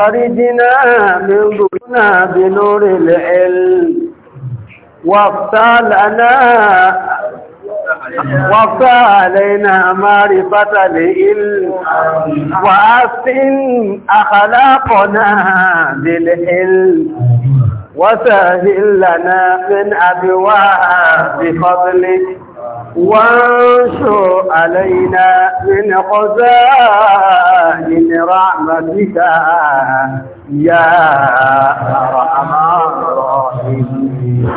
أردنا من ضمنا بنور العلم وافتح لنا وافتح علينا معرفة العلم وأحسن أخلاقنا بالعلم وسهل لنا من أبواب بفضلك وانشو علينا من خزائن رحمتك يا أرحم الراحمين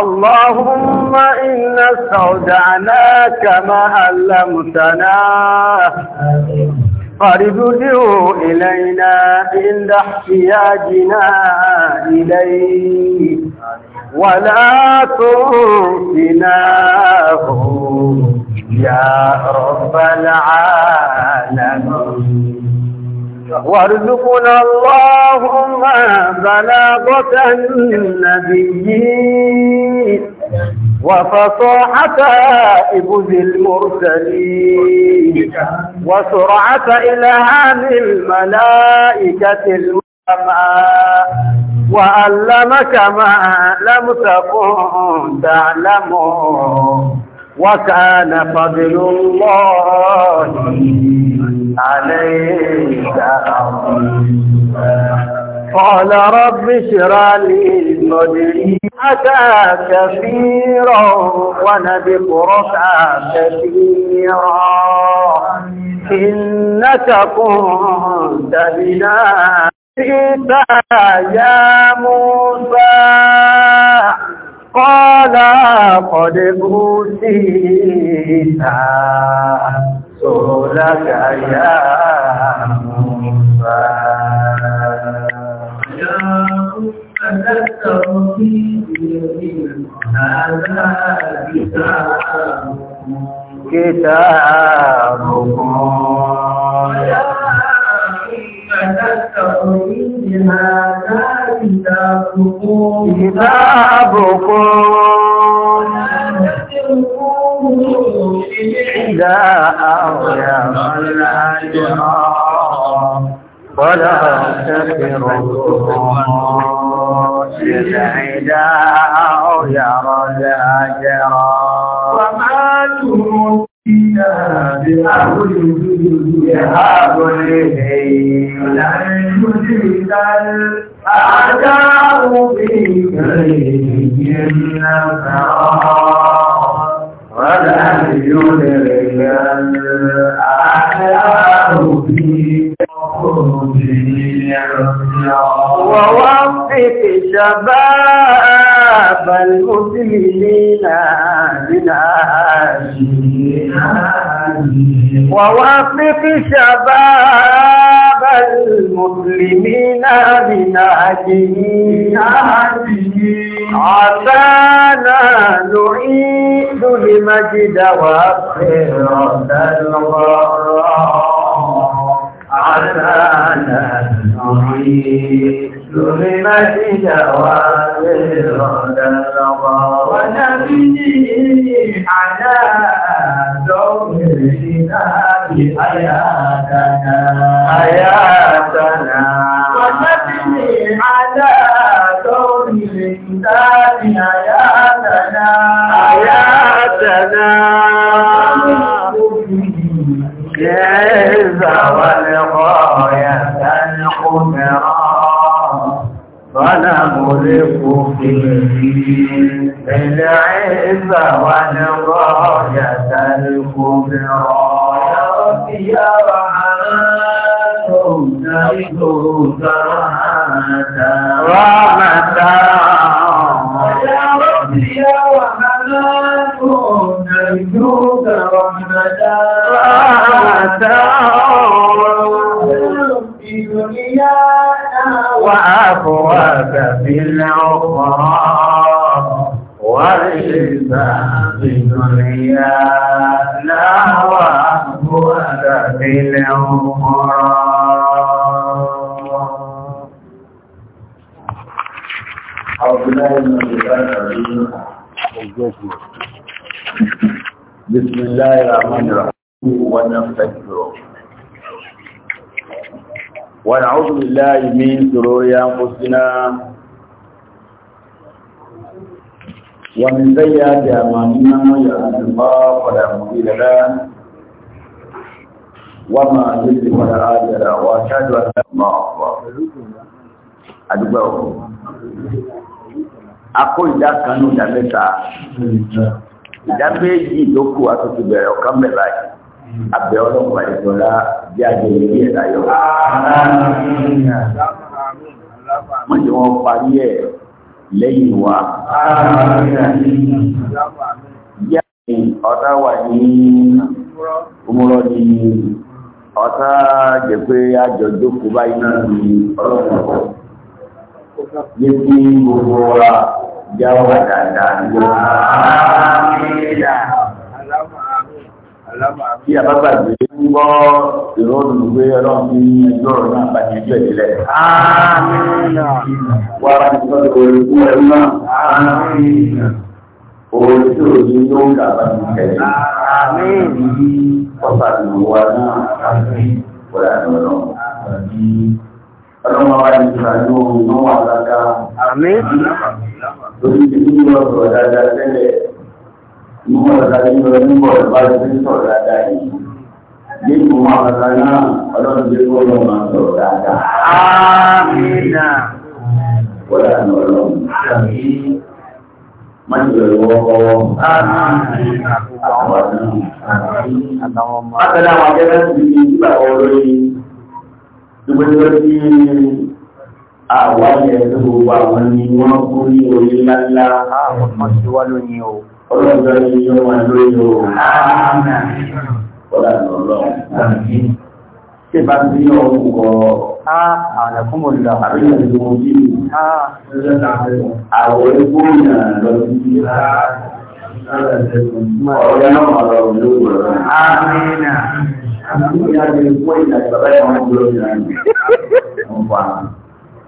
اللهم إنا استودعناك ما علمتنا فارجعه إلينا عند احتياجنا إليه ولا تنسناه يا رب العالمين وارزقنا اللهم بلاغة النبي وفصاحة إبذ المرسلين وسرعة إلهام الملائكة المرسلين وعلمك ما لم تكن تعلم وكان فضل الله عليك قال رب اشرع لي صدري كثيرا ونذكرك كثيرا إنك كنت بنا إذا يا موسى قال قد أوتيت سؤلك يا موسى يا موسى كتابكم تتقوا منها كتابكم كتابكم إذا أغير الأجر ولا تكرهوا إذا أغير الأجر وما تموت بأهل الجود هؤلاء لن يجد الأعداء بكرههم نفرا ولن يدرك الأعداء بكرههم ووفق شباب المسلمين للعاشقين ووفق شباب المسلمين لنهجه عسانا نعيد المجد والخيرة الغراء كان نعيد ظلمت جوامر الغى ونبني على دورنا بحياتنا حياتنا ونبني على دورنا بحياتنا حياتنا Yeah. والغاية القدرى فنغرق فيه بالعز والغاية الكبرى يا رحمة رحمة وأخوك في الأخرى وليس بدنيانا وأخوك في الأخرى بسم الله الرحمن الرحيم ونستغفره ونعوذ بالله من شرور انفسنا ومن سيئات اعمالنا من يهده الله فلا مضل له وما يضلل فلا هادي له واشهد ان لا اله الا الله adúgbò akó ìdá kan ní ìdá mẹ́ta ìdá méjì tó kù a tó abẹ́ ọlọ́pàá ìjọra bí agbègbè bí ẹ̀dá yọ. wọ́n ti wọ́n parí ẹ̀ lẹ́yìn wa. yá ni ọ̀tá wà ní òmùrọ̀ ní ọ̀tá jẹ́ pé àjọjọ́ kò báyìí náà ní ọlọ́pàá. Yé kí gbogbo wa jáwọ́ dáadáa ní ọ̀hún. Bí a bá gbàgbé ń gbọ́ ìrọ́lù pé ọlọ́run ní ẹjọ́ náà bá ní ẹjọ́ ìdílẹ̀. Wà á ti sọ́dọ̀ orí fún ẹrú náà. Orí tí ò ní yóò kà bá ní kẹ̀lé. Wọ́n bá ní wa náà. Wọ́n yà lọ lọ. Ọlọ́run wa ní ìgbàlú òun náà wà lága. Lórí ti ní ọ̀rọ̀ dáadáa tẹ́lẹ̀ nígbà ọ̀dàdà yìí lọ nígbà ọ̀dàdà yìí ti sọ̀rọ̀ dáadáa yìí. Ní ìgbìmọ̀ ọ̀dàdà náà, ọlọ́run jẹ́ kó lọ́ máa sọ̀rọ̀ dáadáa. Ámínà. Wọ́dà ní ọlọ́run. Májèlè wọ́wọ́wọ́. Ámínà. Àwọn àdán. Àtàwọn ọmọ. Àtàlà àwọn akẹ́kẹ́ ti di ìgbà olórí. Ìgbésẹ̀ tí àwọn ẹ̀sìn gbogbo àwọn ni wọ́n kú ní orí ńláńlá ọlọ́gbà yíyọ wọn lórí oòrùn ọlọ́gbà ọlọ́run tí bá ti yọ ọkọ̀ ààrẹ̀kúnmọ̀lá àríyàn ìlú bí àwọn ẹgbóòyà lọ sí ọ̀rẹ́ náà lọ́rùn lórí ọ̀rọ̀ Àmì ìyá ni ìpó ìdàgbàrá ẹ̀wọ̀n lórí àmì.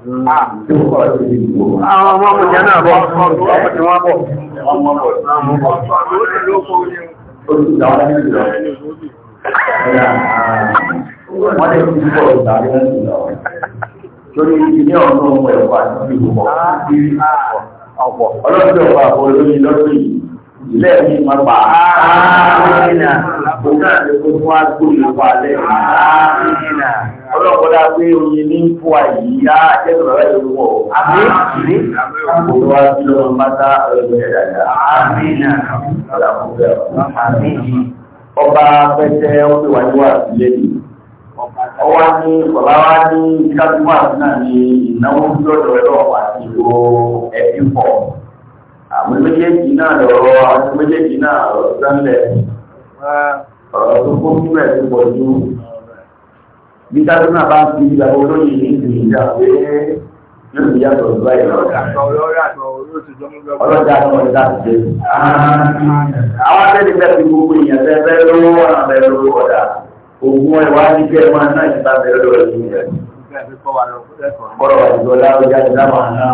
Àwọn ọmọ ọmọ jẹ́ náà bọ́, ọmọ tí wọ́n bọ̀. Wọ́n lè fi bọ̀ ìgbàlẹ́ ìlọ. Lórí ilé ọ̀nà ọmọ ẹ̀kọ́ Ilé ẹ̀mí máa pa ààrẹ Òun náà lè kó fún àgbò ìlú ọlọ́pọ̀dá pé oyin ní fún àyí á jẹ́sùn rẹ̀ lówó àmì ní òwúwá sí lọ mátá ọ̀rẹ́ ọba pẹ́tẹ́ ó pè wá níwà sílẹ̀ ní ọwá ní ọ̀láwá ní ìkájúwà náà ní ìnáwó lọ́dọ̀ ẹ̀rọ àti ìwò ẹ̀bí pọ̀ àwọn méjèèjì náà lọ́rọ̀ àwọn méjèèjì náà lọ́rọ̀ sánlẹ̀ ọ̀rọ̀ tó kó fún ẹ̀ tó pọ̀ ju bí tájú náà bá ń fi ìgbà olóyìn ní ìlú ìjà pé yóò fi yàtọ̀ ìgbà ìlọ ọlọ́jà tó ọjà ṣe. àwọn akẹ́kẹ̀ẹ́ fẹ́ fi gbogbo èèyàn fẹ́ fẹ́ lówó wọn àbẹ̀ lówó ọ̀dà ògùn ẹ̀wà ní kí ẹ máa náà ìgbà bẹ̀rẹ̀ lọ́wọ́ ẹ̀yìn rẹ̀. Kọ́rọ̀ ìjọlá ọjà ìdáwà náà.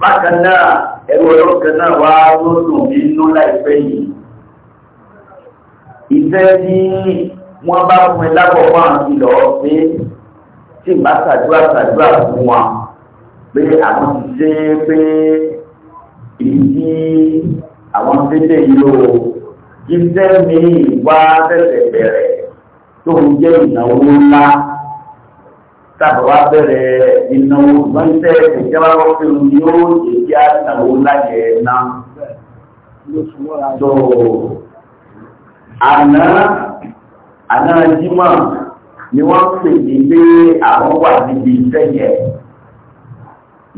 Bákan náà, ẹ̀rọ ọlọ́kẹ́ náà wá lọ́dún nínú láìpẹ́ yìí. Ìfẹ́ ní wọ́n bá fún ẹ lákọ̀ọ́kọ́ àti lọ pé tí ìbá ṣàdúrà ṣàdúrà fún wa pé àwọn ti ṣe é pé èyí tí àwọn tẹ́tẹ́ yìí ó jíṣẹ́ mi wá tẹ̀sẹ̀ bẹ̀rẹ̀ tó ń jẹ́ ìnáwó ńlá sábà wá bẹ̀rẹ̀ ìnáwó gbọ́nṣẹ́ ìjọba ọ̀fẹ́ ni ó lè jẹ́ ìnáwó ńlá yẹn náà. Àná àná jímọ̀ ni wọ́n pè ní pé àwọn wà níbi iṣẹ́ yẹn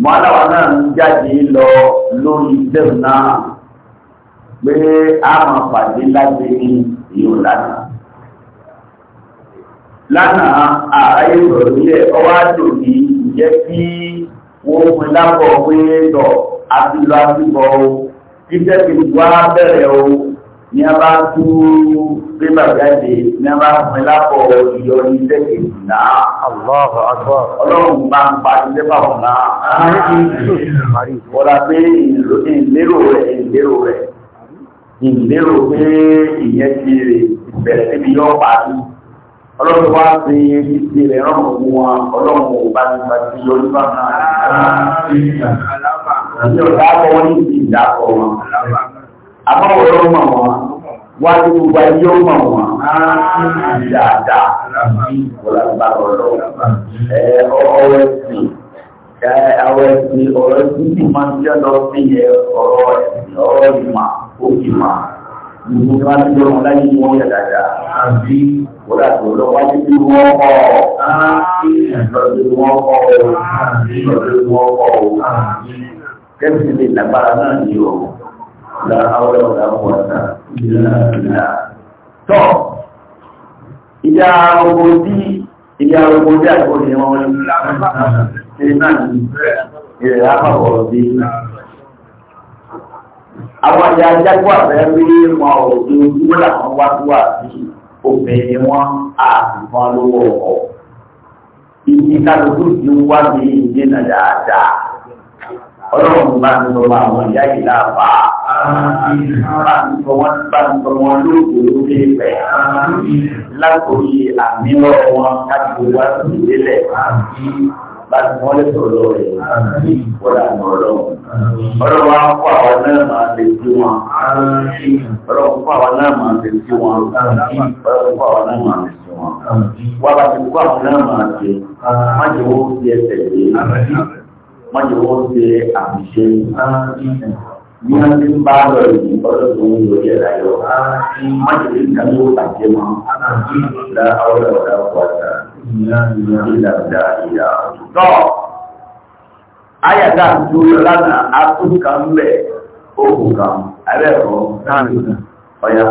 mọ́láwà náà ń jáde lọ lórí iṣẹ́ náà pé a máa pàdé láti ní ìyó lánàá lánàá ààrẹ kí wọ́n fún lábọ̀ pé tọ̀ àti o kìí wá o ní a bá tú pépà jáde ní a bá fún lápọ̀ ìyọrí sẹ́kẹ̀ẹ́sì náà. Allahu Akbar. Ọlọ́run bá ń pa ilé bá wọn náà. Wọ́n pé ìlérò rẹ̀ ìlérò rẹ̀. Ìlérò pé ìyẹn ti rè bẹ̀rẹ̀ síbi yọ pàdé. Ọlọ́run wá sí títí rẹ̀ rán òun wọn. Ọlọ́run ò bá ti pa ti yọrí bá náà. Ìjọba kọ́ wọ́n ní ìdàpọ̀ wọn àbáwọ̀rọ̀ mọ̀ wọn wá ní gbogbo ayé ó mọ̀ wọn dáadáa ọ̀rọ̀ ẹ̀sìn ọ̀rọ̀ ẹ̀sìn ọ̀rọ̀ ẹ̀sìn sì máa ń jẹ́ lọ sí ọ̀rọ̀ ẹ̀sìn ọ̀rọ̀ ìmọ̀ òkìmọ̀ gbogbo ní wọn ti jọ wọn láyé wọn yẹ dáadáa wọ́n àti olówájú bí wọ́n kọ́ ìlọ́dún wọn kọ́ ìlọ́dún wọn kọ́ kẹ́sì lè lágbára náà la haula wala quwwata illa billah tọ́ ìyá ọmọ tí ìyá ọmọ tí àgbò ní wọn ṣe náà ní ìrẹ̀ àpapọ̀ bí àwọn ìyá ajágbó àfẹ́ rí wọn ò tó owó làwọn wá tó wà sí obìnrin wọn àtìfọn lówó ọkọ̀ ìdí kálukú ti wá bí ìdí náà dáadáa ọlọ́run bá ń sọ àwọn ìyá yìí Báńkọ̀ wọn báńkọ̀ wọn lóògùn lórí ìfẹ́. Lákòrí àmì lọ́wọ́ wọn káàkiri wá sí ìdílẹ̀. Báńkọ̀ wọn lè sọ̀rọ̀ rẹ̀ wọ́lá ní ọlọ́run. Ọlọ́run á kó àwọn náà máa lè sí wọn. Wọ́n bá ti kó àwọn náà máa ṣe. Má jẹ́ wọ́n fi jẹ́ wọ́n bí wọ́n ti ń bá lọ ìlú ọdún tó ń lò jẹ́ láyọ̀ má ti rí nǹkan tó bàjẹ́ mọ́ la ọ̀rọ̀ ọ̀rọ̀ ọ̀rọ̀ ìlàdà ìyá tọ́ ayàtà tó lọ lánàá akókà ń bẹ̀ òkùn kan abẹ́ẹ̀kọ́ ọ̀yà.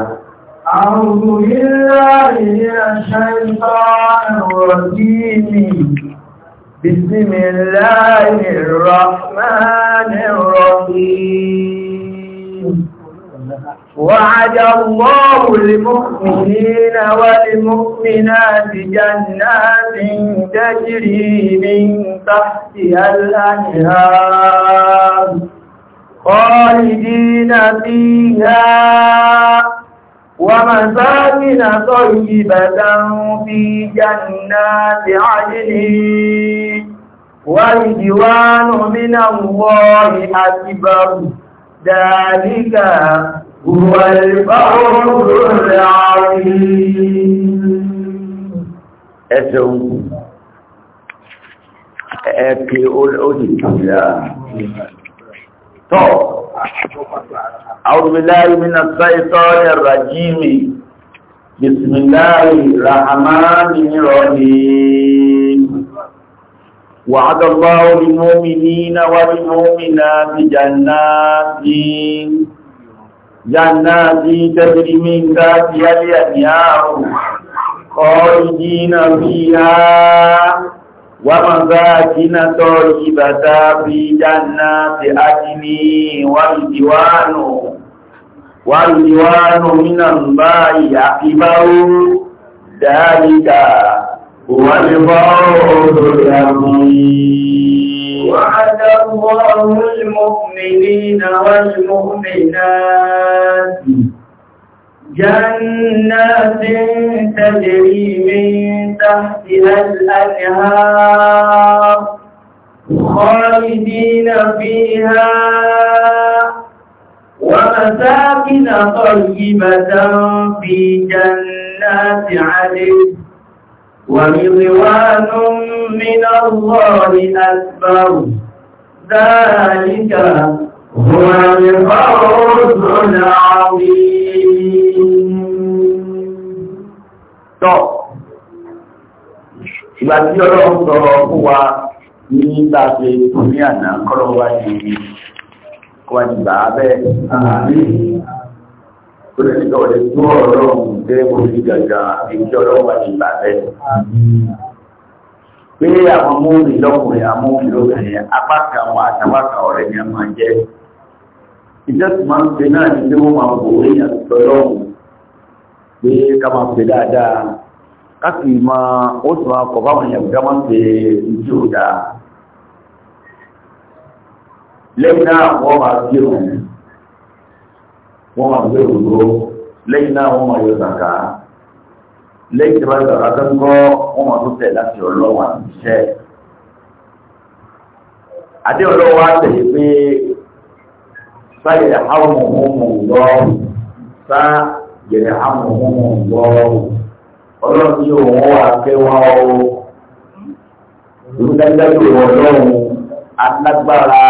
أعوذ بالله من الشيطان الرجيم بسم الله الرحمن الرحيم وعد الله المؤمنين والمؤمنات جنات تجري من تحتها الأنهار خالدين فيها ومساكن طيبة في جنات عدن ورضوان من الله أكبر ذلك هو الفوز العظيم ẹ̀sẹ̀un ẹ̀kẹ́ ó sì tọ́ أعوذ بالله من الشيطان الرجيم بسم الله الرحمن الرحيم وعد الله للمؤمنين والمؤمنات جنات جنات تجري من تحتها الأنهار خالدين فيها ومساكن طيبة في جنات عدن والديوان والديوان من الله أكبر ذلك هو الفوز وعد الله المؤمنين والمؤمنات جنات تجري من تحتها الأنهار خالدين فيها ومساكن طيبة في جنات عدن ورضوان من الله أكبر ذلك هو الفوز العظيم ìgbà tí ọlọ́run sọ̀rọ̀ fún wa ní ìgbà pé àná kọ́lọ́wà ní kọ́wá ti gbà á bẹ́ẹ̀. Kó lè nígbà wọlé tó ọ̀rọ̀ ọ̀hún dé orí gàgà èyí ọlọ́run wá ti gbà bẹ́ẹ̀. Pé àwọn mórí lọ́kùnrin, amóhùn lóbìnrin, apá kan àwọn àtàwọn kan ọ̀rẹ́ ni a máa jẹ́. Ìjọ́sìn máa ń pe náà ní pé wọ́n máa wò ó yàn lọ́lọ́run pé ká máa pè dáadáa. Ká máa ó sì máa kọ̀ báwọn èèyàn ká máa pè é lẹ́yìn náà wọ́n máa gbé òun wọ́n máa gbé òun ló lẹ́yìn náà wọ́n máa yọ zàkà lẹ́yìn tí wọ́n yọ zàkà ńkọ́ wọ́n máa tó tẹ̀ láti ọlọ́wọ́ àtúnṣe. àdé ọlọ́wọ́ àtẹ̀yẹ pé sáyẹ̀ àwọn ọmọ sá yẹ̀rẹ̀ àwọn ọmọ ọlọ́run yóò wọ́n wá kẹwà o ìdájọ́ ìwọ̀ ọlọ́run alágbára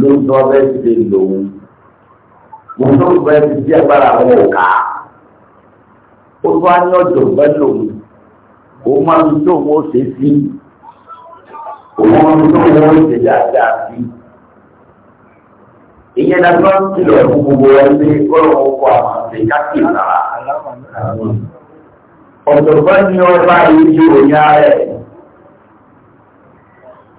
ló ń tọ́ bẹ́ẹ̀ ti lè lòun mo tó ń bẹ́ẹ̀ ti di agbára àwọn òkà ó tó á ní ọ̀jọ̀ bẹ́ẹ̀ lòun ó máa ń tó owó ṣe sí òun máa ń tó owó ṣe dáadáa sí ìyẹn náà tó ń kìlọ̀ fún gbogbo ẹ pé kọ́lọ̀ ọkọ̀ àwọn àti káàkiri náà ọ̀jọ̀gbọ́n ni ọba yìí yóò yá rẹ̀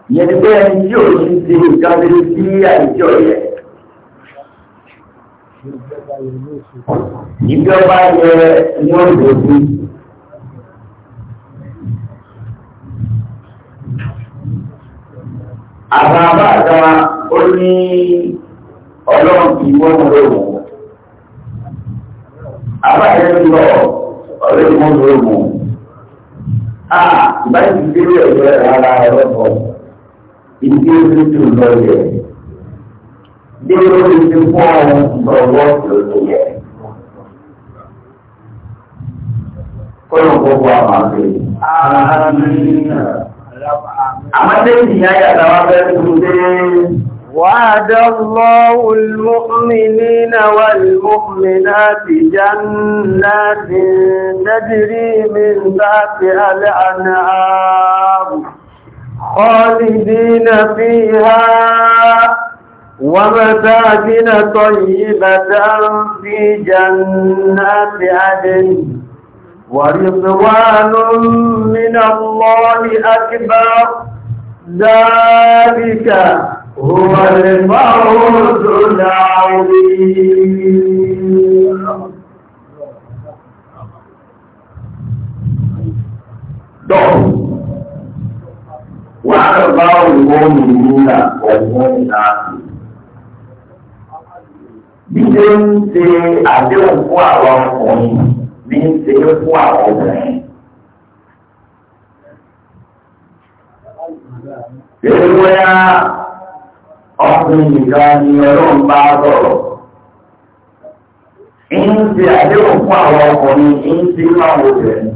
yẹn ni tí ò ní ṣe ìkàwé sí àìjọ yẹ. Ìgbé yẹ ní òjò sí. Àbá àbáàdá ó ní ọlọ́run kì í wọ́n lọ wò. Àbáàdá ń lọ ọ̀rẹ́ ìwọ́n lọ wò. À ah, ìbáyìí ti dé ilé ẹ̀jẹ̀ rárá ọlọ́pàá ìdí ojú tó lọ yẹ bí ó ti ti fún ọ lọ́wọ́ tó lọ yẹ. kọ́nà gbogbo àwọn àgbẹ̀. àwọn tẹ́sí yá yàtà wá fẹ́ fún dé. وعد الله المؤمنين والمؤمنات جنات تجري من تحتها الأنهار خالدين فيها ومساكن طيبة في جنات عدن ورضوان من الله أكبر ذلك هو الفوز العظيم Don't. وأرضاه a والمؤمنات Bídé ń ṣe àdéhùn fún àwọn ọkùnrin ní ń ṣe fún àwọn obìnrin. Ewéá ọkùnrin nìkan ni ọlọ́run bá sọ̀rọ̀. Ń ṣe àdéhùn fún àwọn ọkùnrin, ń ṣe fún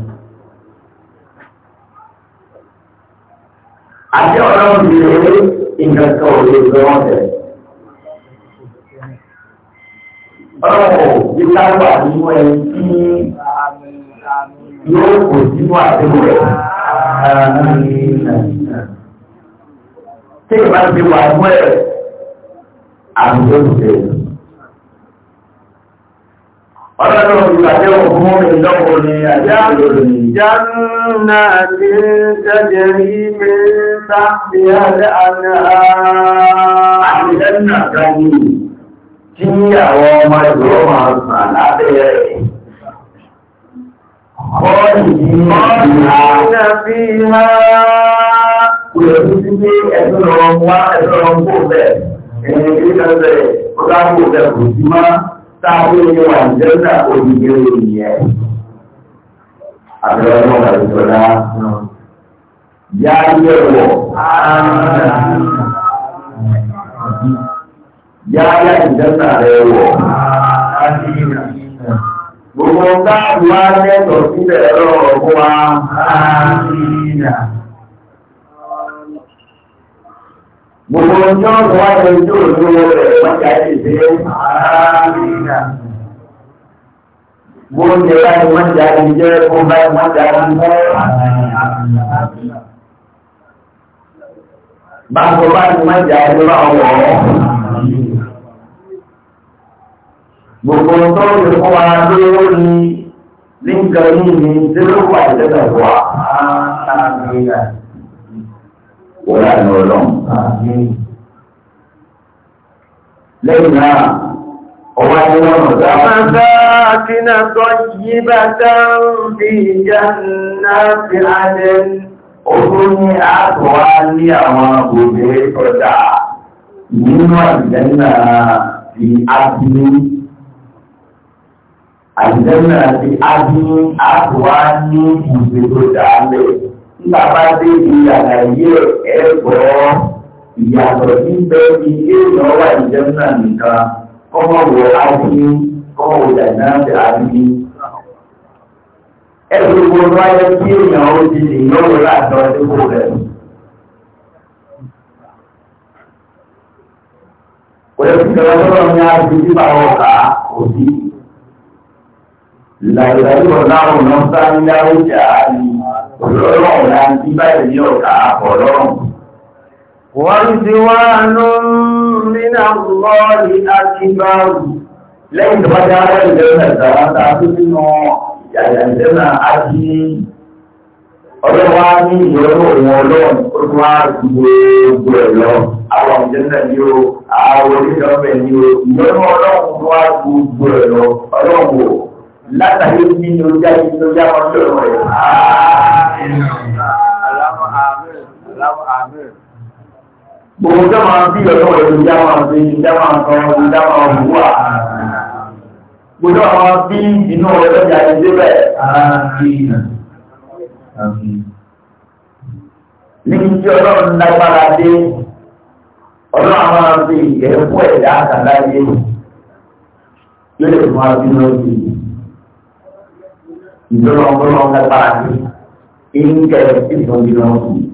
àti ọlọ́run ti rẹ̀ nǹkan kan ò lè gbé wọn tẹ̀. ọlọ́wọ́ ìta wà nínú ẹni tí yóò kò sínú àtẹ̀wò rẹ̀. tí ìbá ti wà mú ẹ̀ àbúrò tẹ̀lé. Ọlọ́run ìgbàjẹ́ ògún ìlọ́pọ̀ ni àjá àlòrò ni. Jánà ti jẹ́jẹ́ rí mi sáàbí alẹ́ àná àìlẹ́nà gani tí àwọn ọmọ ìgbòrò máa sàn lábẹ́ rẹ̀. Kọ́ọ̀lì yìí máa táwọn ilé wà jẹ́nà òdìgbé ìyẹ́. Àbẹ̀wọ̀n náà ìjọba yá yẹ̀wọ̀ yá yá ìjọba rẹ̀ wọ̀. Gbogbo táàbù wá lẹ́tọ̀ọ́ sílẹ̀ lọ́rọ̀ fún wa. Gbogbo ọjọ́ wà ní ojú òjò rẹ̀ lọ́jà ìdè àárínà. Gbogbo ọjọ́ wà ní mọ́jà ìdè fún bá mọ́jà ìdè. Báko bá ní mọ́jà ìdè bá wọ̀ ọ́. Gbogbo ọjọ́ òjò fún wa lórí ní nǹkan yìí ní tí ló wà ìdẹ́gbẹ̀wà. Àárínà òun àná ọlọ́run. lẹ́yìn náà ọwọ́ ayé wọn ọ̀dà. Bàbá Akínà sọ yí bàtà ń fi ìjà náà fi alẹ́. Owó ní àtọ̀ wá ní àwọn òbí ọjà nínú àdìlẹ́nà ti ábínú. Àdìlẹ́nà ti ábínú àtọ̀ wá ní ìgbèkọ̀dà lẹ́yìn nígbà bá dé ibi àlàyé ẹ̀gbọ́ ìyàtọ̀ ní bẹ́ẹ̀ ni èèyàn wà ìjẹ́múnà nìkan kọ́mọ̀wò ábí kọ́mọ̀wò dàgbà àti àbí. ẹ̀sùn gbogbo wáyé tí èèyàn ó di ìyọ́wò láti ọdún kò rẹ̀. Olùsìnkẹ̀rẹ̀ lọ́rọ̀ ní àti bíbá ọ̀gá òbí. Ìlànà ìdájọ́ náà náà sáré láwùjá ọlọ́run la ń bí báyìí ní ọ̀tá ọlọ́run. wọ́n ti wá nù nínú lọ́ọ̀lì akíbáwù lẹ́yìn tó bá dá ara ìjẹ́ mẹ́ta ta tó nínú ìyàyà ìjẹ́ náà á ọlọ́wà ní ìyọ́rọ̀ òun ọlọ́run ó tún wá gbogbo ẹ̀ lọ àwọn ìjẹ́ náà àwọn ìyọ́rọ̀ ọlọ́run tó wá gbogbo ẹ̀ lọ ọlọ́run látàrí nínú Gbogbo jẹ́ máa bí ọ̀dọ́ ìlú jámà sí jámà sọ ọdún jámà òwúwà. Gbogbo àwọn bí inú ọ̀rẹ́ ìjà ìdébẹ̀. Ní tí ọlọ́run lágbára dé, ọlọ́run máa fi ẹ̀kú ẹ̀dá àtàláyé yóò lè fún abínú ọdún. Ìjọba ọgbọ́n ọgbọ́n lágbára dé. 应该是从这种起。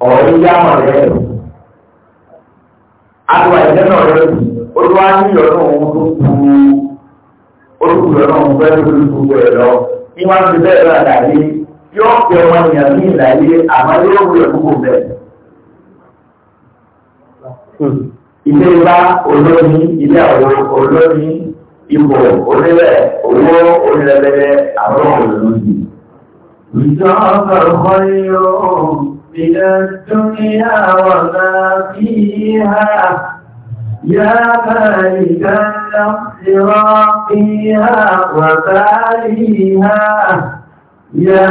ọ̀rọ̀ yá wọn rẹ̀ lọ. Àdùwà ìjẹ́ náà rẹ̀ lọ. Olúwa ní ọ̀nà òun tó kú olùkú lọ́nà òun fẹ́ lórí gbogbo ẹ̀ lọ. Bí wọ́n ti bẹ́ẹ̀ lọ àdàlẹ́, yóò fi ọmọ ènìyàn ní ìlàyé àmọ́ yóò wúlò gbogbo bẹ́ẹ̀. Ilé wa olóyún, ilé àwọn olóyún ipò onílẹ̀ owó onílẹ̀lẹ́lẹ́ àwọn olùlùsì. Ìjọba ọkọ̀ yóò bìnà dúnmíà wà náà bí i ha. Yá bàrí dáná sí rọ́pí ha wà bàrí ha. Yá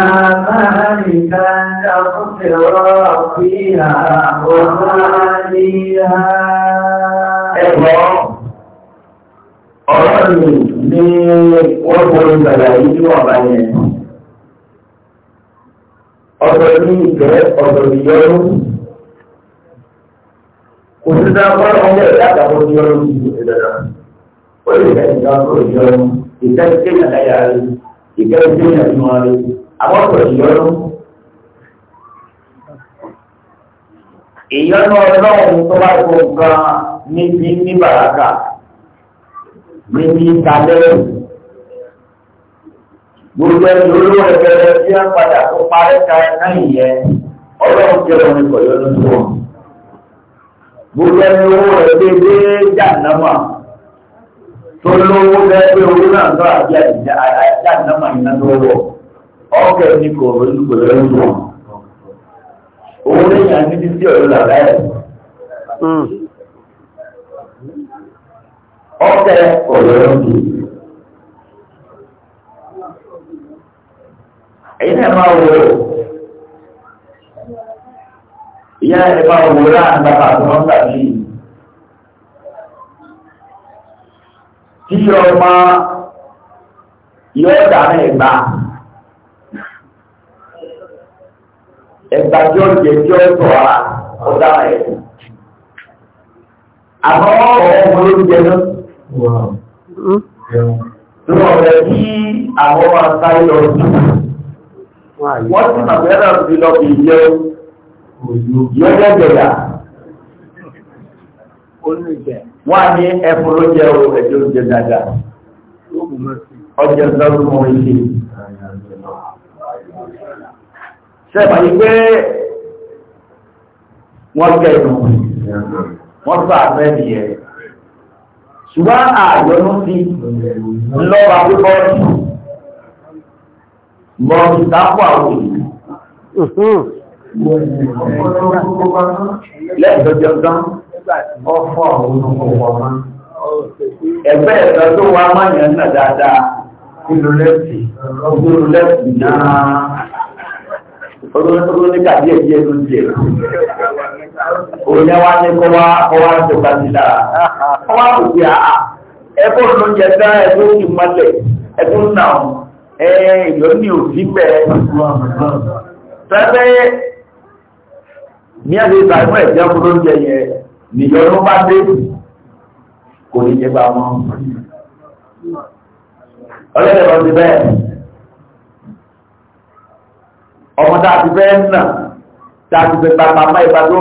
ọ̀rọ̀ mi ní wọ́n borí gbàgbà yìí tí wọ́n bá yẹn. ọ̀dọ̀ ní ìgbẹ́ ọ̀dọ̀ ìyọ́rù kò sí dáa fún ọmọ ẹ̀dá àtàwọn ìyọ́rù yìí ìdọ̀dọ̀ ó lè fẹ́ ìgbà fún ìyọ́rù ìgbà tí èèyàn láyà rẹ̀ ìgbà tí èèyàn ní wọn rẹ̀ àwọn ọ̀dọ̀ ìyọ́rù. ìyọ́nù ọlọ́run tó bá kó nǹkan níbi ní bàrákà ní ní ìtàlẹ́ gbogbo ẹni olówó ẹgbẹ̀rẹ̀ tí a ń padà tó parẹ́ ka ẹ̀ná ìyẹn ọlọ́run jẹ́ ọmọ ikọ̀ yọ ní tó gbogbo ẹni owó rẹ̀ dédé jàǹdámà tó lówó lẹ́gbẹ́ owó náà lọ àbí àjàǹdámà iná lọ́wọ́ ọ̀kẹ́ ní kò rí kò yọ ní tó owó lẹ́yìn àti títí ọ̀rọ̀ làbẹ́ ọ̀tẹ̀ ọ̀rọ̀ ń bì. èyí náà máa wò ó ìyá ẹ̀ máa wò ó láàrín bàbá tó ń tàbí tí ọmọ yóò dáná ẹ̀gbá ẹ̀gbá tí ó jẹ tí ó tọ̀ á ọ̀dá ẹ̀ àmọ́ ọ̀rọ̀ ọmọ ló náà. Hmm? Lọ́wọ́ rẹ̀ kí àwọn ọmọ àtàrí lọ sí. Wọ́n ti màbẹ́rẹ̀ sí lọ bí jẹ́ yọ́jẹ́ jẹ̀yà. Wọ́n ní ẹ̀fún ló jẹ́ o ẹ̀jẹ́ oúnjẹ dáadáa. Ọjẹ́ lọ́rùn mọ́ ilé. Ṣẹ́bà yí pé wọ́n jẹ́ ìrùn. Wọ́n sọ àfẹ́ ṣùgbọ́n àjọ̀nú ti lọ́wọ́ pípọ́ mọ́ ìtàkùn àwọn èèyàn. Lẹ́ẹ̀dọ́jọ́ tán, ọ̀fọ́ àwọn olùkọ̀ọ̀kọ̀ máa. Ẹgbẹ́ ẹ̀sọ́ tó wá mọ́yàn náà dáadáa òun yẹn wá ní kọ́wá kọ́wá tó ká sí lára kọ́wá kò sí àá ẹ̀kọ́ ló ń yẹ ẹ̀kọ́ ti mọ́lẹ̀ ẹ̀kọ́ ní ẹ̀sẹ̀ ẹ̀jẹ̀ yẹn ló bá dé kò ní ọlọ́dẹ̀ lọ sí a tá a ti fi pàpà mọ́ ìgbà tó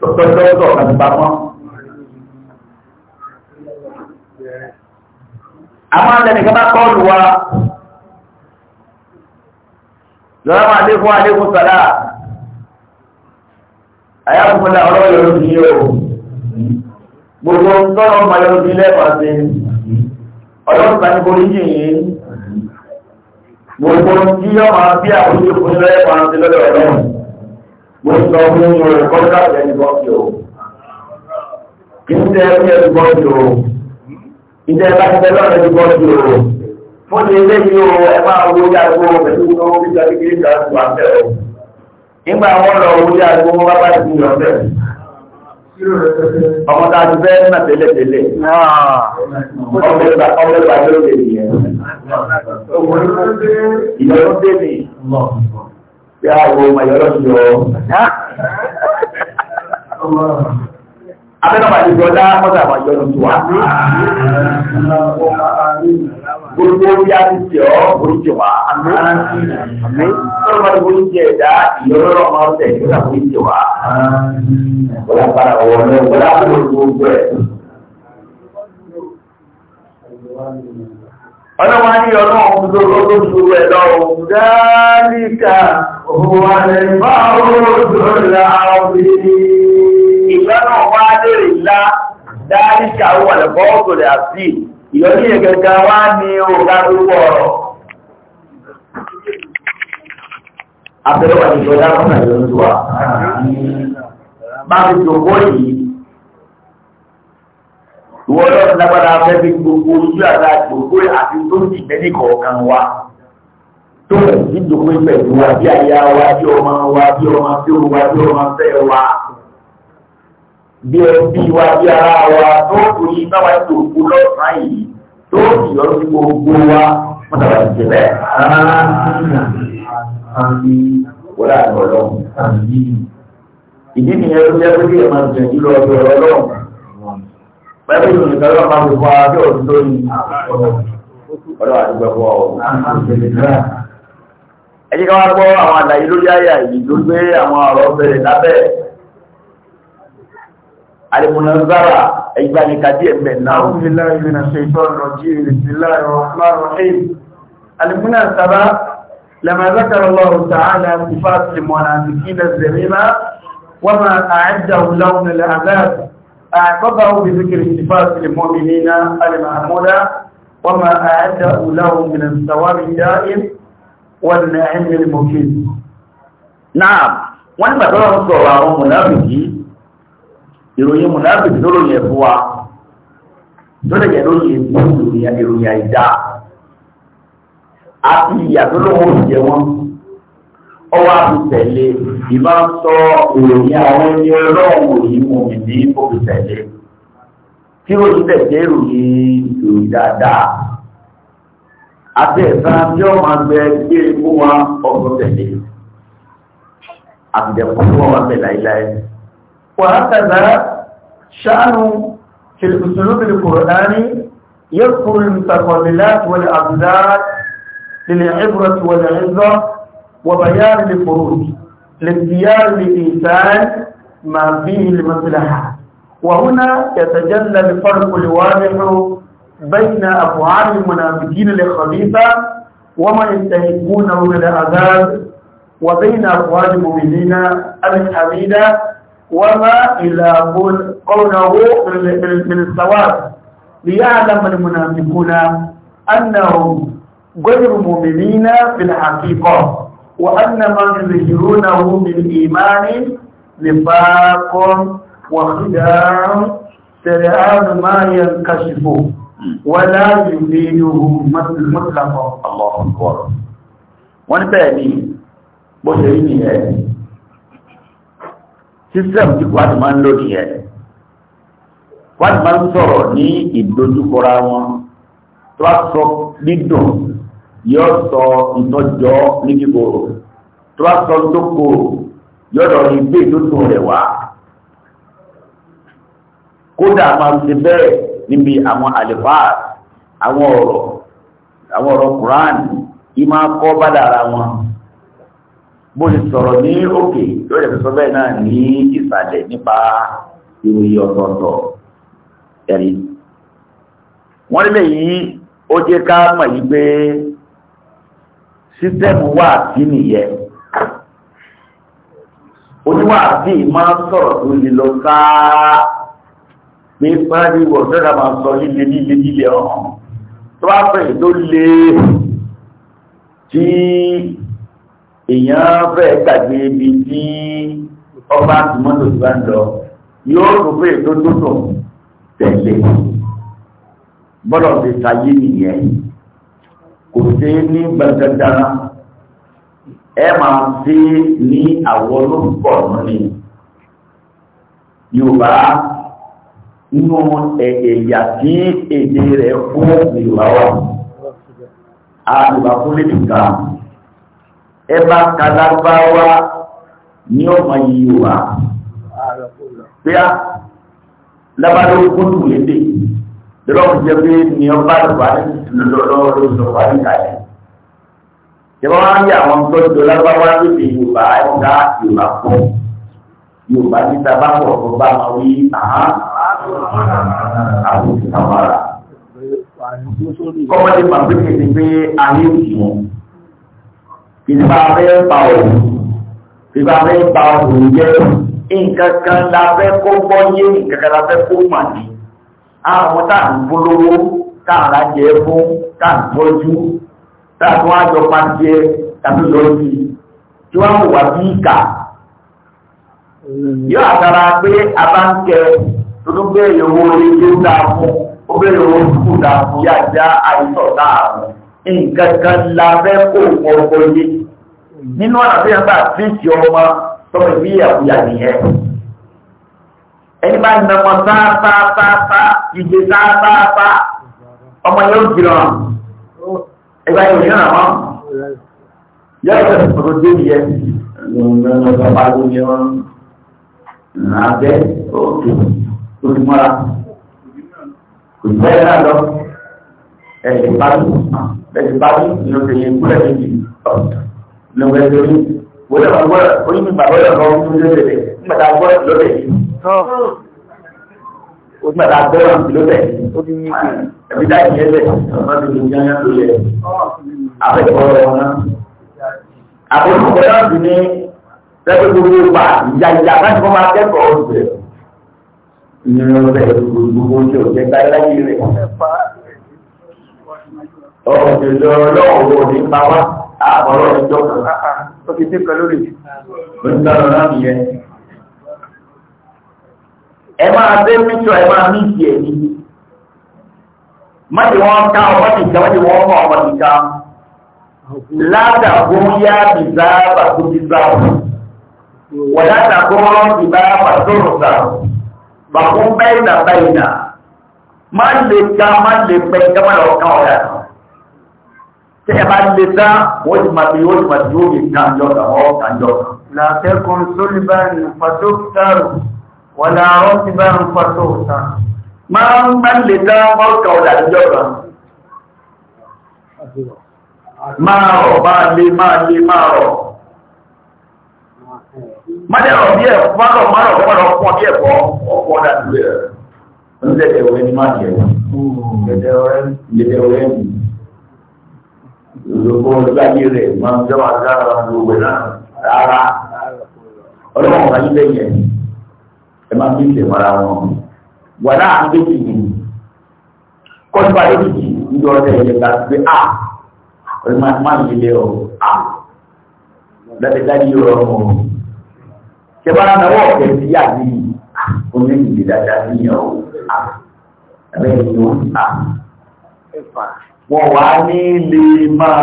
tọ́tọ́tọ́ àti pàmọ́. Àwọn ẹnìkan bá kọ́ọ̀lù wa lọ́wọ́ àlékún àlékún sọ̀lá àyàfúnlá ọlọ́wọ́ yóò fi yóò gbogbo tọ́lọ́ ọmọ yóò fi lẹ́ẹ̀kan sí ọlọ́run kan ní borí yìnyín gbogbo tí yóò máa bí àwọn ìṣòfin lẹ́ẹ̀kan sí lọ́dọ̀ ọlọ́run mo sọ fún yín rẹ̀ o kì í o ìjẹ́ bá ti tẹ o mo lè lé mi o ẹ máa wo yàgò pẹ̀lú owó gbígbà kékeré kan tó wà bẹ́ẹ̀ o nígbà wọn lọ wo yàgò wọn bá bá ti yàn bẹ́ẹ̀ ọmọ tá a ti fẹ́ nà tẹ́lẹ̀tẹ́lẹ̀ ọmọ ẹgbàá ló lè nìyẹn Bí àwọn ọmọ ìyọ́rọ̀ ti yọ. Abẹ́nàmà ti gbọ́dá mọ́tà àwọn ìyọ́rọ̀ ti wà. Gbogbo bí a ti tẹ̀ ọ́, orí ti wà. Sọ́dọ̀ máa ń borí jẹ ẹ̀dá ìyọ́rọ̀ máa ń tẹ̀ nígbà borí ti wà. Bọ́lá para ọ̀wọ́ náà, bọ́lá kúrò gbogbo ẹ̀ ọlọ́wọ́ ní ọlọ́wọ́ ọdún olóṣù ẹ̀lọ́ òdáríkà òwà lẹ́gbà òdòlà ọ̀bí ìgbẹ́nà wá lèrè ńlá dáríkà òwà lẹ́gbà àti ìyọ́ní ẹ̀gẹ̀gẹ̀ wá ní òdárúwọ̀ ọ̀rọ̀ ìwọ ọlọ́run lágbára fẹ́ fi gbogbo ojú àgbà gbogbo àti tó ń dìbẹ́ ní kọ̀ọ̀kan wa tó ń dídòwe pẹ̀lú wa bí aya wa bí ọmọ wa bí ọmọ tí ó wa bí ọmọ fẹ́ wa bí ẹbí wa bí ara wa tó kù yí báwa tó kú lọ́sàn-án yìí tó kì ọ́ sí gbogbo wa wọ́n tàbí ti tẹ̀lé. ìdí nìyẹn ló jẹ́ pé kí ẹ̀ máa jẹ̀jú lọ́dọ̀ ọlọ́run pẹ̀lú ìrìnkà lọ́wọ́ máa fi fún ara tí òun lórí ọ̀dọ̀ àdúgbò ọ̀hún. ẹ jẹ́ ká wá gbọ́ àwọn àlàyé lórí àyà yìí tó gbé àwọn ọ̀rọ̀ bẹ̀rẹ̀ lábẹ́ alimunazara ẹgbẹ́ ni kàdí ẹ̀mẹ̀ náà. àwọn ilé ìrìn àṣẹ ìtọ́ ọ̀rọ̀ jí ìrìnsì láàrin ọ̀pọ̀ ọ̀hìn. alimunazara lẹ́mọ̀ ẹ̀zẹ́kẹ̀rẹ̀ lọ́rùn tààlà sífà tìmọ̀nà àti kílẹ̀ zẹ̀mí أعقبه بذكر صفات المؤمنين المحمودة وما أعده لهم من الثواب الدائم والنعيم المقيم نعم wọ́n nígbà tó lọ́wọ́ sọ̀rọ̀ àwọn mùnáfìkì ìròyìn mùnáfìkì tó lòyìn ẹ̀fọ́ wa tó lè jẹ́ lóyìn ìròyìn àìdá àti ìyà tó lọ́wọ́ òṣìṣẹ́ wọn ọwọ́ àbùtẹ̀lé ìbá ń sọ ìròyìn àwọn ẹni ọlọ́run yìí mú mi ní òbùtẹ̀lé tí ó ti tẹ̀lé ìròyìn ìròyìn dáadáa àti ẹ̀sán tí ó máa gbẹ gbé fún wa ọgbọ́n tẹ̀lé àtìdẹ̀kùn fún wọn bẹ̀ láíláí wàhátàlá ṣáánú ṣèlùsùlùmí kòròdání yẹ́kùnrin mùsàkọ̀lélá wọlé àbúdá lílẹ̀ ẹ̀bùrọ̀tì wọlé ẹ̀zọ́ وبيان الفروج لاختيار الإنسان ما فيه المصلحة وهنا يتجلى الفرق الواضح بين أفعال المنافقين الخبيثة وما يستحقونه من العذاب وبين أفعال المؤمنين الحميدة وما إلى قوله من الثواب ليعلم المنافقون أنهم غير مؤمنين في الحقيقة وأن من يظهرونه من إيمان نفاق وخداع سرعان ما ينكشف ولا يفيده مطلقا الله أكبر wọ́n bẹ́ẹ̀ ni bó ṣe rí nìyẹn sísẹ́m tí wàá ti máa ń lò nìyẹn wàá ti máa ń sọ̀rọ̀ ní ìdojúkọra wọn tó wá sọ dídùn yóò sọ ìtọ́jọ́ ní kíkorò tó bá sọ tó korò yóò lọ rí gbé rẹ̀ wá kódà máa bẹ́ẹ̀ níbi àwọn àlefáà àwọn ọ̀rọ̀ àwọn ọ̀rọ̀ bá dára wọn mo ti sọ̀rọ̀ ní òkè yóò lè sọ bẹ́ẹ̀ náà ní ìsàlẹ̀ nípa ìròyìn ọ̀tọ̀ọ̀tọ̀ ẹ̀rí wọ́n lè yí ó jẹ́ ká sísẹ́mù wà sí nìyẹn oníwàásí máa sọ̀rọ̀ tó lè lọ sáá pé fáàdì ìwọ̀ sọ́dá máa sọ líle líle líle ọ̀hún tó bá fẹ̀yìn tó lè tí èèyàn fẹ́ gbàgbé ibi tí ọba tìmọ́tò ti bá ń lọ yóò tó fẹ́ tó tó tò tẹ̀lé bọ́lọ̀ ti sáyé nìyẹn kò sí ní gbẹ̀gbẹ̀dára ẹ máa sí ní àwọn olóńpọ̀ ní yorùbá inú ẹ̀yà tí èdè rẹ̀ fún yorùbá wà á yorùbá fún lẹ́dùkà ẹ bá kalábáwá ní ọmọ yorùbá pé á lábàlókún tù lédè yìí lọ́wọ́ jẹ́ pé ní ọba àgbáyé lọ́wọ́ ló sọ wà níta yẹn. Ìjọba wá ń yà àwọn tó jọ lágbáwá lóde Yorùbá ẹ̀dá Yorùbá pọ̀. Yorùbá títa bá pọ̀ tó bá máa wí àhán àwọn ìtàwárà. Kọ́mọ́dé máa pé kéde pé ayé òkè wọn. Ìgbà fẹ́ pa òun. Ìgbà fẹ́ pa òun jẹ́ nǹkan kan la fẹ́ kó gbọ́ yé nǹkan kan la fẹ́ kó mà ní àwọn táà ń polówó táà ń rajẹ fún táà ń tọ́jú táà tó wá jọ pa jẹ tàbí lọ sí tí wọ́n wà bí ìkà mm. yóò àtàrà pé a bá ń kẹ tó tó bẹ̀rẹ̀ owó orí tó dáa fún ó bẹ̀rẹ̀ nínú ọ̀nà tó yẹn bá ọmọ tọ́pẹ̀ bí ìyàwó yà nìyẹn ẹni bá nàmọ sáásáásáá ìgbé sáfáfá ọmọ yóò gbìrọ̀ ẹgbẹ́ ìròyìn náà wọ́n yóò tẹ̀ fòrò dé yẹ lọ́pàá lórí wọn abẹ́ òkè lórí mọ́ra kò jẹ́ náà lọ ẹ̀ẹ́dì báyìí ẹ̀ẹ́dì báyìí ni ó fi yẹ kúrẹ́ méjì lọ́wọ́ ẹ̀ẹ́dì orí wọ́n lọ́wọ́ orí mi bàbá lọ́wọ́ ọdún lórí rẹ̀ nígbàtà gbọ́ lórí rẹ̀ ó ti padà bẹ́ẹ̀ wọn kìló bẹ̀ ó ti yí kì ẹ̀mí dá ìyẹn bẹ̀ ọmọ mi ló yáyá tó yẹ afẹ́kọ̀ọ́ rẹ̀ wọn náà. àbẹ̀kọ̀ náà sì ní lẹ́gbẹ̀ẹ́ gbogbo ìgbà ìyá ìyá láti fọ́n máa kẹ́kọ̀ọ́ ọ̀sẹ̀ ìyẹn ọ̀sẹ̀ gbogbo ojú ọ̀sẹ̀ gbáyé rẹ̀. ọ̀sẹ̀ lọ́wọ́ ò ní pa wá àbọ̀rọ̀ ìjọ kan. ó ti dín kan lórí. ó ti dáná náà nìyẹn ẹ máa bẹ píṣọ ẹ máa mí ìdí ẹni má ti wọ́n ká ọmọ nìkan má ti wọ́n mọ ọmọ nìkan látàkùn yá bìzáàbà tó bìzáàbà wọ́n látàkùn bìzáàbà tó rọ̀sà bàkún bẹ́ẹ̀nà bẹ́ẹ̀nà má lè ká má lè pẹ́ ká má lọ kán ọ̀dà kan tí ẹ bá lè dá wọ́n ti máa fi wọ́n ti máa fi wọ́n fi kàn jọ kàn ọ́ kàn jọ kàn. làtẹ̀kùn sólíbà pàtó kárò wọ́n àwọn ti bá ń pọ́ tó tán máa ń bá lè dá ọ́kà ọ̀dà ìjọba máa rọ̀ máa lè máa lè máa rọ̀ mádẹ́rọ̀ bí ẹ̀kọ́ márọ̀ márọ̀ márọ̀ pọ̀ bí ẹ̀kọ́ ọkọ̀ ọ̀dà ìjọba ń lẹ́dẹ̀ ọ̀rẹ́ ní máa rẹ̀ máa ń jọ́ àdára lówẹ̀ náà rárá ọlọ́run ayé lẹ́yìn ẹ máa fi ìṣẹ̀ mọ́ra wọn wà láàrin méjì yìí kọ́ńtà lójijì ní ah, ọ̀rẹ́ ẹ̀yẹ ká pé a ọ̀rẹ́ máa má mi lé ọ a ah, dáadáa yìí rọ ọmọ ṣe bá náwó ọ̀kẹ́ sí àbí omi ìdílé dáadáa sí yàn ó a ah, ẹ̀rẹ́ yìí ó a wọ́n wá ní lè máa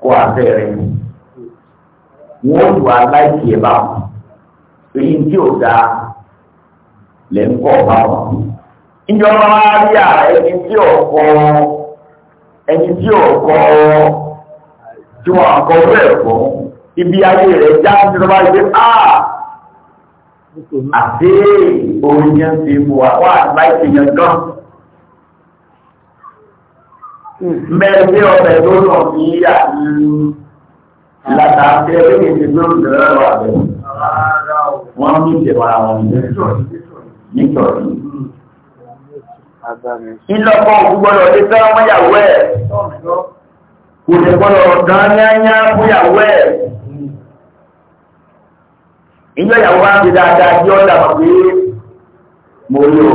kó àfẹ́ rẹ̀ wọ́n wà láìsí ẹ̀ bá wọn èyí tí ò dáa lè ń kọ́ ọ̀bá wọn. ìjọba máa rí à ẹni tí ò kọ́ ẹni tí ò kọ́ tí wọ́n kọ́ bẹ́ẹ̀ kọ́ ibi ayé rẹ̀ já sí lọ́ba ìgbé à àti orin yẹn ti mú wa wá láìsí yẹn gan. mẹ́rin ọ̀bẹ ló lọ sí àti látàkẹ́ lókè tí àbẹ̀wò wọ́n ní ìjẹ̀wàrà wọn nítorí. Ìlọ́pọ̀ gbọ́dọ̀ lé fẹ́ ọmọyàwó ẹ̀. Kò lè gbọ́dọ̀ dán yányá fúyàwó ẹ̀. Ìjọ ìyàwó wá ń fi dáadáa tí ó dàbà pé mo lò.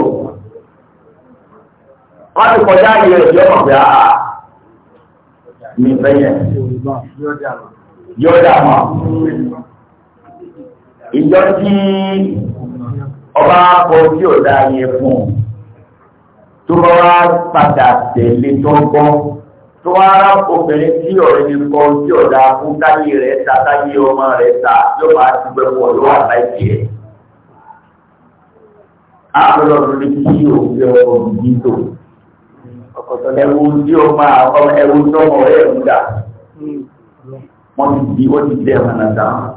Wọ́n ti kọjá ìyẹ̀ ìjọ mọ̀ ah, ah, mi fẹ́ yẹn. Yọ́dà mọ̀ ìjọ tí ọba akọ tí ò dá yẹ fún un tó bá wá padà tẹ̀lé tó gbọ́ tó wá rá obìnrin tí ọ̀rẹ́ ní kọ tí ò dá fún táyé rẹ̀ ta táyé ọmọ rẹ̀ ta yóò máa ti gbẹ pọ̀ lọ́wọ́ àtàkì ẹ̀. àbúrò ní kí òbí ọkọ yìí tó ẹ̀wù tí ó máa ẹ̀wù tó mọ̀ ẹ̀ dà wọ́n ti di wọ́n ti dẹ̀ wọn náà dáhùn.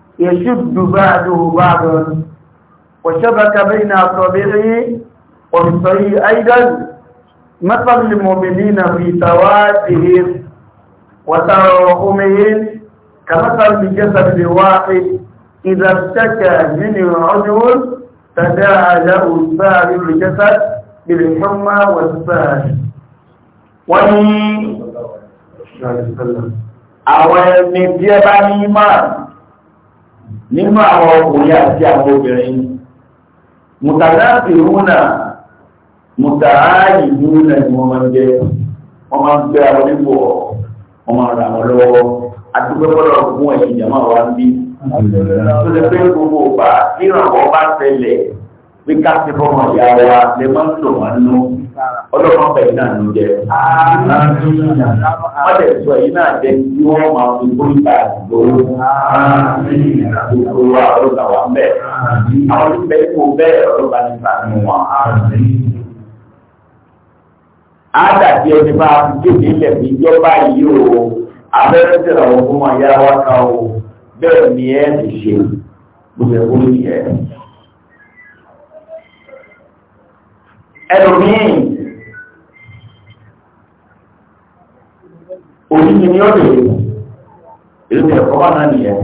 يشد بعده بعضا وشبك بين أصابعه وبصيه أيضا مثل المؤمنين في توادهم وتراحمهم كمثل الجسد الواحد إذا اشتكى منه عضو تداعى له سائر الجسد بالحمى والسهر وإن àwọn ẹni tí nínú àwọn ọkùnrin àti àwọn obìnrin mùtàláàfì rúnà mùtàáyì rúnà ni wọ́n máa ń jẹ́ wọ́n máa ń gbé àwọn nípò wọ́n máa ra wọn lọ́wọ́ adúgbẹ́gbọ́dọ̀ fún ẹ̀yìn ìjàmọ́ wa ń bí tó lè pé gbogbo ọba ìrànwọ́ bá tẹ̀lẹ̀ pé ká ti fọmọ ìyá wa lè máa ń lò wọn nú ọlọ́run bẹ̀ yín náà ló jẹ. wọ́n lè sọ yín náà jẹ kí wọ́n máa fi bóyí bá ìgbòho. gbogbo wa ọlọ́run àwọn bẹ́ẹ̀. àwọn tó bẹ́ẹ̀ kó bẹ́ẹ̀ ọlọ́run bá ní ìbànú wọn. á dàbí ẹni máa fi kéde ilẹ̀ fi jọba yìí o abẹ́rẹ́ tẹ̀lé àwọn ọmọ ìyá wa kan o bẹ́ẹ̀ ni ẹ ti ṣe gbogbo ẹ̀kọ́ yìí ẹ̀. ẹlòmíì òyìnbí ni ó lè èlú ẹ̀kọ́ wà náà nìyẹn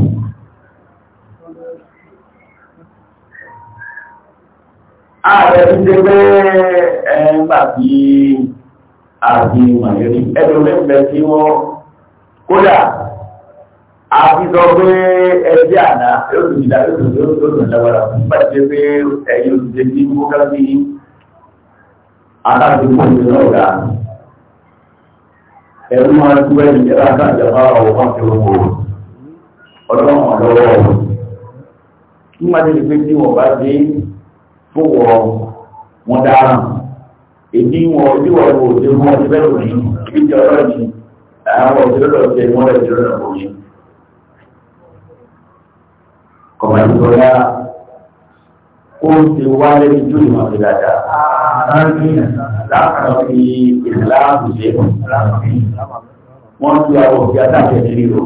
ààrẹ ti dé pé ẹgbà bí àti màlẹ́rí ẹgbẹ̀rẹ̀ tí wọ́n kódà àti sọ pé ẹgbẹ́ àná yóò tún ìdá yóò tún yóò tún lágbára nígbà tí pé ẹ̀yìn òṣìṣẹ́ tí mú kábí àtàkùn ìpínlẹ̀ náà ẹ̀rú máa tú ẹ̀yìn ẹ̀rá àtàjàbá ọ̀wọ́n tí ó wò ọlọ́run lọ́wọ́ nígbà tí pé tí wọ́n bá dé fòwọ́ wọn dára èdè wọn ojú wọn kò dé wọn ti bẹ́ẹ̀ lòdì ibi tí ọlọ́run ni àwọn òṣèlú lọ sí ẹ̀wọ̀n rẹ̀ jùlọ lọ́wọ́ yìí kọ̀mọ̀ ìtọ́lá ó ti wá lẹ́ni tó ìmọ̀ sí dáadáa láàárọ̀ fi ìsìláàmù ṣe wọ́n ti àwọn òfin adájọ́ ní rírò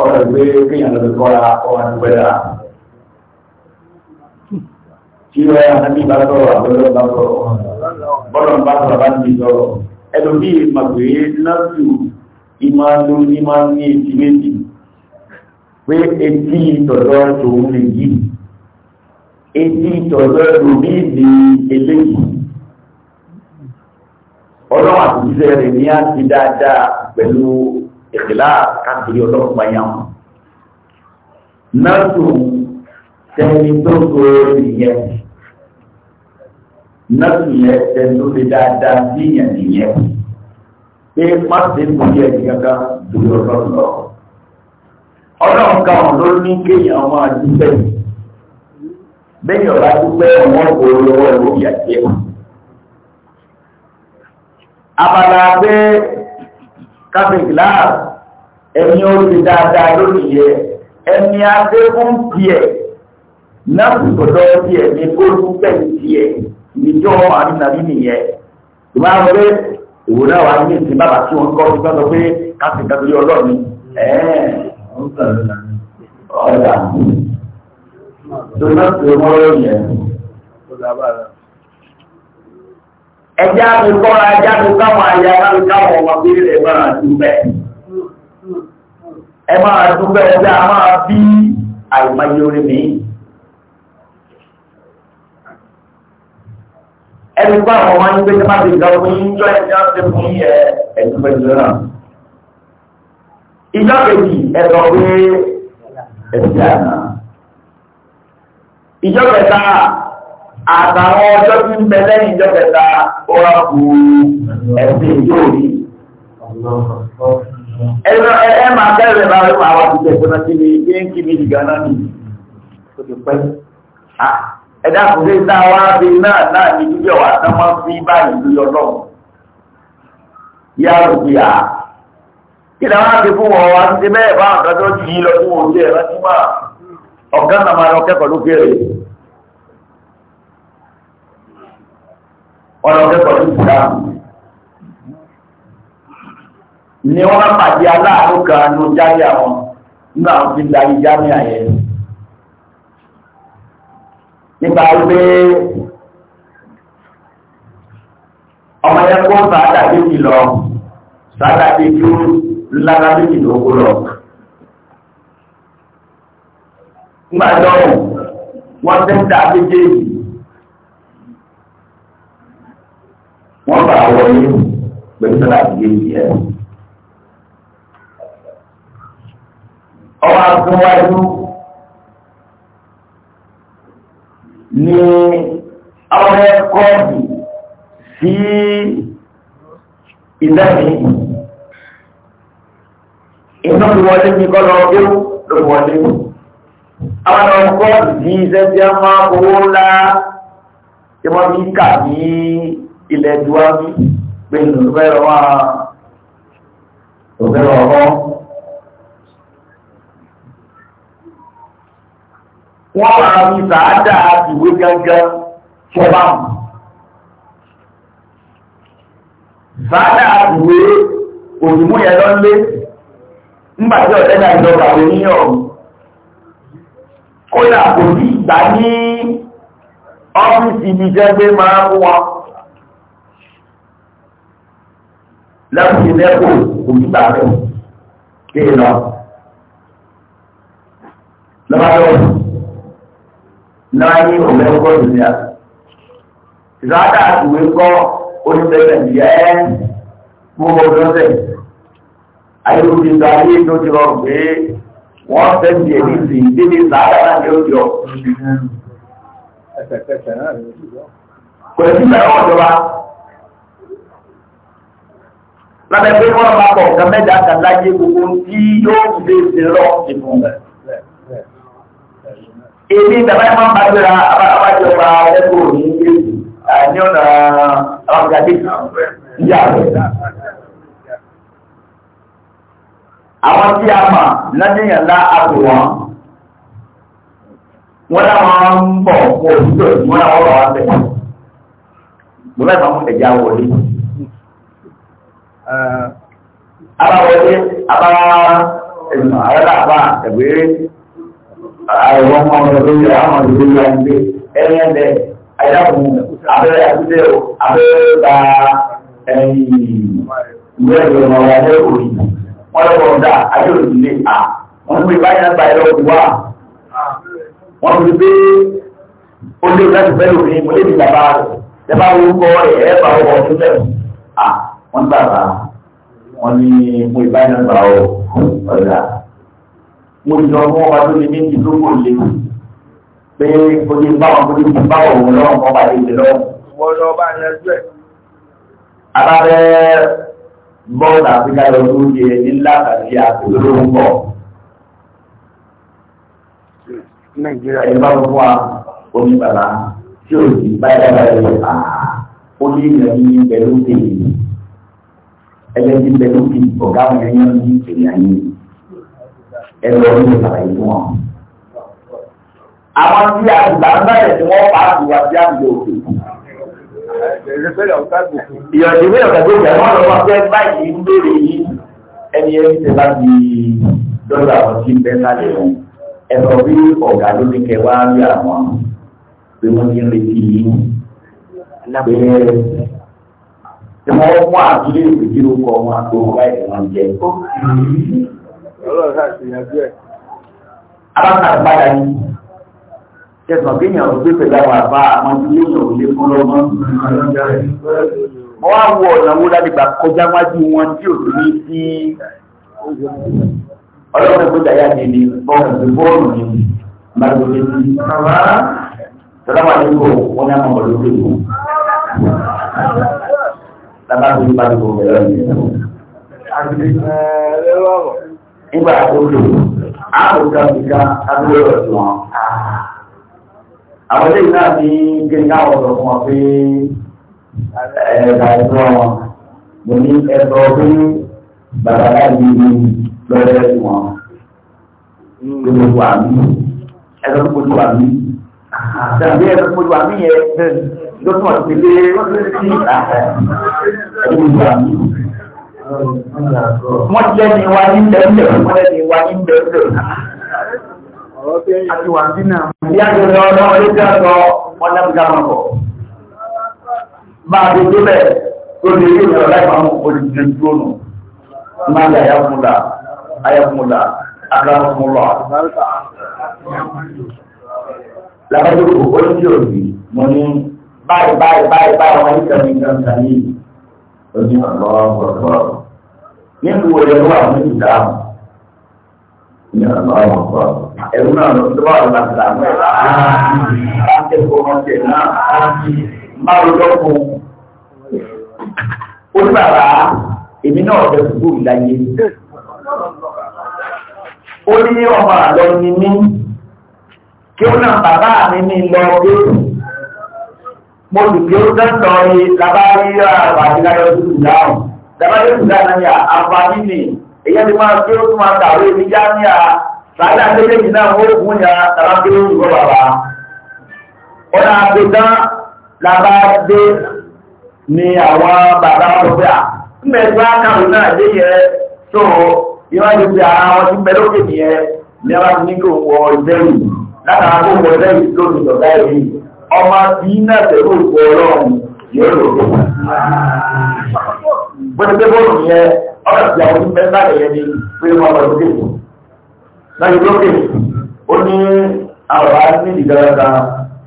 ọ̀rọ̀ ìgbé kéèyàn lọ́dún kọ́ra ọwọ́ àtúgbẹ́ra tí ó yára náà bí bá sọ̀rọ̀ àbúrò bá sọ̀rọ̀ bọ́lọ̀ bá sọ̀rọ̀ bá ti sọ̀rọ̀ ẹlòmí ìmọ̀gbé nọ́ọ̀sù ìmọ̀ ló ní máa ń ní etí méjì ọlọ́run àtúnṣe rẹ̀ ní á ti dáadáa pẹ̀lú ìkìlá káàkiri ọlọ́run pàyàn náà tó tẹni tó tó nìyẹn náà tó yẹ tẹni tó lè dáadáa sí yẹn nìyẹn pé má ṣe ń bóyá ẹni kankan lórí ọlọ́run lọ ọlọ́run káwọn ló ní kéèyàn máa dúpẹ́ bẹ́ẹ̀ ọ̀la dúpẹ́ ọmọ òwò lọ́wọ́ ìwòyà abala pé káfíń gíláàsì ẹni ó ti dáadáa lórí yẹ ẹni adékún tiẹ̀ náà kò gbọdọ̀ tiẹ̀ ní kóòtù bẹ́ẹ̀ tiẹ̀ níjọ́ àmínàbí nìyẹn ìwà wọlé ìwò náà wà ní ìsìn bàbá tí wọ́n kọ́ sí gbọ́dọ̀ pé káfíń kan lórí ọlọ́ọ̀ni ọ̀dà tó náà tó mọ́rọ́ yẹn ẹjá mi kọ́ra ẹjá mi káwọn àyà ẹjá mi káwọn ọmọ bí rẹ̀ máa dúpẹ́ ẹ máa dúpẹ́ a máa bí àìmáyé orí mi. ẹni bá àwọn ọmọ yín pé kí máa ti gbà fún yín jọ ẹjá ti fún yín ẹ ẹdúpẹ́ jù náà. ìjọ kejì ẹ̀dọ̀ pé ẹ̀sìn àná. ìjọ kẹta àtàwọn ọjọ́ tí ń bẹ lẹ́yìn ìjọ kẹta ọ̀rá kù ẹ̀sìn yóò rí. ẹ máa bẹ̀rẹ̀ bá rí àwọn àtúntò ìpinnu tí mi gbé ń kí mi ẹ dákun a wá bí náà náà ní tán wọ́n fi báyìí yàrá à kí ni fún wọn wá bẹ́ẹ̀ ọlọ́kẹ́kọ̀ọ́ ní ìsìláàmù ni wọ́n pàdé aláàánú kan ní jáde àwọn nígbà wọn fi darí jáde àyẹ̀ nípa wípé ọmọ yẹn kó sàádà méjì lọ sàádà méjì lára méjì lóko lọ nígbà tó wọ́n tẹ́ ń dá méjèèjì wọ́n bá wọ inú pẹ̀lú sọ́dà tó lé yẹ. ọwọ́ akínwájú ní ọrẹ kọ́ọ̀dì sí ìdáhìn iná tó wọlé ní kọ́ lọ bí ló wọlé. àwọn ọmọ kọ́ọ̀dì sí iṣẹ́ tí a máa owó ńlá tí wọ́n fi kà ní ilẹ̀ duwájú pé lòlùbẹ́rọ wá lòlùbẹ́rọ ọ̀rọ̀ wọ́n máa fi sàádà ìwé gángan fọ́bá mu sàádà ìwé òdìmú yẹn lọ́lé nígbàtí ọ̀tẹ́ náà ìjọba àwọn oníyàn kódà kò ní ìgbà ní ọ́fíìsì ibi jẹ́ gbé máa ń wọn lẹ́kùn lẹ́kùn òmìgbà rẹ̀ kí ni lọ. lọ́wọ́dọ́ náà ní òmẹ́kọ́ ìrìnà ìsáàdà ìwé kọ́ oníbẹ̀rẹ̀ jẹ́ gbogbo lọ́sẹ̀ ayélujára ayé tó ti rọ pé wọ́n tẹ́sí èdè sí débi ìsáàdà ní òjò. pẹ̀lú ìgbà ọ̀dọ́ lábẹ́ pé wọ́n máa pọ̀ nǹkan mẹ́ta kàláyé gbogbo tí yóò fi ṣe lọ ìfún rẹ̀. Èmi bàbá yẹn máa ń bàjẹ́ra abájọba ẹgbẹ́ òní ní ọ̀nà àbájáde ìyá rẹ̀. Àwọn tí a mà lọ́dẹ̀yàn lá àpò wọn. Wọ́n láwọn ń bọ̀ wọ́n òṣìṣẹ́ òṣìṣẹ́ wọn láwọn ọ̀rọ̀ wọn bẹ̀. Bọ́lá ẹ̀já wọlé. Eh, abáwọlé abá ẹ̀sùn àrẹ́làpá ẹ̀gbẹ́rẹ́ àwọn ọmọ ọmọ lórí àwọn ọmọ lórí àgbẹ̀ ẹ̀rẹ́ ẹ̀dẹ̀ ayáàbùn abẹ́rẹ́ àbúdẹ̀ abẹ́rẹ́ gba ẹ̀yìn ìwé ẹ̀rọ ọmọ ọmọ òyìn wọ́n lọ́wọ́ ọ̀dà ayé òṣìlẹ̀ à wọ́n pè báyìí náà gba ẹ̀rọ òkúwà wọ́n fi pé ó lé láti fẹ́ lómi mo lé mi bàbá rẹ̀ ẹ bá orúkọ rẹ̀ ẹ bá ọkọ̀ ọdún lẹ́nu wọ́n gbàgbà wọ́n ní mo ìbá iná gbà ó ọ̀dà mo ti lọ fún ọba tó lé méjì tó kò lé pé o lè bá wọn kó lè bá òun lọ́wọ́ kọ́ bá lè lè lọ́wọ́. wọ́n lọ bá iná sílẹ̀. alábẹ́ bọ́ọ̀lù àfíríkà lọ tó yẹ nílá àti àtòlóró ń bọ̀. nàìjíríà yìí bá fún wa omi bàbá tí ò sì bá ẹ̀ dábàá yẹn fà ó ní ìrìn àyè pẹ̀lú tèmi ẹgbẹ́ tí bẹ́ẹ̀ lókè ọ̀gá wọn yẹn yẹn ní èèyàn yìí ẹ lọ ní ìsàlàyé fún wọn. àwọn tí àgbà ń bẹ̀rẹ̀ tí wọ́n pa àgbà tí àgbà òkè. ìyọ̀dì ìwé ọ̀gágbé ìjà wọn lọ wọn fẹ́ báyìí ń béèrè yìí ẹni ẹni tẹ bá di lọ́dọ̀ àwọn tí ń bẹ́ sálẹ̀ wọn. ẹ sọ bí ọ̀gá ló ní kẹwàá rí àwọn pé wọ́n ti ń retí yìí tí wọ́n mú àtúndé ìpèjì orúkọ wọn àti òǹkà ìdè wọn jẹ. alákàtà padà ní kẹsàn-án kéèyàn gbé pẹ̀lú àwọn àbá àwọn tí yóò sọ̀rọ̀ lé fún lọ́mọ. wọ́n á wọ ọ̀nà wo láti gbà kọjá wájú wọn tí ò sí ní sí ọlọ́run ìgbésà yá ni ni ọkùnrin tó bọ́ọ̀lù ni màlúwẹ̀ ní. sọlá wà nínú wọn ní àwọn ọmọ lókè wọn lábá tó bá tó bẹ̀rẹ̀ nígbà tó lò áàrùkà nìkan abúlé ọ̀tún wọn àwọn ilé náà ní gẹ́gẹ́ àwọn ọ̀rọ̀ fún wọn pé ẹ̀ẹ̀dà ẹ̀tọ́ wọn mo ní ẹ̀tọ́ pé bàbá láti ní lọ́rẹ́ wọn gbogbo àmì ẹ̀tọ́ tó kojú àmì tàbí ẹ̀tọ́ tó kojú àmì yẹn lọ́pọ̀ ìpele sí wọ́n jẹ́ ni wa ní bẹ̀rẹ̀ wọ́n jẹ́ ni wa ní bẹ̀rẹ̀ àti wà ní náà bí a jẹ́ lọ lọ́wọ́ ló jẹ́ sọ wọ́n lẹ́bù dámọ̀kọ̀ máa bí tó bẹ̀ tó lè rí ìrọ̀ láì máa mú olùdíje dúrónù máa lè ayáfúnlá ayáfúnlá agbáfúnlá lábájọ́ òní mo ní báyìí báyìí báyìí báyìí wọn ní kàmí kàmí kàmí ó ní àlọ́ọ̀pọ̀lọpọ̀ nínú wo lè wà ní ìdáhùn ní àlọ́ọ̀pọ̀lọpọ̀ ẹ̀rú náà ló tó wà láti làwọn ẹ̀rọ láti ẹ̀kọ́ wọn tẹ̀ náà máa lọ́jọ́ fún un ó ní bàbá èmi náà ọ̀dẹ̀ fúgbò ìdáyé ó ní ọmọ àlọ́ ni mí kí ó náà bàbá mi ní lọ bí mo sì pé ó dẹ́sọ̀ ni labárí àbàdí láyọ̀ dúdú dáhùn labárí dúdú dáhùn ni àǹfààní ni èyí ti máa pé ó tún máa kàwé ní jámíà sàádà méjèèjì náà ó kún ní ara pé ó yùgbọ́ bàbá ó náà pé tán labárí ni àwọn bàbá wọn pé à ń bẹ̀ tí wọ́n kàwé náà dé yẹ tó ìwádìí pé ara wọn ti bẹ lókè nìyẹn ní ara ní kí wọ ìbẹ̀rù látara kó wọ ìbẹ̀rù lónìí lọ́gá ọmọ bí náà tẹ̀lú ìgbọ́ ọlọ́run yóò lò ó. Bọ́dé pé bọ́ọ̀lù yẹn ọ̀rọ̀ ti àwọn onímọ̀ ẹ̀ka ẹ̀yẹ ni pé wọ́n lọ lókè. Láyé lókè, ó ní àwọn ará ní ìgbàlódà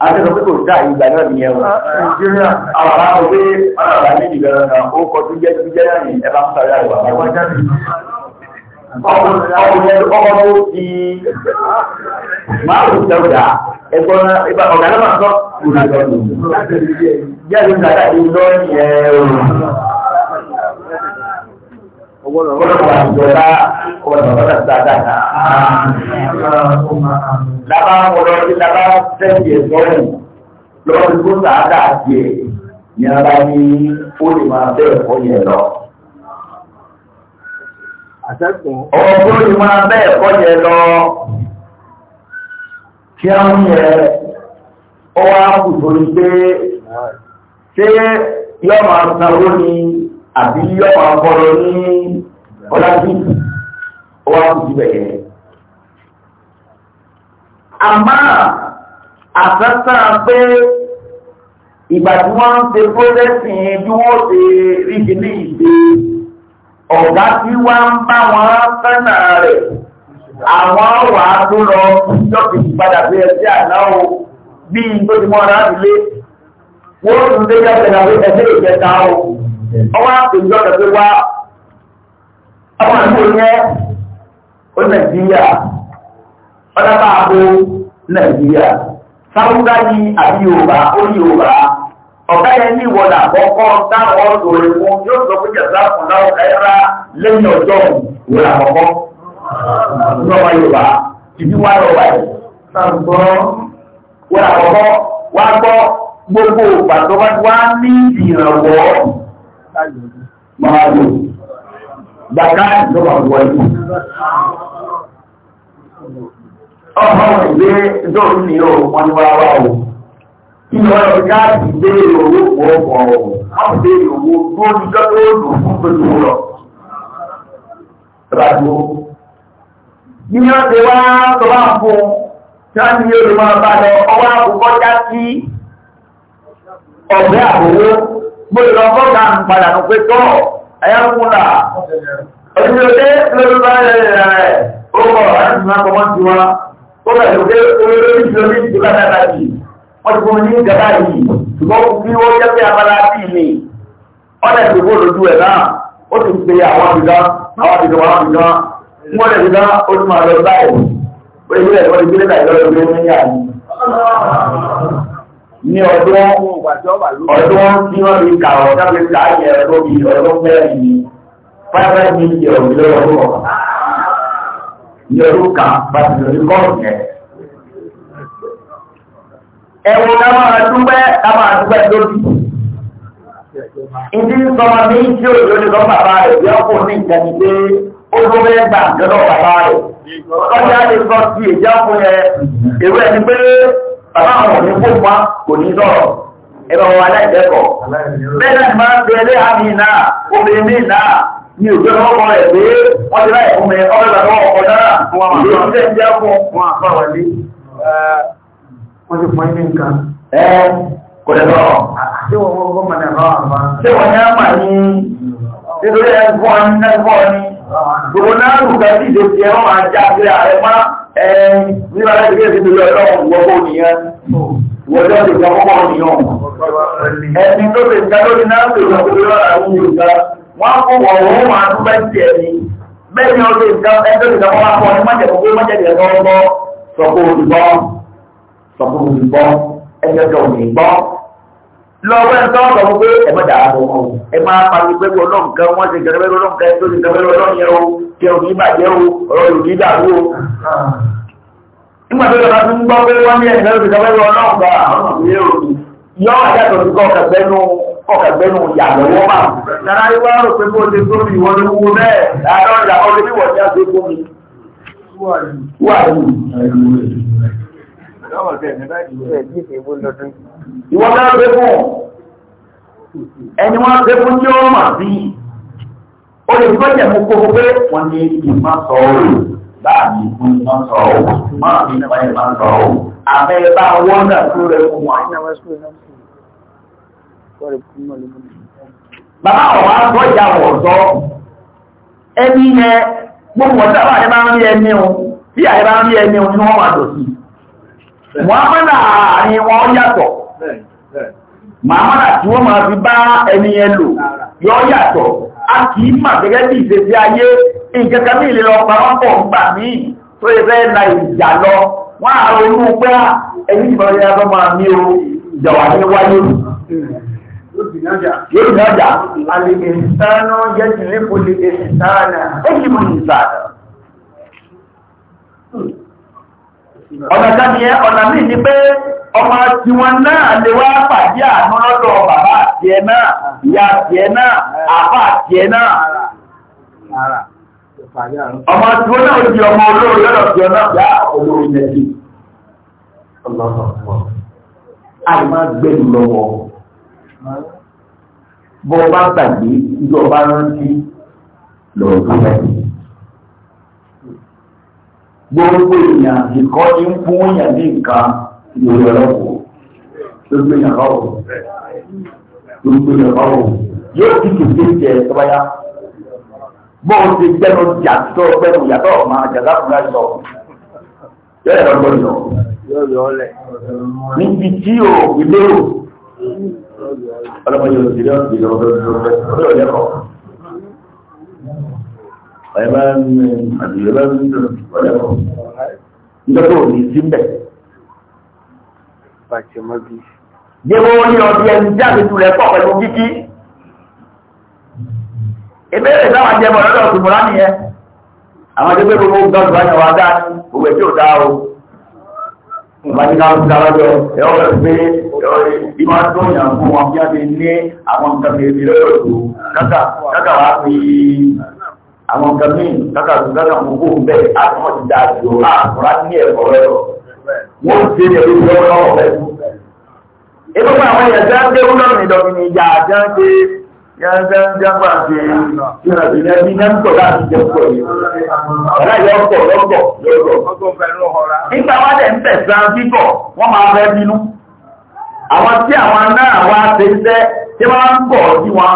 akẹ́kọ̀ọ́ pé kò dá ìgbà náà nìyẹn ó kọ tó jẹ́ tó jẹ́ náà ní ẹ ọkọ̀ tó ti máa wù sẹ́wùdà ẹgbọ́n ibà ọ̀gá náà máa sọ jẹ́rìí nàdà ìlọ yẹ ọ̀rọ̀. Ọgbọ́dọ̀ bá ìjọba ọgbọ́dọ̀ bá dáadáa náà. Lábá ọ̀rọ̀ ní lábá fẹ́ẹ̀sì ẹ̀sọ́ rẹ̀ lọ́wọ́ tó sáadà tiẹ̀ ní ara ní ó lè máa bẹ́ẹ̀ kọ́ yẹn lọ. Ọgbọ́n ni máa bẹ́ẹ̀ kọ́ yẹ lọ kí a ń yẹ ọ wá kù torí pé ṣé yọ́ máa sanwó ni àbí yọ́ máa bọ́rọ̀ ní ọlájú ọ wá kù síbẹ̀ yẹn. Àmá àtàtà pé ìgbà tí wọ́n ń ṣe pọ́lẹ́sìn bí wọ́n ṣe rí ọ̀gá tí wá ń bá wọn fẹ́nà rẹ̀ àwọn wà tó lọ jọ́kìtì padà bí ẹ̀sí àná o bí i tó ti mọ́ ara nílé wọ́n tún dé jẹ́ ẹ̀nà pé ẹ̀sí lè jẹta o ọwọ́ àpèjọ kẹfẹ́ wá ọmọ ìlú yẹn ó nàìjíríà ọlọ́pàá àbò nàìjíríà sáwúgá yìí àbí yorùbá ó ní yorùbá ọ̀gá yẹn ní ìwọ̀dà àkọ́kọ́ táwọn lòrè fún yóò sọ pé jẹ̀sà fún láwọn ẹ̀rá lẹ́yìn ọjọ́ ìwọ̀dà àkọ́kọ́ ní ọmọ Yorùbá ìdí wá lọ wáyé sàgbọ́n wọ́n àkọ́kọ́ wá gbọ́ gbogbo ìgbà tó bá wá ní ìrànwọ́ máa lò gbàgbá ìjọba wọlé ọmọ ìgbé ìjọba ní o wọn ni wá wá o kí wọ́n lọ káàdì béèrè owó pọ̀ọ̀pọ̀ àwọn béèrè owó tó ní kọ́tọ́ òòlù fún pẹ̀lú lọ. Ìbàdó. Ní ọ̀sẹ̀ wá tó bá fún sáàtì yóò lè máa bá lọ ọwọ́ àkókò já sí ọ̀gbẹ́ àbòwó. Mo lè lọ wọ́n ti fún mi ní gàdá yìí ṣùgbọ́n kí ó jẹ́ pé abala sí mi ọ̀dẹ̀ tó kó lójú ẹ̀ náà ó ti pe àwọn àbìgán àwọn àbìgán àwọn àbìgán ń wọ́n lẹ̀bi náà ó ti máa lọ báyìí ó ti gbélé ìwọ́n ti gbélé náà ìlọ́rọ̀ gbélé ní àyè. ní ọdún ọdún tí wọ́n fi kà ọ́ sábẹ́ kà á yẹ ẹ̀rọ bí ọdún mẹ́rin ni five five million lọ́wọ́ ní ọdún kan bá ti lọ sí kọ́ọ̀tù yẹn ẹ̀wọ̀n ká máa dúpẹ́ ká máa dúpẹ́ lóbi. ìdí sọmọ ní tí ò lórí lọ bàbá rẹ̀ bí ọkọ̀ ní ìjẹni pé ó tó bẹ́ẹ̀ gbà jọlọ bàbá rẹ̀. ọjà lè sọ sí èjì ọkùn yẹn èrò ẹni pé bàbá àwọn òní kó wá kò ní sọ̀rọ̀ ẹ̀rọ aláìlẹ́kọ̀ọ́. bẹ́ẹ̀ náà máa ń pe ẹlẹ́ àmì náà obìnrin míì náà ní òjò ọkọ̀ rẹ̀ pé wọ́n ti láì fún mi ọ̀rẹ́ bàbá ọkọ̀ náà ìlú ọ̀sẹ̀ wọ́n ti pọ̀ ní nǹkan. ẹ kò lè lọ. ṣé wọ́n wọ́n gbọ́ mọ̀nà ẹ̀rọ àbá. ṣé wọ́n ní àmà ní nítorí ẹ̀ ń fọ́ ní ẹ̀ ń fọ́ ní. gbogbo náà lù ká sí ìdòtí ẹ̀ wọ́n máa já sí ààrẹ má ẹ ní bá láti gbé ìdílé ọlọ́run wọ́pọ̀ nìyẹn wọ́jọ́ ti gbọ́ pọ̀ nìyẹn. ẹni tó lè ga lórí náà lè lọ sí lọ́ra àwọn Yorùbá wọ́n kó ọ̀rọ̀ wọn àdúgbò tiẹ̀ ni bẹ́ẹ̀ ni ọdún ìgbà ẹgbẹ́ ìgbà wọn á kọ́ ọ ní májèkó pé májèkó ẹ̀ lọ́wọ́ sọ pé olùgbọ́n sọ̀kún mi gbọ́ ẹgbẹ́jọ́ mi gbọ́ lọ́wọ́ ẹ̀ tọ́ sọ pé ẹ má dàá bọ̀ wọn ẹ má pariwo pé ọlọ́run kan wọ́n ṣe gẹ̀rẹ́ pẹ̀lú ọlọ́run kan tó ṣe gẹ̀rẹ́ pẹ̀lú ọlọ́run yẹn o kí ẹ òní bàjẹ́ o ọ̀rọ̀ òní dàrú o. nígbà tó yọ̀rọ̀ ń gbọ́ pé wọ́n ní ẹ̀sẹ̀ ló ti gẹ̀rẹ́ pẹ̀lú ọlọ́run kan àwọn ọ̀rọ̀ yẹn rò pé bó ṣe tó mi ìwọ́n ló bẹ́ẹ̀ láàárọ̀ ìyàwó lè bí wọ́n ti Ìwọ́n náà pé fún ẹni wọ́n pé fún tí ó mà sí. Ó lè gbọ́ jẹ̀mú kókó pé wọ́n ní ìmá sọ láàrin fún ìmá sọ máa ní ìmá ìmá sọ òòrùn. wọ́n náà rẹ̀ fún wọn. Bàbá ọ̀wá gbọ́ ìjà wọ̀ mọ̀hámádà ni wọ́n yàtọ̀ mọ̀hámádà tí wọ́n máa fi bá ẹni ẹlò yọ yàtọ̀ a kìí í gẹ́gẹ́ bí ìṣesí ayé ìkẹ́kẹ́ ní ìlera ọ̀pá ń tó na ìjà lọ wọ́n á ronú pé ah, ẹni ọ̀nà jáde ọ̀nà míì ni pé ọmọ tiwọn náà lè wá pàdé àánú lọ́dọ̀ bàbá àti ẹ̀ náà ìyá àti ẹ̀ náà àbá àti náà ọmọ tiwọn náà ọmọ olóòrò lọ́dọ̀ di àìmá gbẹ̀rù lọ́wọ́ gbogbo èèyàn ìkọ́ ní ń fún èèyàn ní nǹkan ìròyìn ọlọ́pọ̀ gbogbo èèyàn báwò gbogbo èèyàn báwò yóò ti kèké jẹ tọ́báyá bó o ti gbẹ́nu jàtọ́ gbẹ́nu yàtọ̀ máa jàdá fún láìsọ yẹ́rẹ̀ lọ́gbọ́ ìlọ níbi tí o ìlérò ọlọ́mọ yóò ti rí ọ̀sẹ̀ ìlọ́gbọ́ ìlọ́gbọ́ ìlọ́gbọ́ ọ̀yẹ́bá ń àdìyẹ́bá ń tó ọ̀lẹ́kọ̀ọ́ ìjọba ò ní sí mbẹ̀. Jẹ́ wọ́n wọ́n ní ọdí ẹni tí àbíjú rẹ̀ pọ̀ pẹ̀lú kíkí. Ìbéèrè táwọn jẹ́ bọ̀ lọ́dọ̀ ọ̀sùn mọ́lá nìyẹn. Àwọn jẹ́ pé gbogbo gbọ́dọ̀ bá yẹn wá dá owó ẹ̀tí o. Ìbájú ká ń dára jọ ẹ̀họ́ rẹ̀ pé ìmọ̀ tó yàn fún wọn bí a ti ní àwọn nǹkan mèrè lọ́dọ̀ ọ̀sùn. Kàkà wá fi àwọn nǹkan míì kákà tó kákà mú kó bẹ́ẹ̀ àwọn ti da àjò àkùrá ní ẹ̀kọ́ rẹ̀ lọ. wọ́n ti ṣe ẹ̀rí lọ́wọ́ lọ́wọ́ rẹ̀. ebi pa àwọn èèyàn sẹ́ńdé wúlọ́ọ̀nù ìdọ̀mìnì ìyá àjẹ́ńdé yẹnsẹ́ ń jẹ́pà ṣe ìrìnàjò ẹbí náà ń pọ̀ láti jẹ́ pọ̀ yìí. ọ̀rẹ́ yọ pọ̀ lọ́pọ̀ lọ́pọ̀. nígbà wá dẹ̀ ń tẹ̀sán bíbọ̀ wọ́n máa fẹ́ bínú. àwọn tí àwọn náà wá ṣe iṣẹ́ tí wọ́n ń bọ̀ sí wọn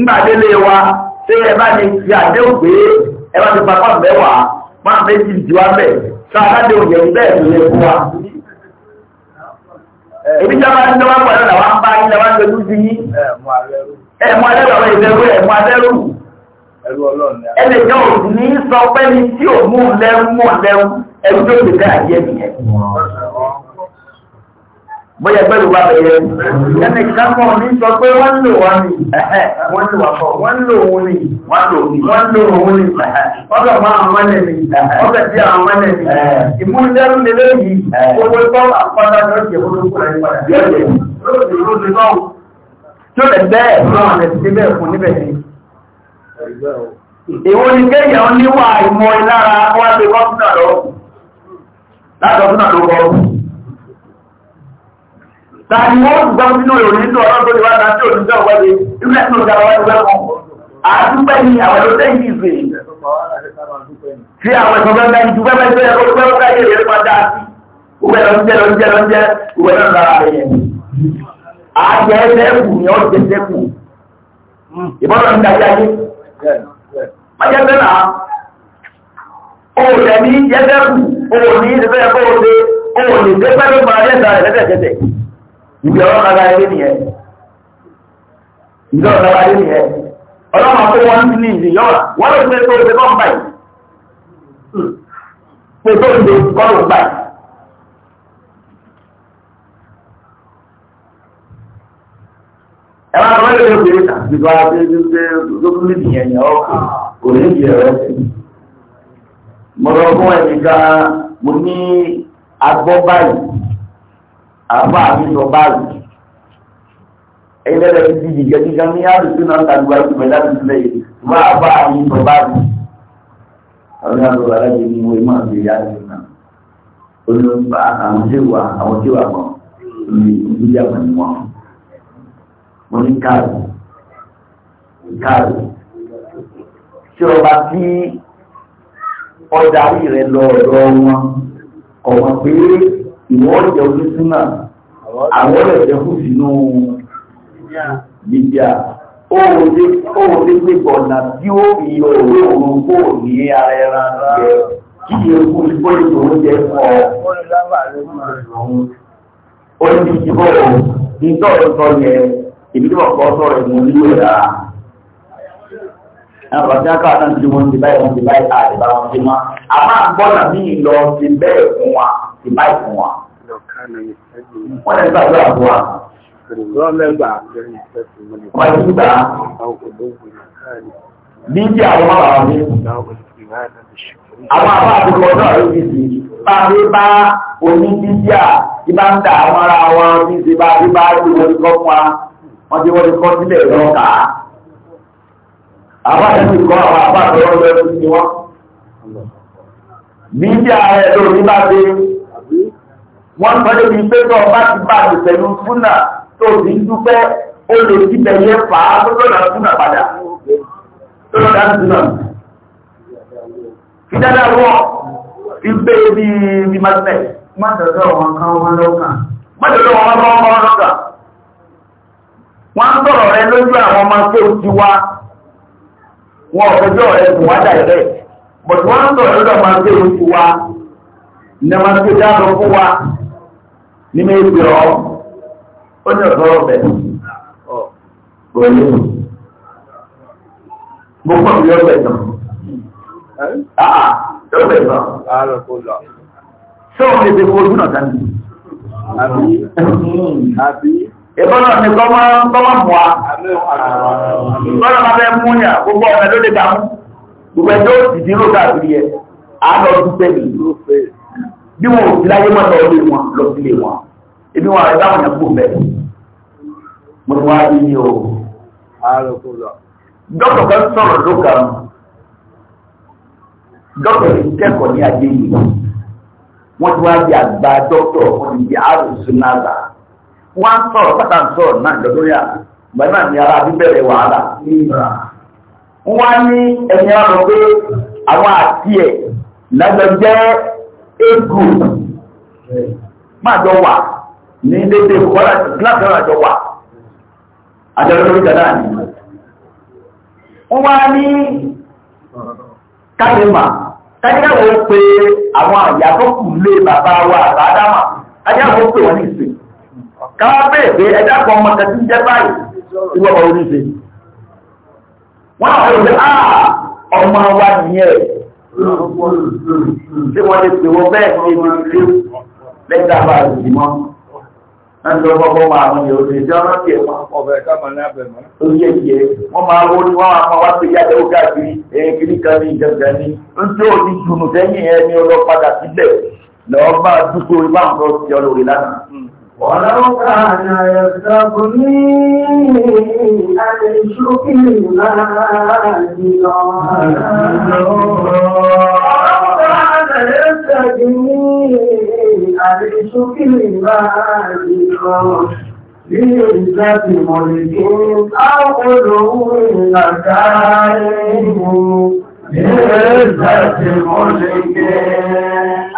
ńgbàdélé wa ṣé ẹ bá ní ti àdéhùn pé ẹ bá ti pa pàmò mẹ́wàá máa méjì jù wá bẹ̀ sọ aládéhùn yẹn bẹ́ẹ̀ ló lè fún wa. Ebi jẹ́ wọn ní wọn pẹ̀lú àwọn bá yín lọ́wọ́ ń dojú sí yín. Ẹ̀mú alẹ́rú ọ̀rọ̀ ìdẹ́rú ẹ̀mú alẹ́rú. Ẹnì kan ò ní sọ pé ní tí ò mú lẹ́rú mú lẹ́rú ẹ̀rú tó lè ká àyè nìyẹn. bóyá gbẹ́rù wà bẹ̀rẹ̀ ẹni kápọ̀ ní sọ pé wọ́n lò wọ́n ní wọ́n lò wọ́pọ̀ wọ́n lò wọ́n ní wọ́n lò wọ́n ní ọ̀dọ̀ máa mọ́lẹ̀ ní ọ̀dọ̀ tí a mọ́lẹ̀ ní lélẹ́ yìí owó tó tàbí wọ́n gbọ́ nínú ìròyìn nínú ọ̀rọ̀ tó lè wá náà tí ò ní jẹ́ òwẹ́lẹ̀ ilé ẹ̀sùn ìjà wá ìwé wọn àdúpẹ́ ni àwọn ẹ̀rọ tẹ́ ìdí ìfẹ́ tí àwọn ẹ̀sùn bẹ́ẹ̀ bẹ́ẹ̀ ju bẹ́ẹ̀ bẹ́ẹ̀ ó pẹ́ ó káyé rẹ̀ máa dáa sí òwe lọ jẹ́ lọ jẹ́ lọ jẹ́ òwe lọ lára rẹ̀ yẹn àjẹ́ ẹ̀sẹ̀kù ni ó jẹ́ sẹ́kù ìbọn lọ ń dájá yé májẹ́ bẹ́ẹ̀ náà o lẹ̀ ní jẹ́ sẹ́kù o ní ìbí ọlọ́run ara ẹgbẹ́ nìyẹn ìbí ọlọ́run ara ẹgbẹ́ nìyẹn ọlọ́run àti ní ìdí yọ̀ọ̀rà wọ́n lè fi ẹgbẹ́ ọ̀gbẹ́ bọ́ọ̀ báyìí pé tó ní ìdí ẹ̀rọ ẹ̀sìn. mo lọ fún ẹnìkan àbá àmì sọ báyìí ẹ̀yìn lẹ́lẹ́ ti di ìjẹ́ gíga ní àrùsí náà tàbí wáyé mẹ́lá ti sílẹ̀ yìí ṣùgbọ́n àbá àmì sọ báyìí àwọn ní àlọ́ alájẹ ní ìwé máa ń bèèrè àti ìgbà olùbá àwọn tí wà àwọn tí wà mọ̀ ní ìdílé àwọn ìwọ̀n mo ní káàdì káàdì tí ọba tí ọjà rí rẹ lọ ọ̀dọ̀ wọn ọ̀wọ́n pé ìwọ́n jẹ́ onísùn náà àwọn ẹ̀jẹ̀ kù sínú bíbíà ó wò lé pé bọ̀nà tí ó fi òwe òun kò ní ara ẹran jẹ kí ni ikú ikú ètò oúnjẹ fún ọ. ó ní ti bọ́ ọ nítorí sọ yẹ èmi tí wọ́n kọ́ sọ̀rọ̀ ìmú nílò ìlà. Àwọn ọ̀sẹ̀ aká náà ti wọ́n ti báyìí wọ́n ti báyìí àdìbá wọn ti mọ́. Àmọ́ àgbọ́nà mí lọ sí bẹ́ẹ̀ fún wa, ti báyìí fún wa wọ́n lè gbàgbé àbúrò àwọn. wọ́n lè gbàgbé àbúrò níbi àwọn bàbá mi. Àwọn àwọn àdúgbò náà ló fi sí. Bábí bá oní bíbíà tí bá ń dà àwọn ará wọn ní ṣe bá bí bá tí wọ́n ti kọ́ fún wa, wọ́n sọ débi pé tó ọba ti bá pẹ̀lú fúnà tó ti ń dúpẹ́ ó lè ti yẹ fà lọ́nà fúnà padà lọ́nà fúnà. Ìdáná wọ̀ ìgbé ibi ibi magnet. Má dọ̀dọ̀ kan wọn lọ́kàn. Má kan wọn lọ́kàn. Wọ́n ń sọ̀rọ̀ lójú àwọn ọmọ tó ti wá. Wọ́n ọ̀fẹ́jọ́ rẹ̀ kò ẹ̀rẹ́. ní méjì ọ ó ní ọ̀sọ́rọ̀ bẹ̀ pẹ̀lú mo pọ̀ sí ọ̀bẹ̀ tán àà ọ̀bẹ̀ tán ṣé òun lè fi fojú náà dání ìbọ́nà ni kọ́mọ́ mú wa ìbọ́nà máa fẹ́ mú yà gbogbo ọ̀nà ló lè dàmú gbogbo ẹjọ́ ìdíró káàkiri ẹ̀ àádọ́ dúpẹ́ nìyí bí wọn ò sí láyé mọ́ lọ sí wọn lọ sílé wọn ebi wọn àrẹ táwọn yẹn kú bẹ́ẹ̀ mo ti wá rí ní o. dọ́kítọ̀ kan sọ̀rọ̀ ló kà mọ́ dọ́kítọ̀ yìí kẹ́kọ̀ọ́ ní ajé yìí wọ́n ti wá di àgbà dọ́kítọ̀ wọ́n ti di àrùn sinada wọ́n sọ̀rọ̀ pátá sọ̀rọ̀ náà lọ́dún yà gbà náà ní ara bíbẹ̀rẹ̀ wàhálà wọ́n ní ẹ̀yìn àrùn pé àwọn àti ẹ̀ lájọ égbò máa jọ wà ní dédé gbọ́lájọ́ àjọ wà àjọ lórí jẹ́dá ní wọ́n wá ní kájẹ́mà kájẹ́wò pé àwọn àyà tó kù lé bàbá wa àbádámà kájẹ́wò pé wọ́n ní ìsìn káwá bẹ́ẹ̀ pé ẹjá kan ọmọ kẹtí jẹ́ báyìí ìwọ̀n orí ṣe wọ́n àwọn ah, ọmọ wa nìyẹn tí wọ́n lè pè wọ́n bẹ́ẹ̀ ní ibi tí lẹ́gbàá bá rẹ̀ jì mọ́ láti ọkọ̀ bọ́ máa wọn yóò lè jẹ́ ọ̀rọ̀ tiẹ̀ wọn. ọbẹ̀ káàmà ní abẹ mọ́. ó yẹ yẹ wọ́n máa wọ́n ní wọ́n máa wá sí yàtọ̀ ó káàkiri kiri kan ní ìjọba ní. ń tí ò ní jùnú sẹ́yìn ẹ ọlọ́padà síbẹ̀ lọ́ọ́ bá dúpọ̀ ìbáǹkọ́ sí ọlọ́rẹ̀ lánàá. Hmm. ولو كان يستغني عن الشكر ماجدا ولو كان يستغني عن الشكر ماجدا لعزة ملك أو قلوب مكارم بعزة ملك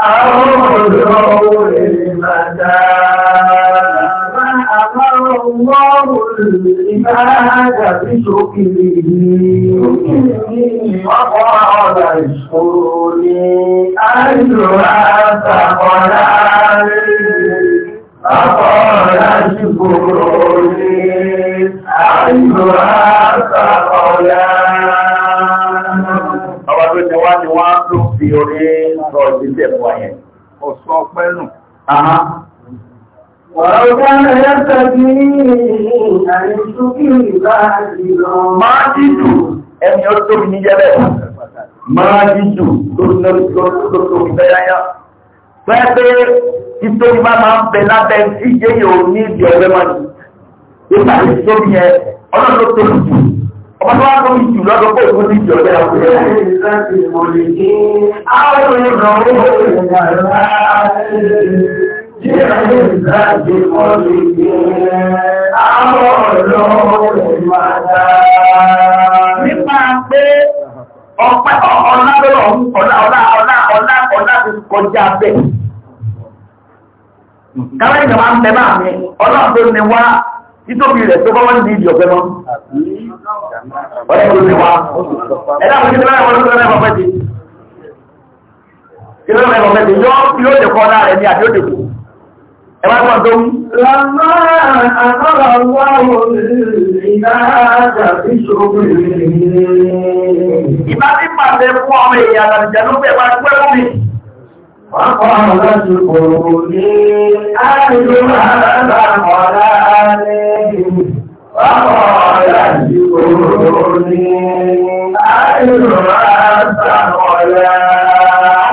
أو ذو المدار فأمر الله العباد بشكره وقال اشكرني أيها الثقلان فقال اشكرني أيها الثقلان torí sọ ìgbésẹ̀ fún ayẹ. Ọ̀sọ́ pẹ́lú. Ọ̀rọ̀gbá ẹ̀yẹ́sẹ̀ bí àìsúkì ìbáàdì lọ. Máa jíjù ẹni ó tóbi ní jẹ́lẹ̀. Máa jíjù tó tóbi bẹ́yáyá. Pẹ́ẹ́pẹ́ títóbi bá máa ń bẹ lábẹ́ tí jẹ́ yóò ní ìdí ọgbẹ́ máa jù. Ìpàdé tóbi yẹn, ọlọ́run ló tóbi jù ọmọ tó wá tó ń jù lọ́dọ̀ pé òun ti jù ọ̀dẹ́ ọ̀pẹ́ Nípa pé ọ̀pẹ́ ìjọba ń bẹ máa mi, ọlọ́pẹ́ mi wá títóbi rẹ̀ tó bọ́ wọ́n ní ìdí wọ́n yẹ kó ti wá ẹ̀dá àwọn ìdílé wọn ló lọ́nà ẹ̀fọ́ fẹ́ti ìdílé wọn ẹ̀fọ́ fẹ́ti yóò yóò kọ́ náà rẹ̀ ní àbí ó dé kù ẹ bá tọ́ tó wí. ìbá ti pàṣẹ fún ọmọ èèyàn àtàlìjà ló fẹ́ wá pẹ́ fún mi. Wọ́n kọ́ àwọn láti kòrò ní àìlú àlàkọ̀ọ́lá ní Fọ́kànlá ìgbòho ní àìrùn àtàkọ̀lá.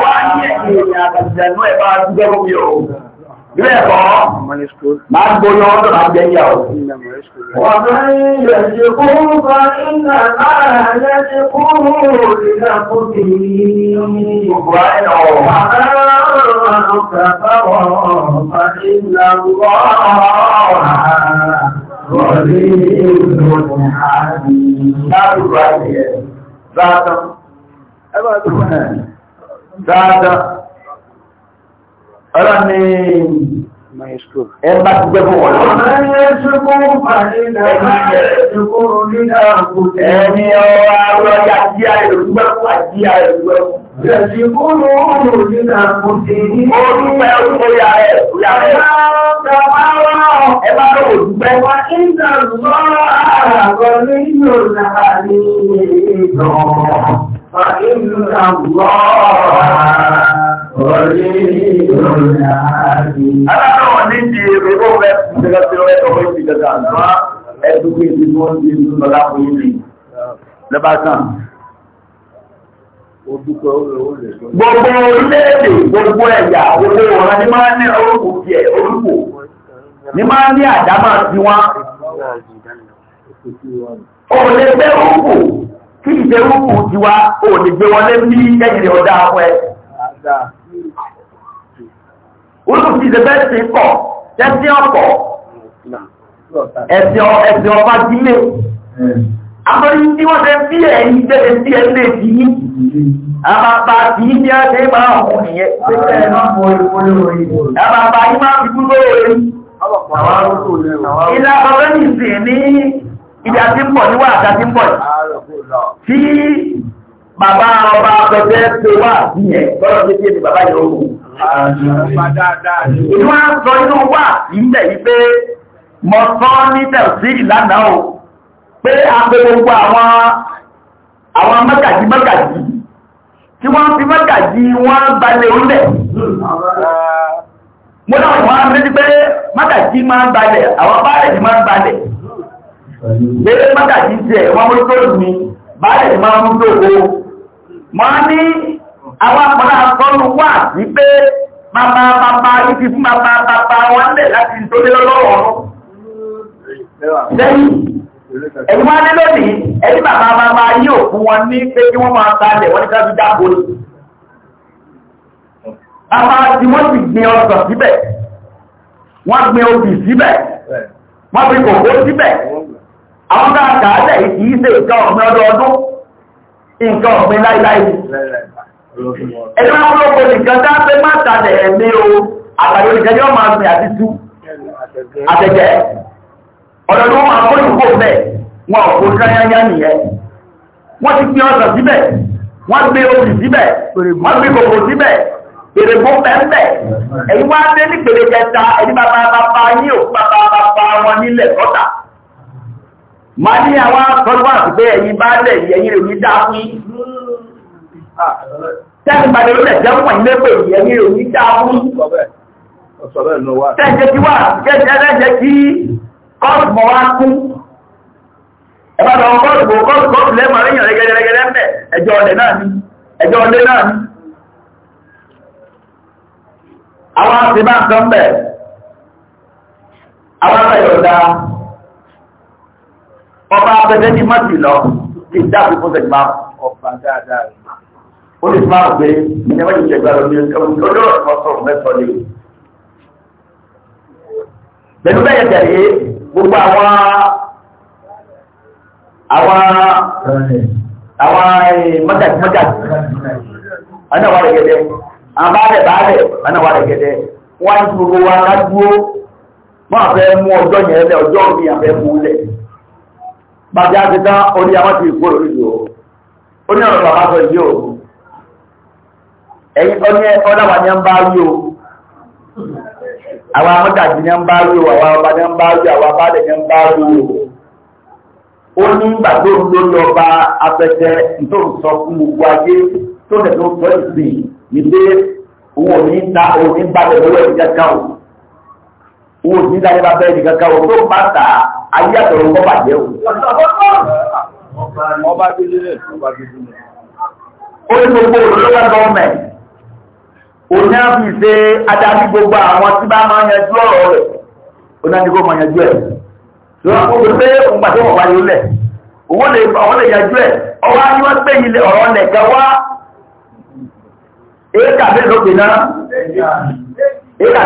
Wọ́n ní ẹ̀yìn àtàkùnjẹ̀nú ẹ̀bá gbẹ́ gómi o. Ilé ẹ̀kọ́, máa gbóná ọdún máa jẹ́ ìyà ọ̀. Wọ́n mẹ́rin yẹ̀ ṣe kúrú Dáadáa. Ọlọ́ ni ẹgbà ti jẹ́ fún Ẹni ọwọ́ àwọn ọjà jí àìrùgbẹ́kù àjí àìrùgbẹ́kù. Jẹ̀sì kúrò oòrùn nígbà kò sí ní. Ó dúpẹ́ orúkọ ìyá rẹ̀, ìyá rẹ̀. Ẹ máa ń gbà wá ẹ máa ń wò dúpẹ́. Wà ní ìdàgbọ́ àràgọ́ nínú láàrin ìjọ. Wà ní ìdàgbọ́ àràgọ́ nínú láàrin. Aláwọ̀ ní ti èrè ó rẹ̀ ṣẹlẹ̀ sí ọ̀rẹ́ tó fẹ́ ìdíjọba àná. Ẹ dúpẹ́ ìdíjọba ń di ìlú lọ́lá fún yìí. Lẹ́bàá kan. Gbogbo orílẹ̀-èdè, gbogbo ẹ̀yà, gbogbo ọ̀ràn ni máa ń ní orúkú ti ẹ̀ orúkú. Ní máa ń ní àdámà sí wá. O lè gbé orúkú, kí ìṣe orúkú ti wá, o lè gbé wọlé ní ẹ̀yìn ọ̀dá ọkọ̀ ẹ̀. Orúkú ti ṣe bẹ́ẹ̀ sí pọ̀, tẹ́sí ọ̀pọ̀, ẹ̀sìn ọba dílé àmọ́rí tí wọ́n tẹ́ bí ẹ̀yí jẹ́ sí ẹ̀lẹ́ tí yí àbàbà tí yí jẹ́ ṣe máa hùn nìyẹn àbàbà yí máa fi kúrò rí ilá ọ̀rẹ́ ní ìsìn ní ìjà tí ń pọ̀ níwà àjá tí ń pọ̀ tí bàbá ọba pẹ̀lẹ́ tó wà níyẹn lọ́rọ̀ tí tí èdè bàbá yóò hù ìwọ́n sọ inú wà nílẹ̀ yí pé mọ̀ sọ ní tẹ̀sí ìlànà o pé àpẹ gbogbo àwọn àwọn mẹ́kàjí tí wọ́n fi mẹ́kàjí wọ́n balẹ̀ orílẹ̀ mo náà wọ́n á méjì pé mẹ́kàjí máa balẹ̀ àwọn báyẹ̀ máa balẹ̀ pé mẹ́kàjí jẹ́ wọ́n mú tó mi máa mú tó o mọ́ ní àwọn àpọ̀lá akọ́lù wà ní pé bàbá bàbá fún bàbá bàbá lẹ̀ láti nítorí ẹni wá ní lónìí ẹni bàbá bá máa yí òkú wọn ní pé kí wọ́n máa balẹ̀ wọ́n ní ká fi dáko ni bàbá tí wọ́n sì gbin ọsàn síbẹ̀ wọ́n gbin obì síbẹ̀ wọ́n fi kòkó síbẹ̀ àwọn bá kàálẹ̀ kì í ṣe nǹkan ọ̀gbìn ọdọọdún nǹkan ọ̀gbìn láíláí ẹni wọ́n lóko nìkan dá pé má tàlẹ̀ ẹ̀mí o àtàlẹ́ òṣìṣẹ́ yóò máa ọ̀dọ̀ ni wọ́n máa kó ìwúkò bẹ́ẹ̀ wọn ò kó káyáyá nìyẹn wọ́n ti fi ọ̀sán síbẹ̀ wọ́n gbé omi síbẹ̀ wọ́n gbé kòkò síbẹ̀ èrè mú pẹ́ńpẹ́ ẹ̀yin wá dé ní pèlè kẹta ẹni bàbá bàbá yín òkú bàbá bàbá wọn nílẹ̀ sọ́tà máa ní àwọn sọ́dún wà pé ẹ̀yin bá lẹ̀ ẹ̀yin rẹ̀ ní dáhùn tẹ́lẹ̀ bàdé ló lẹ̀ jẹ́ wọ̀nyí lẹ́pẹ̀ ẹ̀yin rẹ̀ ní dáhùn tẹ́jẹ́ kí wà tẹ́jẹ́ kí kọ́ọ̀tù mọ̀ wá kú ẹ̀bá lọ kọ́ọ̀tù bò kọ́ọ̀tù kọ́ọ̀tù lẹ́mọ̀ ríyàn rẹ́gẹ́rẹ́gẹ́rẹ́ mẹ́ ẹjọ́ ọ̀lẹ̀ náà ni ẹjọ́ ọ̀lẹ̀ náà ni àwọn àti bá ń sọ́n bẹ̀ àwọn àbẹ̀yọ̀dá ọba abẹ́fẹ́ ní mọ́tì lọ ti dáàbò fún sẹ̀gbà ọba dáadáa ó lè máa gbé ẹgbẹ́ ìṣẹ̀gbà lórí ọjọ́ ọ̀sán mẹ́sàn-án lè pẹ̀lú bẹ́yẹ̀ tẹ̀lé gbogbo àwọn àwọn àwọn mọ́jàdì eh, mọ́jàdì ọ̀nà wà rẹ̀ gẹ̀dẹ̀ àwọn báálẹ̀ báálẹ̀ ọ̀nà wà rẹ̀ gẹ̀dẹ̀ wọ́n ń gbogbo wa ká dúró mọ́ àfẹ́ mú ọjọ́ yẹn lẹ́ ọjọ́ mi àfẹ́ mú lẹ̀ bàbá ti tán orí àwọn ti kúrò nílò ó ní ọ̀rọ̀ bàbá sọ yìí o ẹ̀yin ọ̀nà wà ní ẹ̀ bá yìí o àwa mọ́tàjì ní ń bá rí o àwa ọba ní ń bá rí àwa bálẹ̀ ní ń bá rí o ó ní ìgbà tó ń lórí ọba afẹ́fẹ́ tó ń sọ fún gbogbo ayé tó lè tó sọ ìsìn ní pé òun ò ní ta òun ní balẹ̀ lọ́wọ́ ẹni kankan o òun ò ní ta nípa bẹ́ẹ̀ ni kankan o tó bá ta ayé àtọ̀rọ̀ kọ́ bàjẹ́ o. ọba bíi ó ní gbogbo olùdókòwò gọ́ọ̀mẹ̀ntì. òní á fi ṣe adarí gbogbo àwọn tí bá máa yanjú ọ̀rọ̀ rẹ̀ òní máa yanjú ẹ̀ lọ́wọ́ kó pé òun pàṣẹ wọ̀ wáyé lẹ̀ òun lè àwọn lè yanjú ẹ̀ ọwọ́ á ní wọ́n pè yìí ọ̀rọ̀ wá èékà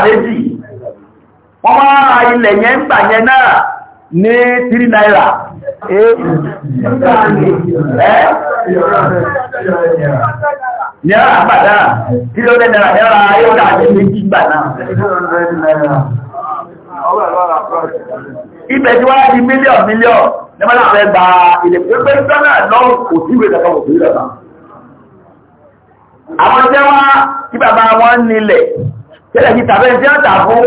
èékà wọ́n máa ra ilẹ̀ yẹn ń gbà yẹn náà ní tírí náírà ẹ́ náírà àgbàdá kílódé náírà náírà ayọ́dà àti méjì gbà náà. ibẹ̀ tí wọ́n á di mílíọ̀n mílíọ̀n lẹ́mọ́lá fẹ́ gba ilé pépé sọ́nà lọ́wọ́ kò sí ìwé ìdàkọ̀ kò sí ìwé ìdàkọ̀. àwọn tí wọ́n tí bàbá wọn nílẹ̀ tẹ́lẹ̀ ti tàbí ẹni tí wọ́n tà fún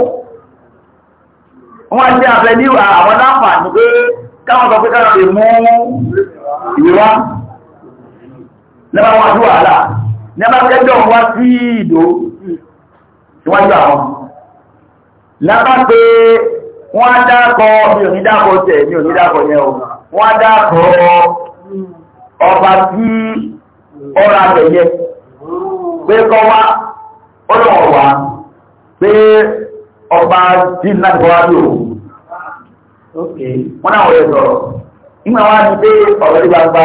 wọ́n ti àfẹ́ ní àwọn láǹfààní pé káwọn sọ pé káwọn lè mú ìwé wá lẹ́mọ́ wọn tó wàhálà nẹ́bà kẹjọ wá sí ìdó síwájú àwọn lábá pé wọ́n á dákọ mi ò ní dákọ tẹ̀ mi ò ní dákọ yẹn o wọ́n á dákọ ọba tí ọ̀rọ̀ àbẹ̀yẹ pé kọ́ wá ọlọ́wọ̀ wá pé ọba tí náà kọ́ wá bí o wọ́n náà wọlé sọ̀rọ̀ nígbà wá ní pé ọ̀rọ̀ ìgbàgbà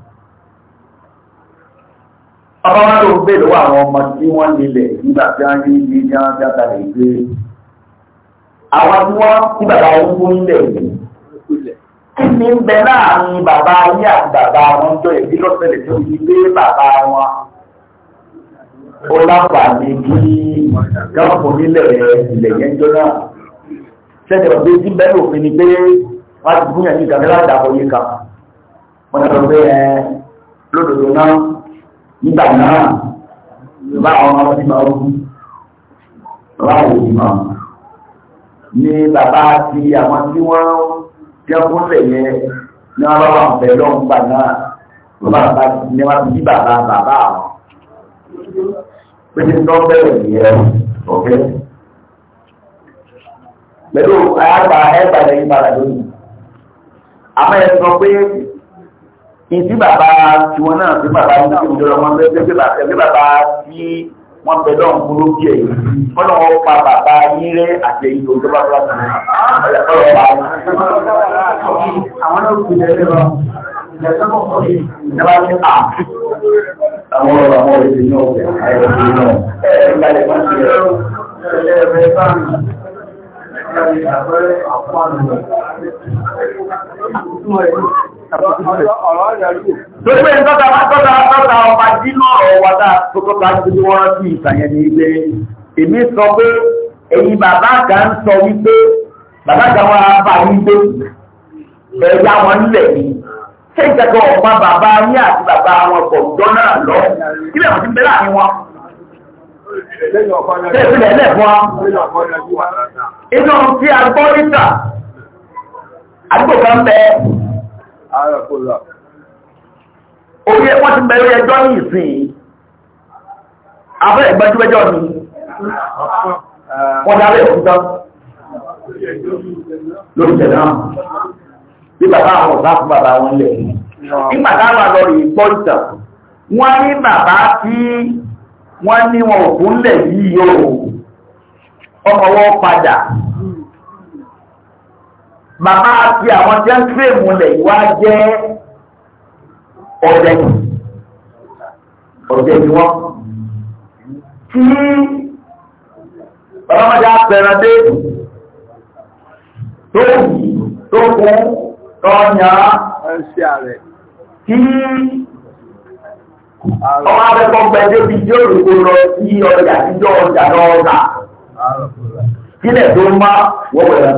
ọba wọn ló bèèrè wà àwọn ọmọ tí wọ́n nílẹ̀ nígbà tí wọ́n ní ibi ní wọ́n játa lè gbé àwọn tí wọ́n kú bàbá wọn kú nílẹ̀ yìí kí ni ń bẹ láàrin bàbá ayé àti bàbá wọn jọ èdè lọ́sẹ̀lẹ̀ tó fi gbé bàbá wọn ó láǹfààní kí gáàpù nílẹ̀ ilẹ̀ yẹn jọ náà ṣẹ̀dẹ̀ ọ̀gbẹ́ tí bẹ́ẹ̀ òfin ni pé wọ́n ti gúnyàn ní ìgbàgbé láti àbọ̀yé kan wọ́n ti nígbà náà láwọn ọmọ ti máa rú láwọn òbí máa ní bàbá àti àwọn tí wọ́n jẹ́kúnlẹ̀ yẹn ní wọ́n bá wà pẹ̀ lọ́hùn gbà náà bàbá ní wọ́n bí bàbá bàbá àwọn pé ní tó bẹ̀rẹ̀ nìyẹn ọ̀kẹ́ pẹ̀lú àgbà ẹgbàá lẹ́yìn lónìí àmọ́ ẹ sọ pé ìdí bàbá tiwọn náà sí bàbá yìí tí ìjọba wọn bẹ tẹ́tẹ́ bàbá tẹ́tẹ́ bàbá tí wọ́n bẹ lọ́n kúrò bí ẹ̀yìn wọ́n lọ́wọ́ pa bàbá yín rẹ́ àti ẹ̀yìn tó jọba tó láti ọ̀rọ̀ pa. àwọn náà kù lẹ́lẹ́ lọ ìjọba ní à àwọn ọ̀rọ̀ àwọn èdè náà bẹ̀ àìrọ̀ sí náà ẹ̀ẹ́dẹ̀ balẹ̀ bá ti rẹ̀ ẹ̀ẹ́dẹ̀ bá ń bẹ̀rẹ̀ àpẹẹrẹ àpọ̀ àlùmọ̀ Gbogbo ìtọ́ta tọ́ta tọ́ta ọba dínà ọ̀wọ́dá tó tọ́ta tí wọ́n sí ìtàyẹ̀ ní ilé. Èmi sọ pé ẹ̀yin bàbá kan ń sọ wípé bàbá kan wá bá yí gbé ẹ̀yà wọn nílẹ̀ ni. Ṣé ìjẹ́kọ̀ ọ̀pá bàbá ní àti bàbá wọn pọ̀ dọ́nà lọ? Kí wọ́n ti bẹ́ láàrin wọn? Ṣé ìpínlẹ̀ ẹ̀lẹ́ fún wa? Inú tí orí ẹ wọ́n ti bẹ̀rẹ̀ ẹjọ́ ní ìsìn afẹ́ ìgbẹ́júgbẹ́jọ́ ni wọ́n dábẹ̀ lórí bàbá àwọn bàbá wọn lẹ̀ lọ rí gbọ́ wọ́n ní bàbá tí wọ́n ní padà bàbá àti àwọn tí ń fèrè múlẹ̀ wá jẹ́ ọ̀dẹ̀kì ọ̀dẹ̀kì wọn tí ọlọ́mọdé apẹ̀rẹ̀dé tó yìí tó kún tọ́nyà tí ọmọ abẹ́kọ̀ gbẹ̀dẹ́ bí tí ó rúgbó lọ sí ọjà tíjọ́ ọjà lọ́ọ̀dà kílẹ̀ tó má wọ́wọ́ ẹ̀rọ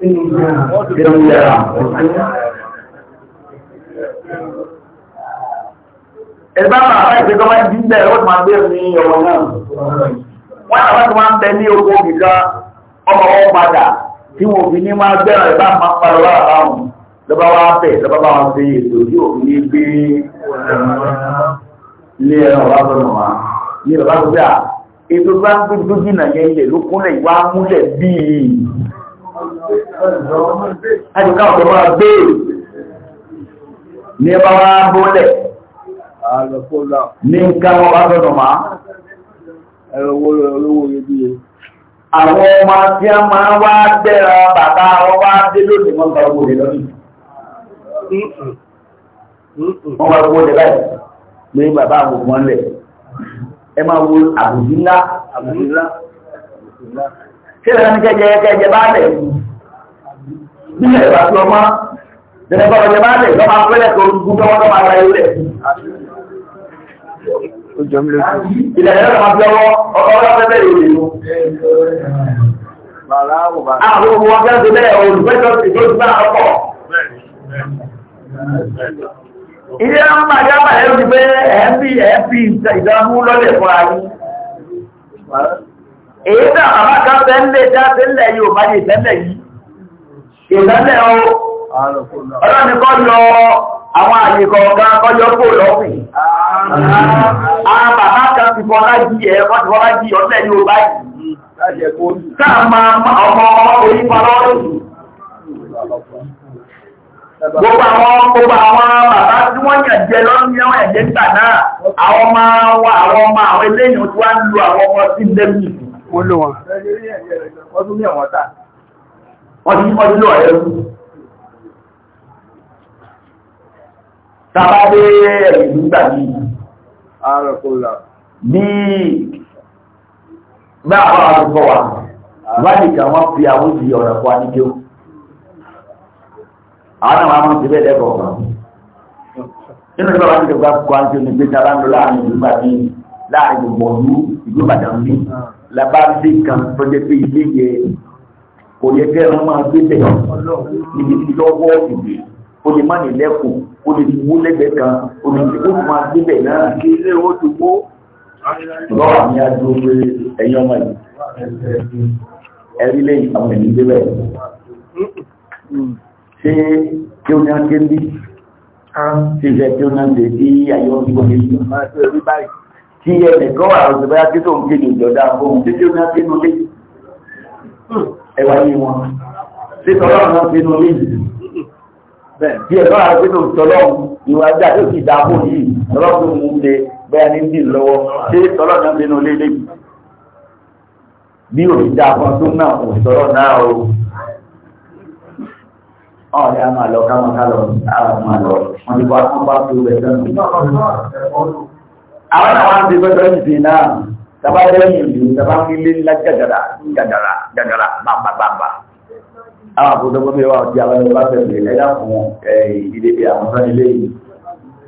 Ìrùn yẹra. Ẹ̀bá máa bá ìgbẹ́ tọ́wọ́ jí bẹ̀ ó máa gbé ní ọ̀rọ̀ náà. Wọ́n àwọn tó máa ń bẹ ní oko nìkan ọmọ wọn padà tí wọn fi ní máa gbẹ́rọ̀ ẹ̀bá máa parọ́ lára báwọn lọ́ba wá bẹ̀ lọ́ba bá wọn fi ètò tí òun ní gbé ilé ẹran ọ̀rá bọ̀nà wá. Ní ọ̀rá bọ̀nà wá, ètò bá ń Àjùká ọ̀pọ̀ máa gbé ní ẹbá wá bólẹ̀. Ní nǹkan wọn bá tọ́nà máa. Ẹ̀rọ owó olówó yóò Àwọn ọmọ tí a máa wá dẹ́ra bàbá wọn wá dé lónìí wọ́n gba owó rẹ̀ lọ́nìí. Wọ́n gba owó rẹ̀ báyìí pé bàbá àwọn ọmọ lẹ̀. Ẹ máa wo àbùdí ńlá. Ṣé ìrànlẹ́kẹ́jẹ kẹjẹ nílẹ̀ ìgbà tí ọmọ dẹ̀rẹ̀ bọ́lá jẹ bá lẹ̀ lọ́mọ akọ́lẹ̀ tó ń gbúdọ̀ wọ́n tó máa ra ilẹ̀. ilẹ̀ yẹn lọ́mọ fi ọwọ́ ọkọ̀ ọlọ́pẹ́ ah, bẹ́ẹ̀ yìí lò. àwọn ọmọ wọn fẹ́ẹ́ bẹ́ẹ̀ olùfẹ́jọ́ ti tó gbà ọkọ̀. ilé ń bá yá bá yẹn wípé ẹ̀ ń bí ẹ̀ ń bí ìdánwò lọ́lẹ̀ fún ayé. èyí náà bàbá kan fẹ́ ń lé dá yìí ìmẹ́lẹ̀ o ọlọ́ni kọ́ yọ àwọn àyè kọ̀ọ̀kan kọjọ́ kò lọ́pìn àwọn bàbá kan ti fọ́lá jí ẹ̀ wọ́n ti fọ́lá jí ọ̀tẹ́ ní o báyìí káà máa ọmọ orí fọ́lá ọ̀rùn gbogbo àwọn gbogbo àwọn bàbá tí wọ́n yàn jẹ lọ́nà ní àwọn ẹ̀jẹ̀ nígbà náà àwọn ọmọ wa àwọn ọmọ àwọn eléyìn tí wọ́n ń lu àwọn ọmọ sí lẹ́mìí. wọ́n lò wọ́n wọ́n ti kọ́ nílò ẹ̀rú tàbá dé ẹ̀rù nígbà bí bí bá àwọn àtúkọ̀ wà vatican wọ́n fi àwọn ìdí ọ̀rọ̀ fún aníjó àwọn àwọn àwọn ti bẹ́ẹ̀ lẹ́kọ̀ọ́ kan nínú ìgbà wọn ti dẹ̀kọ́ kọ́ aníjó ní gbéjà bá ń lọ láàrin ìlú bàbí láàrin gbogbo ìlú ìlú bàdàn bí ah. labá bí kan tó jẹ́ kò yẹ kẹ́ ẹran máa gbé bẹ̀ níbi tí lọ́wọ́ ìgbé o lè má ní lẹ́kùn o lè ti wó lẹ́gbẹ̀ẹ́ kan o lè ti wó máa gbé bẹ̀ náà kí ilé owó ti wó lọ́wọ́ àmì adúró pé ẹ̀yin ọmọ yìí ẹ̀rí lẹ́yìn àwọn ẹ̀mí gbé bẹ̀ ṣé kí o ní á ké bí ṣe ìfẹ́ kí o náà ṣe kí ayé wọn ti wọlé yìí kí ẹnìkan wà lọ́sọ̀bẹ́ akíntòun kéde kí o ní á ẹwà ní wọn tí tọ́lọ́run náà fi nù lè yìí bí ẹ̀ lọ́ra pé tó tọ́lọ́run ìwà ajá tó ti dáàbò yìí tọ́lọ́run tó mú lè bẹ́ẹ̀ ní dì lọ́wọ́ tí tọ́lọ́run náà fi nù lè lè bí òbí dáàbò tó náà kò sọ̀rọ̀ náà o ọ̀ ní a máa lọ káwọn ká lọ àwọn máa lọ wọn ti bá wọn bá tó rẹ̀ sẹ́nu. àwọn àwọn ti bẹ́ẹ̀ tàbá rẹ́yìn ìlú tàbá fi lé ńlá jàgàrà jàgàrà jàgàrà bàbàbàbà àwọn àbúdọ́gbọ́n bí wọ́n ti àwọn ọba fẹ̀mí ẹ̀dá fún ìdílé bí àwọn sọ́ni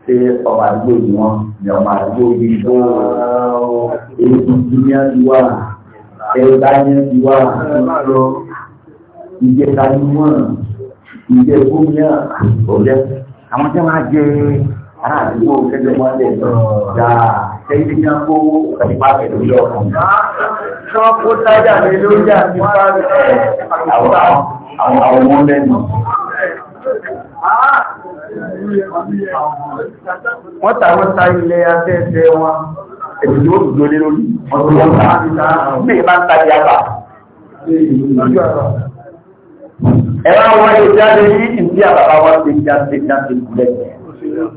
ni ọmọ àdúgbò yìí tó èyí ti ní àdúgbò ẹ̀ka ní àdúgbò lọ ìjẹta ní wọn ìjẹ gómìnà ọ̀jẹ̀ àwọn tí wọ́n á jẹ aráàlú kẹjọ wọn ẹ̀yí ti yàn kó ẹ̀pá pẹ̀lú yọ ọkùnrin. Ṣọ́ kó tájà lé lórí àti parí àwọn ọmọ lẹ́nu. Wọ́n tàwọn ta ilẹ̀ abẹ́ẹ̀fẹ́ wọn. Èdè ó dùn lé lórí. Ọdún wọn ta bí ìbá ń tajà bà. Ẹ̀rọ àwọn ìjáde ní ìdí àbàbà wọn ti jáde jáde lẹ́yìn.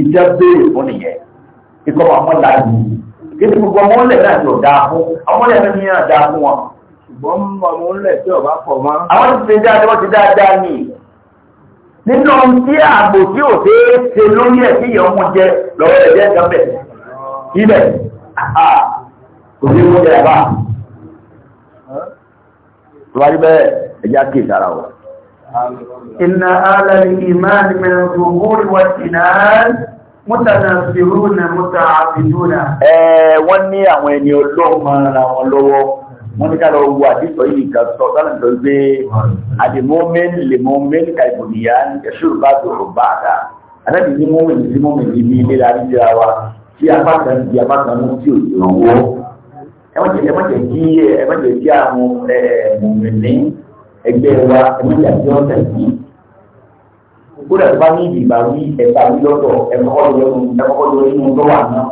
Ìjáde ìfúnnìyẹn ìkọ́ àwọn ọmọláàbí kéde gbogbo ọmọ náà ti ọ̀dà fún ọmọ ọlẹ̀ náà ní fún wọn. ṣùgbọ́n ọmọ tí ọba pọ̀ mọ́. àwọn ti ṣe dáadáa ti dáadáa ní. nínú tí ààbò tí ò ṣe é ṣe lórí ẹ̀ tí ìyọ̀mú jẹ lọ́wọ́ ẹ̀ jẹ́ ibẹ̀ kò sí ìwọ́n jẹ ẹ̀ bá. bẹ́ẹ̀ ẹ̀já kì í sára wọn. ìnà alẹ́ ìmáàlì mẹ́rin Mútànàfihúnà mútàáfihúnà. Ẹ wọ́n ní àwọn ẹni ọlọ́run máa ra wọn lọ́wọ́. Wọ́n ní káàlọ́ owó àdìsọ yìí kan sọ sọ́nàtọ̀ gbé àdìmọ́mẹ́n lè mọ́mẹ́n kàìbòdìyà ẹ̀ṣùrù bá dòrò bá dà. Àdábì ní mọ́mẹ́n sí mọ́mẹ́n ní bí ilé láti jẹ́ wa tí apá kan di apá kan mú tí ò jùlọ wó. Ẹ má jẹ́ kí ẹ má jẹ́ kí àwọn ẹ̀mọ̀mẹ́ni ẹgbẹ́ wa ẹ má jẹ́ kí ọ kódà tó bá ní ìdìbà wí ẹ̀ka wí lọ́tọ̀ ẹ̀kọ́kọ́ lọ ẹ̀kọ́kọ́ lọ nínú tó wà náà.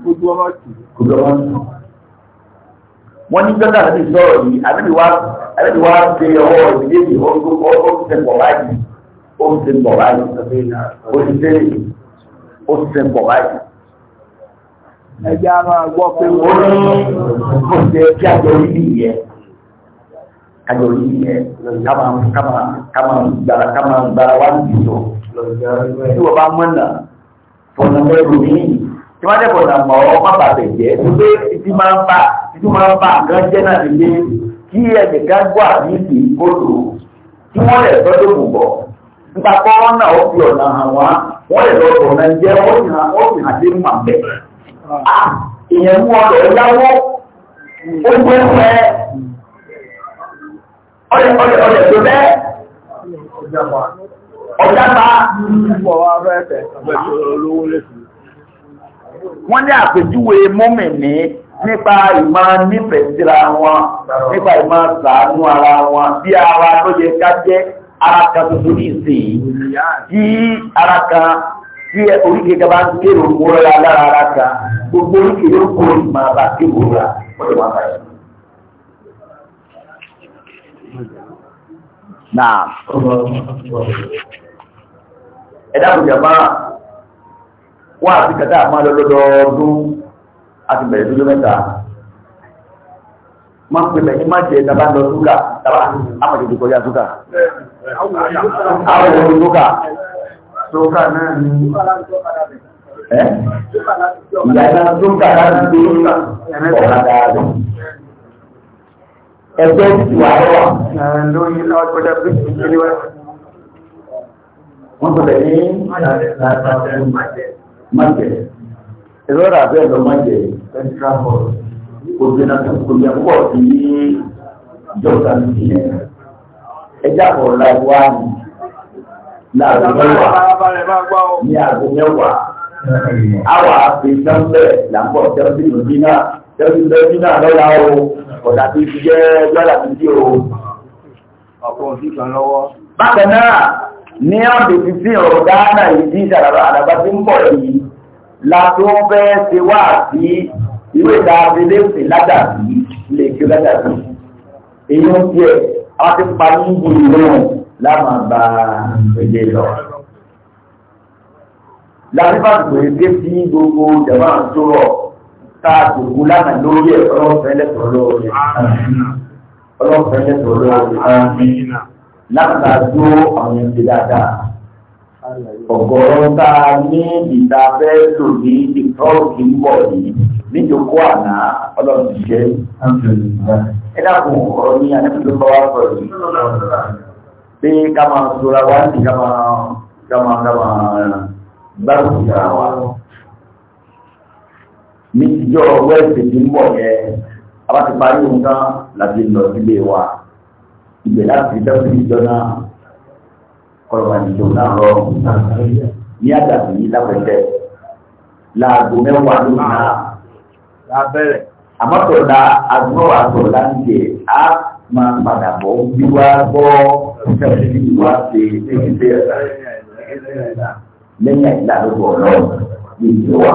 gbogbo ọmọ tù. gbogbo ọmọ tù. wọ́n ní gbọ́dọ̀ àti sọ̀rọ̀ yìí àbẹ̀bí wá àbẹ̀bí wá ṣe ọwọ́ ìdílé ó ń ṣe pọ̀ báyìí ó ń ṣe pọ̀ báyìí ó ń ṣe ó ń ṣe pọ̀ báyìí. ẹja máa gbọ́ pé wọ́n ní ó ṣe kí àjọ yìí yẹ kájọ yìí yẹ kama kama kama gbara kama gbara wa nìyí lọ tí wọ́n bá mọ̀nà fọ̀nà mẹ́rù mi tí wọ́n dẹ́kọ̀ nà mọ̀ ọ́ má bàbẹ̀ jẹ́ tó pé títí máa ń bá títí máa ń bá nǹkan jẹ́ náà nílé kí ẹnìkan gbọ́ àdìsí kótó tí wọ́n lè tọ́jú kù bọ̀ nípa kọ́ náà ó fi ọ̀nà hàn wá wọ́n lè lọ sọ̀nà jẹ́ wọ́n sì hàn wọ́n sì hàn dé mà bẹ̀. ìyẹn mú ọ̀dọ̀ yáwó ó gbé ọ̀yẹ̀ ọ̀yẹ̀ ọ̀yẹ̀ tó bẹ́ẹ̀ ọ̀jápa wọ́n ní àpèjúwe mọ́mìnì nípa ìmọ̀ nífẹ̀ẹ́ síra wọn nípa ìmọ̀ ṣàánú ara wọn bí ara tó yẹ ká jẹ́ ara kan tó ní ìsìn tí ara kan tí oríkèé kan bá ń kérò mọ́ra lára ara kan gbogbo oríkèé ló kó ìmọ̀ àbá kérò rà wọ́n lè wá báyìí. náà ẹ̀dá àbújàmá wà àti kàtà àmà lọ́dọọdún àti bẹ̀rẹ̀ lójó mẹ́ta ma ń pèlè ní má jẹ tàbá lọ súkà tàbá àmàjòjò kọjá súkà àwọn òun súkà súkà náà ni ìyá ìlànà súkà láti ẹgbẹ́ ìwà ẹwà. lóyún ọjọ́ bí ìṣẹ́lẹ̀ wẹ̀. wọ́n sọ̀rọ̀ ní májẹ̀. ìrora bẹ́ẹ̀ lọ májẹ̀ extra hall. kò gbé náà kò yẹ pọ̀ sí ìjọba nìyẹn. ẹjá bọ̀ láwọ́ àmì. láàbù mẹ́wàá ní àgọ́ mẹ́wàá. àwọn àfi sánbẹ̀ làǹkọ̀ tẹ́lifíṣàn bí náà jẹ́bi bẹ́ẹ̀ni náà lọ́la o ọ̀dà tí ti jẹ́ lọ́la tí tí o. ọ̀pọ̀ òsì kan lọ́wọ́. bákan náà ní ọ̀dọ̀ títí ọ̀rọ̀ gáánà yìí ní ìṣàlàbà àdàbà tí ń bọ̀ yìí la tó fẹ́ ṣe wá sí ìwé ìta abẹ́lé òsè ládàbí lè kí ládàbí. èyí ń tiẹ̀ wọ́n ti pa ní ìbò ìlú láwọn bá èdè lọ. láti bá ti pè é dé sí gbogbo jàmbá àtúrọ̀ tá a dùnkú lánàá lórí ẹ̀ ọlọ́fẹ́ lẹ́tọ̀ọ́ lórí ọlọ́fẹ́ lẹ́tọ̀ọ́ lórí látà tó àwọn ẹ̀ṣẹ̀ dáadáa ọ̀gọ̀rọ̀ tá a ní ìta fẹ́ lò ní ìtọ́ọ̀kì ń bọ̀ yìí níjókòó àná ọlọ́run ti jẹ́ ẹ dákun ọ̀rọ̀ ní àdébùdó bá wà sọ yìí pé ká máa sora wá sí ká máa ká máa níjọ́ wẹ́ẹ̀sì tí ń bọ̀ yẹn àwa ti parí ohun tán láti lọ sílé wa ibẹ̀ láti dẹ́kun ìjọ náà kọlọ́ba ìjọ náà lọ ní àdàbí lápẹ̀tẹ̀ láago mẹ́wàá ló náà lábẹ́rẹ̀ àmọ́tọ̀ọ̀dà agbọ́wà sọ̀rọ̀ láǹdẹ̀ á máa padà bọ̀ bí wá gbọ́ ìṣẹ̀lẹ̀ bí wá ṣe ṣe ṣe ẹ̀dá lẹ́yìn àìlá ló bọ̀ lọ ní ìjọ wa.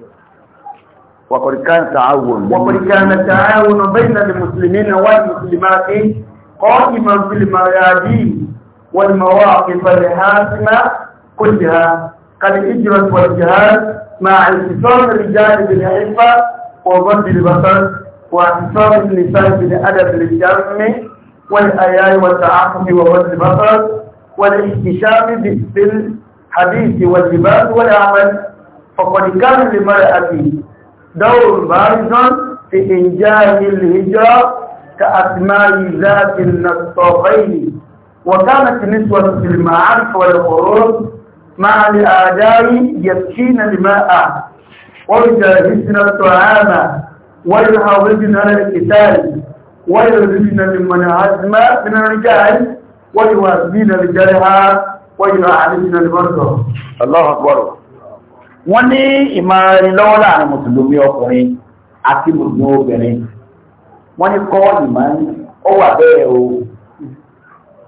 وقد كان تعاون وقد كان التعاون بين المسلمين والمسلمات قائما في الميادين والمواقف الهاشمة كلها اجرت والجهاد مع انتصار الرجال بالعفة وغض البصر وانتصار النساء بالأدب الجم والآيات والتعاقب وغض البصر والاحتشام بالحديث واللباس والعمل فقد كان للمرأة دور بارز في إنجاز الهجرة كأسماء ذات النصابين وكانت نسوة في المعارف والقرون مع الآداء يبكين الماء ويجهزن الطعام ويحافظن على القتال ويرزقن لمن عزم من الرجال ويوازن الجرحى ويعالجن المرضى الله أكبر wọ́n ní ìmọ̀rin lọ́wọ́ láàrin mùsùlùmí ọkùnrin àti mùsùlùmí obìnrin wọ́n ní kọ́ ìmọ̀rin ó wà bẹ́ẹ̀ o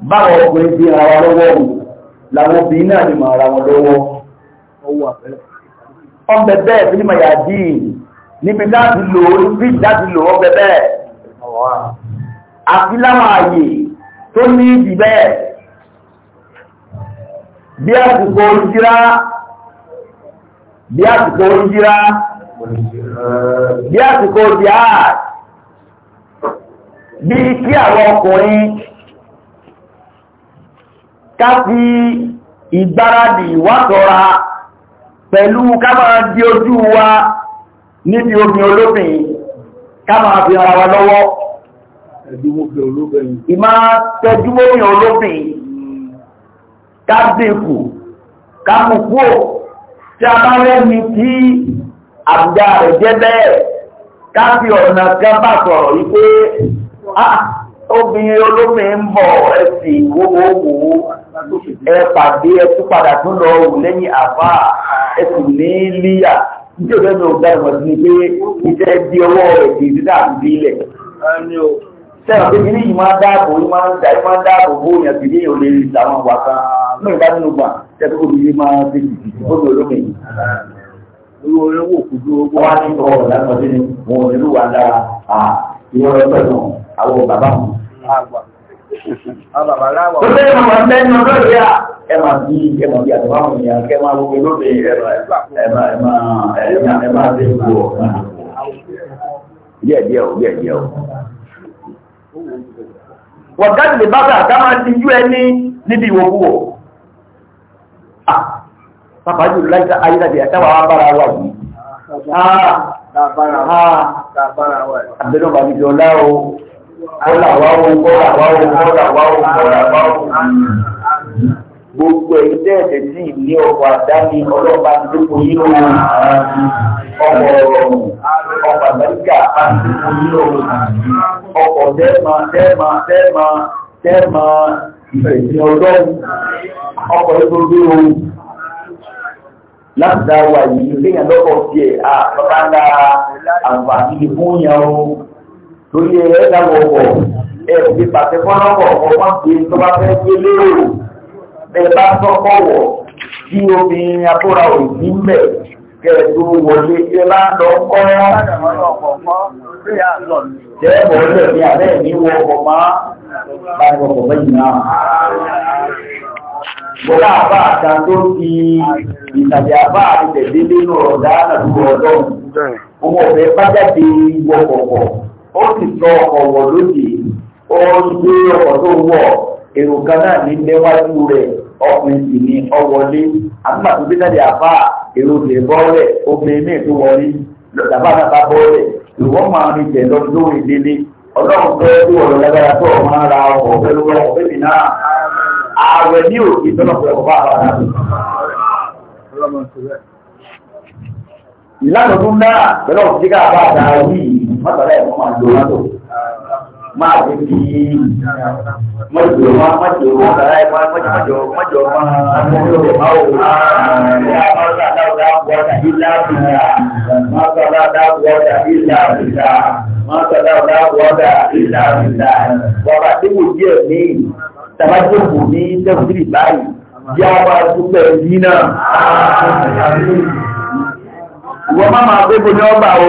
báwọn ọkùnrin bí ara lọ́wọ́ o làwọn obìnrin náà wọn lọ́wọ́ ó bẹ́ẹ̀ láwọn tó ní bí bí àsìkò ìjírá bí àsìkò jihad bí kí àwọn ọkùnrin ká fi ìgbáradì wákọ̀ra pẹ̀lú ká máa di ojú wa níbi omi olóbìn ká máa fi ara wa lọ́wọ́ ìmá tẹjúmọ́ olóbìn ká dínkù ká mú kúrò tí a bá rẹ́ni tí àbújá rẹ̀ jẹ́ bẹ́ẹ̀ káfí ọ̀nà kan bá sọ̀rọ̀ yìí pé ah, obìnrin olómi ń bọ̀ ẹ̀sìn ìwówó ẹ pàdé ẹtú padà tún lọ wù lẹ́yìn àfá ẹ̀sìn ní líyà nítorí ọ̀dọ́ ní ọ̀gá ìwọ̀n sí ni pé iṣẹ́ di ọwọ́ ẹ̀sìn ìdídà àbí sẹ́wọ̀n pé ní ìmọ̀ dáàbò ìmọ̀ dáàbò bóyá sí ní ìyẹn ò wà kan náà bá nínú gbà tẹ́tí kò lè máa fi gbọ́dọ̀ olómi yìí. Irú olówó kò dúró kó wá ní ọ̀rọ̀ lásán sí ni wọn ò nílò wá dára à ìwọ lọ pẹ̀lú àwọn bàbá wọn. Ó lé àwọn ẹgbẹ́ ọjọ́ ìwé à ẹ máa bí ẹ máa bí àtàwọn àwọn èèyàn kẹ máa wo olómi ẹ máa ẹ máa ẹ máa ẹ máa fi gbò ọ̀ díẹ̀ díẹ̀ o díẹ̀ díẹ̀ o wọ̀gádìlì bá bá àgbà máa ti yú ẹni níbi ìwòkúwò pàpà jù láìsá ayélujáde àtàwà abára wà yìí. Àbẹ̀rẹ̀ ọba mi jọlá o, kọ́là wá o, kọ́là wá o, kọ́là wá o, kọ́là wá o. Gbogbo ẹ̀yin tẹ́ẹ̀tẹ̀ sí ilé ọkọ̀ àdáni ọlọ́ba lóko yìí o. Ah. Ọkọ̀ ọ̀rọ̀mù, ọkọ̀ àgbàlíkà lóko yìí o. Ọkọ̀ tẹ́ẹ̀mà tẹ́ẹ̀mà tẹ́ẹ̀mà láti dá wa yìí léèyàn lọ́kọ̀ tiẹ̀ à bàbá ń da àǹfààní fún yàn o torí ẹ ẹ dáwọ ọkọ ẹ òbí pàṣẹ fọlọ́kọ̀ ọkọ̀ wọn fi tó bá fẹ́ gbé lérò bẹ́ẹ̀ bá tọ́kọ̀ wọ̀ tí obìnrin abúra ò ní mbẹ̀ kẹ́ẹ̀tù wọlé ẹ bá lọ kọ́ jẹ́ bọ̀ọ́lẹ̀ ní abẹ́ ní wọ bọ̀dá àbá àta tó fi ìtàjẹ̀ àbá àtẹ̀dé nínú ọ̀dá àdúgbò ọlọ́run ọmọ ọ̀fẹ́ bá jáde wọ̀kọ̀kọ̀ ó sì sọ ọkọ lóde ó ń gbé ọkọ̀ tó wọ̀ èrò kan náà ní rẹ̀ ọkùnrin sì ni ọwọlé àgbà ààwẹ̀ ní òkè tọ́lọ̀pọ̀ ọba àbára ìlànà tó náà pẹ̀lú òkèkà àbá àdára yìí mọ́tàlá ẹ̀mọ́ máa lò látò máa fi fi mọ́jọ máa mọ́jọ mọ́tàlá ẹ̀mọ́ mọ́jọ mọ́jọ máa mọ́jọ máa wò máa dáwọ́dá ilá fìlà máa sọ̀dá dáwọ́dá ilá fìlà máa sọ̀dá dáwọ́dá jẹ́ tàbájòkò ní tẹ́kùtìrì báyìí yá wa dúpẹ́ yìí náà. Ìwọ́n má máa gbé gbóni ọgbà o.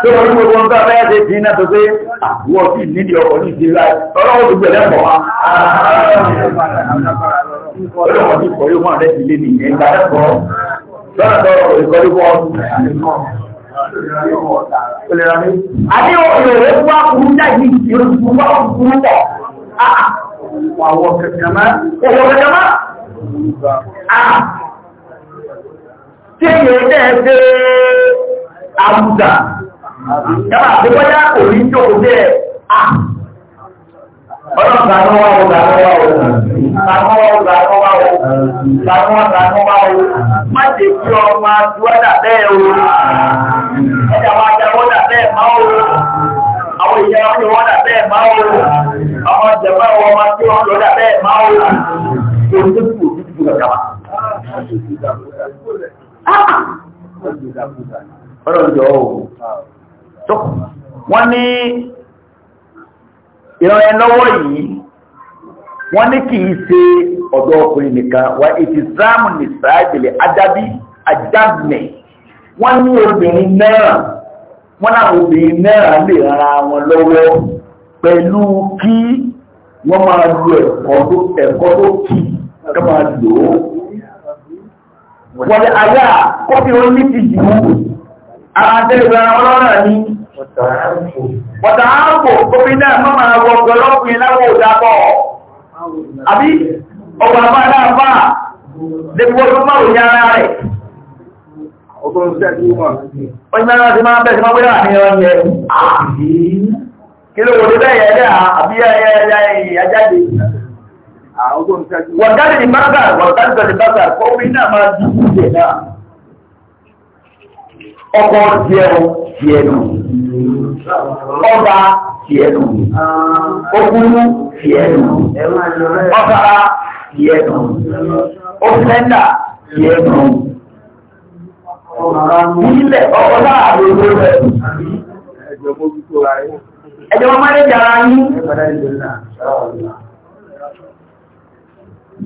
Ṣé wọ́n ní gbogbo ń bá bẹ́ẹ̀ ṣe dín náà tó pé àwọn òbí nídìí ọkọ̀ ní ìdílé láì ọlọ́wọ́ tó gbẹ̀lẹ́ pọ̀ wá. Ọlọ́wọ́ ti kọ̀ yóò máa rẹ̀ sílé nìyẹn ìgbà lẹ́kọ̀ọ́. Àbí òyòwò fún akùnrúdà yìí yóò wá òkúrúdà. Àwọ̀ kẹ̀kẹ̀má. Òwò kẹ̀kẹ̀má. Tí èyàn tẹ́ ẹgbẹ́ àbùdà, yàrá àgbẹ́gbọ́dá kò ní jò bẹ́ẹ̀. Ah, ọlọ́run tàbí wá o tàbí wá o tàbí wá o tàbí wá o tàbí wá tàbí wá o má ṣe kí ọmọ adúwádà bẹ́ẹ̀ o ẹ̀dá wa jáwọ́dà bẹ́ẹ̀ má o àwọn èèyàn wọn ni wọ́n dà bẹ́ẹ̀ má o àwọn ìjẹ̀bá wọn máa tí wọ́n lọ dà bẹ́ẹ̀ má o kò ní kò ní kò kàkà wá. ọlọ́run jọ̀ọ́ o wọ́n ní ìrànlọ́wọ́ yìí wọ́n ní kì í ṣe ọ̀dọ́ ọkùnrin nìkan wà ètì sáàmù ní sàájìlẹ̀ adábí ajábìnẹ̀ wọ́n ní obìnrin náà wọ́n náà obìnrin náà lè rara wọn lọ́wọ́ pẹ̀lú kí wọ́n máa lo ẹ̀kọ́ tó kì ká máa lò ó wọ́n ní ayá kọ́bí ó ní ti jù ú àwọn adẹ́gbẹ̀rẹ̀ ọlọ́rọ̀ ní Wọ̀tà ààbò gómìnà mọ́ máa wọ ọ̀gọ́lọ́pìn láwọ̀ òdàbọ̀. Àbí ọgbà bá dáàbà débíwọ́ tó máa òyìn ara rẹ̀. Ọgbọ́n ṣẹ́ tí wọ́n. Ọjọ́ máa ti máa bẹ̀ sí máa wílà ní ọ̀yẹ́. Kí ló wò dé bẹ́ẹ̀ yẹ́ dẹ́ àbí ẹyẹ ajáde? Wọ̀tàdì ní bákà, wọ̀tàdì tọ̀dì bákà, kọ́wé náà máa dùn ọkọ̀ ti ẹ̀rọ tiẹ̀ nù ọba tiẹ̀ nù okunu tiẹ̀ nù ọ̀sára tiẹ̀ nù ọ̀fẹ́ndà tiẹ̀ nù ilẹ̀ ọ̀ọ́lá àrògbò rẹ̀ ẹjọ́ mọ́lẹ́jà ara yín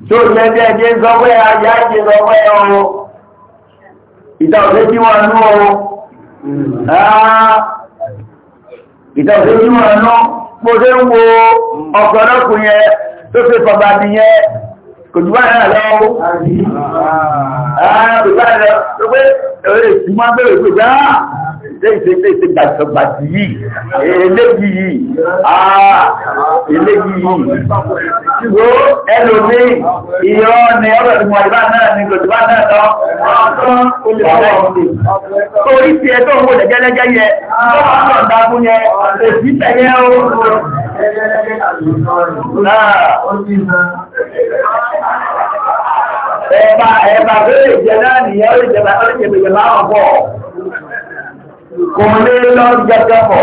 tó lẹ́jẹ́ jẹ́ sọ́wẹ́ ajá jẹ́ sọ́wẹ́ ọ̀rọ̀ ìdá òlé tí wọ́n ìtàṣẹ́ ojú ọ̀nà pọ́sẹ́ ń wo ọkọ̀ ọlọ́kùn yẹn tó fẹ́ pàbà nìyẹn kò jù báyìí náà lọ́wọ́ ààrùn ìgbà ẹ̀rọ tó pé ẹ̀rọ ìsúnmọ́ bẹ̀rẹ̀ pé ṣéṣeṣe gbàgbàgbàdì yìí eléyìí yìí àà eléyìí yìí wo ẹlòmí ìyọ́ ni ọ̀rọ̀ ìmọ̀ ìbá náà ni gbòdìbá náà lọ torí ti ẹ tó lẹ́gẹ́lẹ́gẹ́ yẹ lọ́wọ́ ọ̀dà kò ní lọ gẹ́gẹ́ pọ̀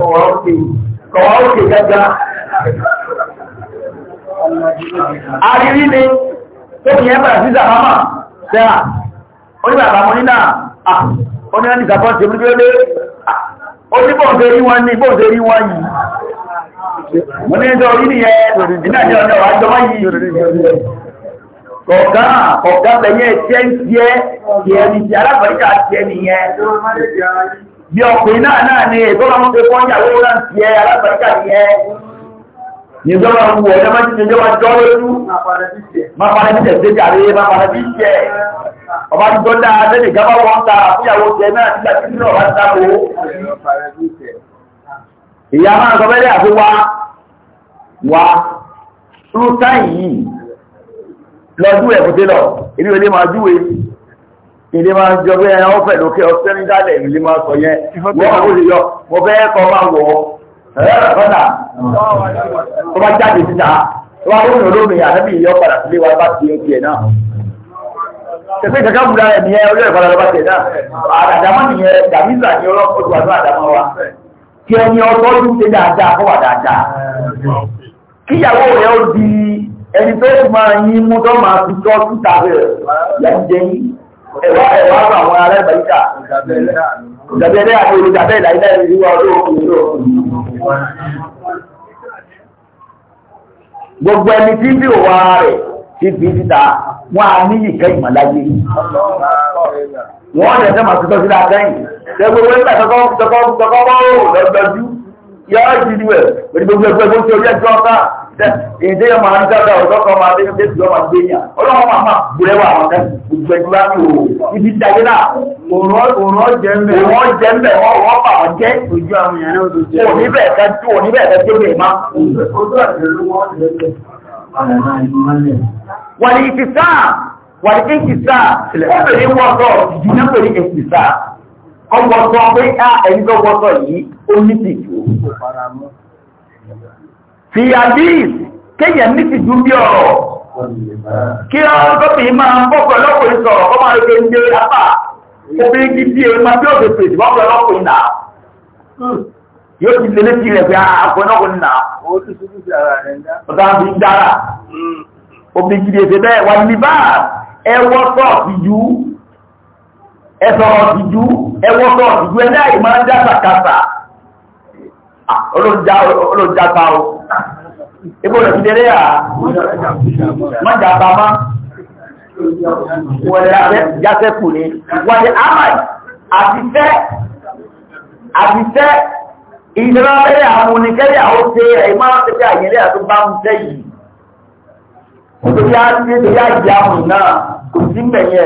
kọ̀wọ́ òkè gẹ́gẹ́ ni tó kìí nínà ní ìsàkọ́ ti múlé lé oníbọ̀ǹdẹ̀ rí wọn ní ìbọ̀ǹdẹ̀ rí yìí mo ní ẹjọ́ orí nìyẹn ọjọ́ ọ̀gá ọ̀gá bẹ̀yẹ ẹ̀jẹ̀ ń tiẹ́ tiẹ́ ní ti alábàríkà tiẹ́ nìyẹn. bí ọkùnrin náà náà ni ìtọ́lá ń pe fọ́nyà lówó náà tiẹ́ alábàríkà nìyẹn. nígbà máa wù ọ̀dọ́ máa ti ṣe jọba jọ́ lójú. máa fara bí tẹ̀sí jàre máa fara bí tẹ̀. ọba tó dáa lẹ́nu ìjábá wọn ta àfúyàwó tẹ náà nígbà tí nínú ọba ta kó. ìyá máa sọ fẹ́lẹ́ àfi wá wá. rúta yìí lọ́dún ẹ̀kú télọ̀ ibi olè máa júwe ilé máa jọ pé ẹran ọ̀fẹ́ lókè ọ̀fẹ́ ní dálẹ̀ ilé máa sọ yẹn wọ́n ó lè yọ mo fẹ́ kọ́ máa wọ̀ ọ́ ẹ̀rọ kọ́nà tó bá jáde síta tó bá wọ́n olómi àtẹ́bí ìyọ́ padà sílé wa bá ti ó tiẹ̀ náà tẹ̀sí kankan múra ẹ̀ nìyẹn orí ẹ̀kọ́ lọ́ba tiẹ̀ náà àdàmọ́ nìyẹn dàmísà ni ọlọ́pọ̀ tó wà ní àdàmọ́ kí ẹni rẹ̀ ó di ẹni tó ti máa yín mú tó máa fi tọ́ síta bẹ̀rẹ̀ yànjẹ́ yín ẹ̀wá ẹ̀wá àwọn alábàáyíkà ìjàbẹ̀ ẹ̀dẹ́ àti olùjàbẹ̀ ìdáyìdá ìrìnwá ọdún òkúrò gbogbo ẹni tí bí òwà rẹ̀ ti fi síta wọ́n á ní ìkẹ́ ìmọ̀láyé wọ́n dẹ̀ sẹ́ máa tutọ́ sí látẹ́yìn tẹ́gbẹ́ wọ́n nígbà tọ́kọ́ tọ́kọ́ bọ́ọ̀ lọ́gbẹ́jú yọ́ọ́ ìdíwẹ̀ pẹ̀lú gbogbo ẹgbẹ́ tó ti orí ẹjọ́ ọ̀tá ìdí máa ń dáadáa ọ̀dọ́ kan máa dé ní bẹ́ẹ̀ tí wọ́n máa gbé yàn ọlọ́wọ́ máa máa gbúrẹ́ wà wọn dẹ́ gbogbo ẹni bá mi ò ibi dayé náà òun ọ̀jẹ̀ ń bẹ̀ wọ́n jẹ́ ń bẹ̀ wọ́n wọ́n bà wọ́n jẹ́ ojú àwọn èèyàn náà tó jẹ́ òní bẹ̀ ká tó òní bẹ̀ ká tó bẹ̀ má. wàlí ìkìsà wàlí ìkìsà obìnrin wọ́tọ̀ ìdílé pẹ̀lú ìkìsà ọgbọ̀tọ̀ pé ah, ẹni tó wọ́tọ̀ yìí ó ní fi àdíìs kéyàn ní ti dùn bí ọ̀rọ̀ kí ọ̀rọ̀ tó fi máa ń bọ́ pẹ̀lú ọkùnrin sọ̀rọ̀ kọ́ máa rege ń dé apá obìnrin kí bí ẹ̀ma bí ọ̀dọ̀ pèsè wọ́n pẹ̀lú ọkùnrin náà yóò ti lé létí rẹ̀ pé ọkùnrin ah, ọkùnrin náà ọ̀dà fi ń dára obìnrin kí bí ẹ̀sẹ̀ bẹ́ẹ̀ wà ní bá ẹwọ́ sọ̀ọ̀tì ju ẹ̀sọ̀ ọ̀tì ju ẹwọ́ sọ̀ọ̀tì ju ẹ̀ Ebo rẹ̀ ti dẹ́rẹ́ à mọ́jà bàmá wọ̀lẹ̀ ni. Wọ̀lẹ̀ Ahmad àfisẹ́ àfisẹ́ ìjọba abẹ́rẹ́ àwọn àwọn ṣe ẹ̀mọ́ àtẹ́kẹ́ àyẹ̀lẹ́ ahụ bá ń tẹ́ yìí. Tó yá ní tó yá ìjà àmù náà kò sí mẹ̀yẹ.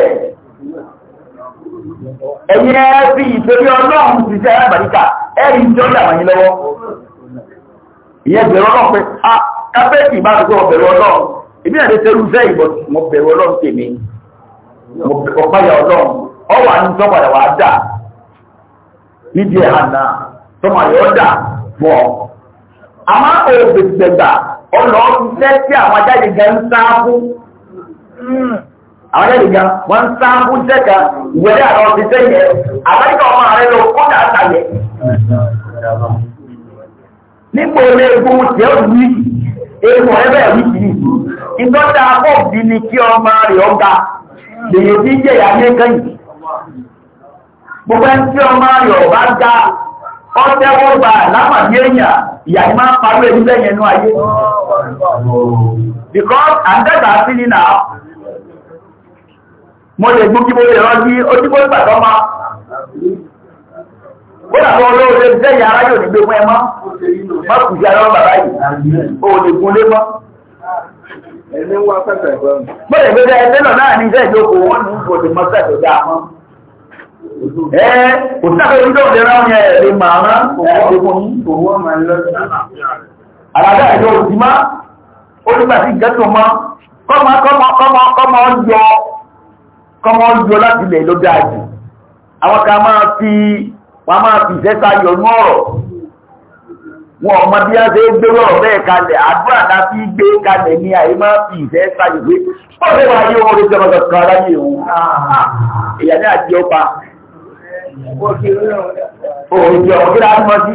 Ẹ̀yẹ́ fi ìtorí ọlọ́run ti sẹ́ àbàríkà ìyẹn bẹ̀rù ọlọ́run pé a ah, kábẹ́ẹ̀kì bá ti gbọ́ ọlọ́run èmi àti tẹ́lú fẹ́ ìbọn mo bẹ̀rù ọlọ́run tèmi ọ̀páyà ọlọ́run ọwà wà á dà nídìí ẹ̀ hàn náà tọ́padà ọ̀ dà fọ́ àmọ́ òbẹ̀gbẹ̀gbà ọlọ́ fẹ́ tí àwọn ajáde ń sáábú àwọn ajáde wọ́n ń sáábú àwọn nígbò orí egun tí ó wí egun ẹgbẹ́ rí kìí ìgbọ́ta pọ̀bí ni kí ọmọ rẹ̀ ọgá lèyẹ tí jẹ̀yà ní kẹ́yìn gbogbo ẹni tí ọmọ rẹ̀ ọba ga ọ́tẹ́wọ́ gbà lámàdí èèyàn ìyà ni máa ń parí ẹni bẹ́ẹ̀ yẹn nú ayé because àǹdẹ́gbà sí ni náà mo lè gbókí mo lè rọ́jí ó tí mo gbàtọ́ máa kódà fún olówó ṣe jẹ́ aráyò nígbè fún ẹ má kù sí aráwọ̀ bàbá yìí o lè gun lé mọ́. ẹni wá pẹ̀pẹ̀ gbọ́n. bóyá ìgbésẹ̀ ẹgbẹ́ náà náà ní iṣẹ́ ìjókòó wọn ní kò lè mọ dáa mọ́. ẹ kò sí àpẹẹrẹ ìjọ òde ráwọn yẹn lè wọ́n máa fi ìfẹ́ta yọnú ọ̀rọ̀ wọn ọmọ bí a ṣe gbé ọ̀rọ̀ bẹ́ẹ̀ kalẹ̀ àdúrà láti gbé kalẹ̀ ní àyè máa fi ìfẹ́ sáyẹ̀wé pọ́sẹ̀ wà ní orí tí ọmọdé kan aráyé òun ìyà ní àti ọpa òòjì ọ̀rọ̀ kí láti mọ́ sí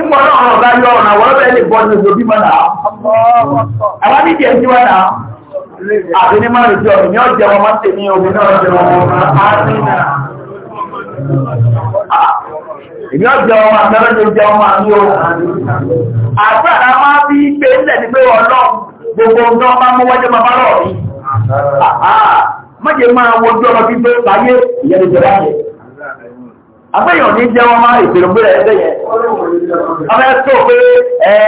ìmọ̀ náà ọ̀rọ̀ bá yọ ọ̀nà wọ́n bẹ́ẹ̀ lè bọ́ ní oṣù bímọ náà àwọn nídìí ẹ̀ ń tiwọn náà àti ní márùn-ún tí ọ̀rọ̀ ní ọ̀jẹ̀ wọn máa ń náà Èmi ọjọ́ ọmọ àtẹ́rẹ́ tó jẹ ọmọ àmì o. Àgbàrá máa fi pé ń tẹ̀lé pé ọlọ́ gbogbo ọjọ́ máa mú wájẹ́ máa bá rọ̀ rí. Mọ́jẹ máa wojú ọmọ fífẹ́ láyé ìyẹn ìjọba yẹn àgbẹ̀yàn ní jẹ́ wọ́n máa ìpèrò pé ẹgbẹ́ yẹn ọmọ ẹ tó pé ẹ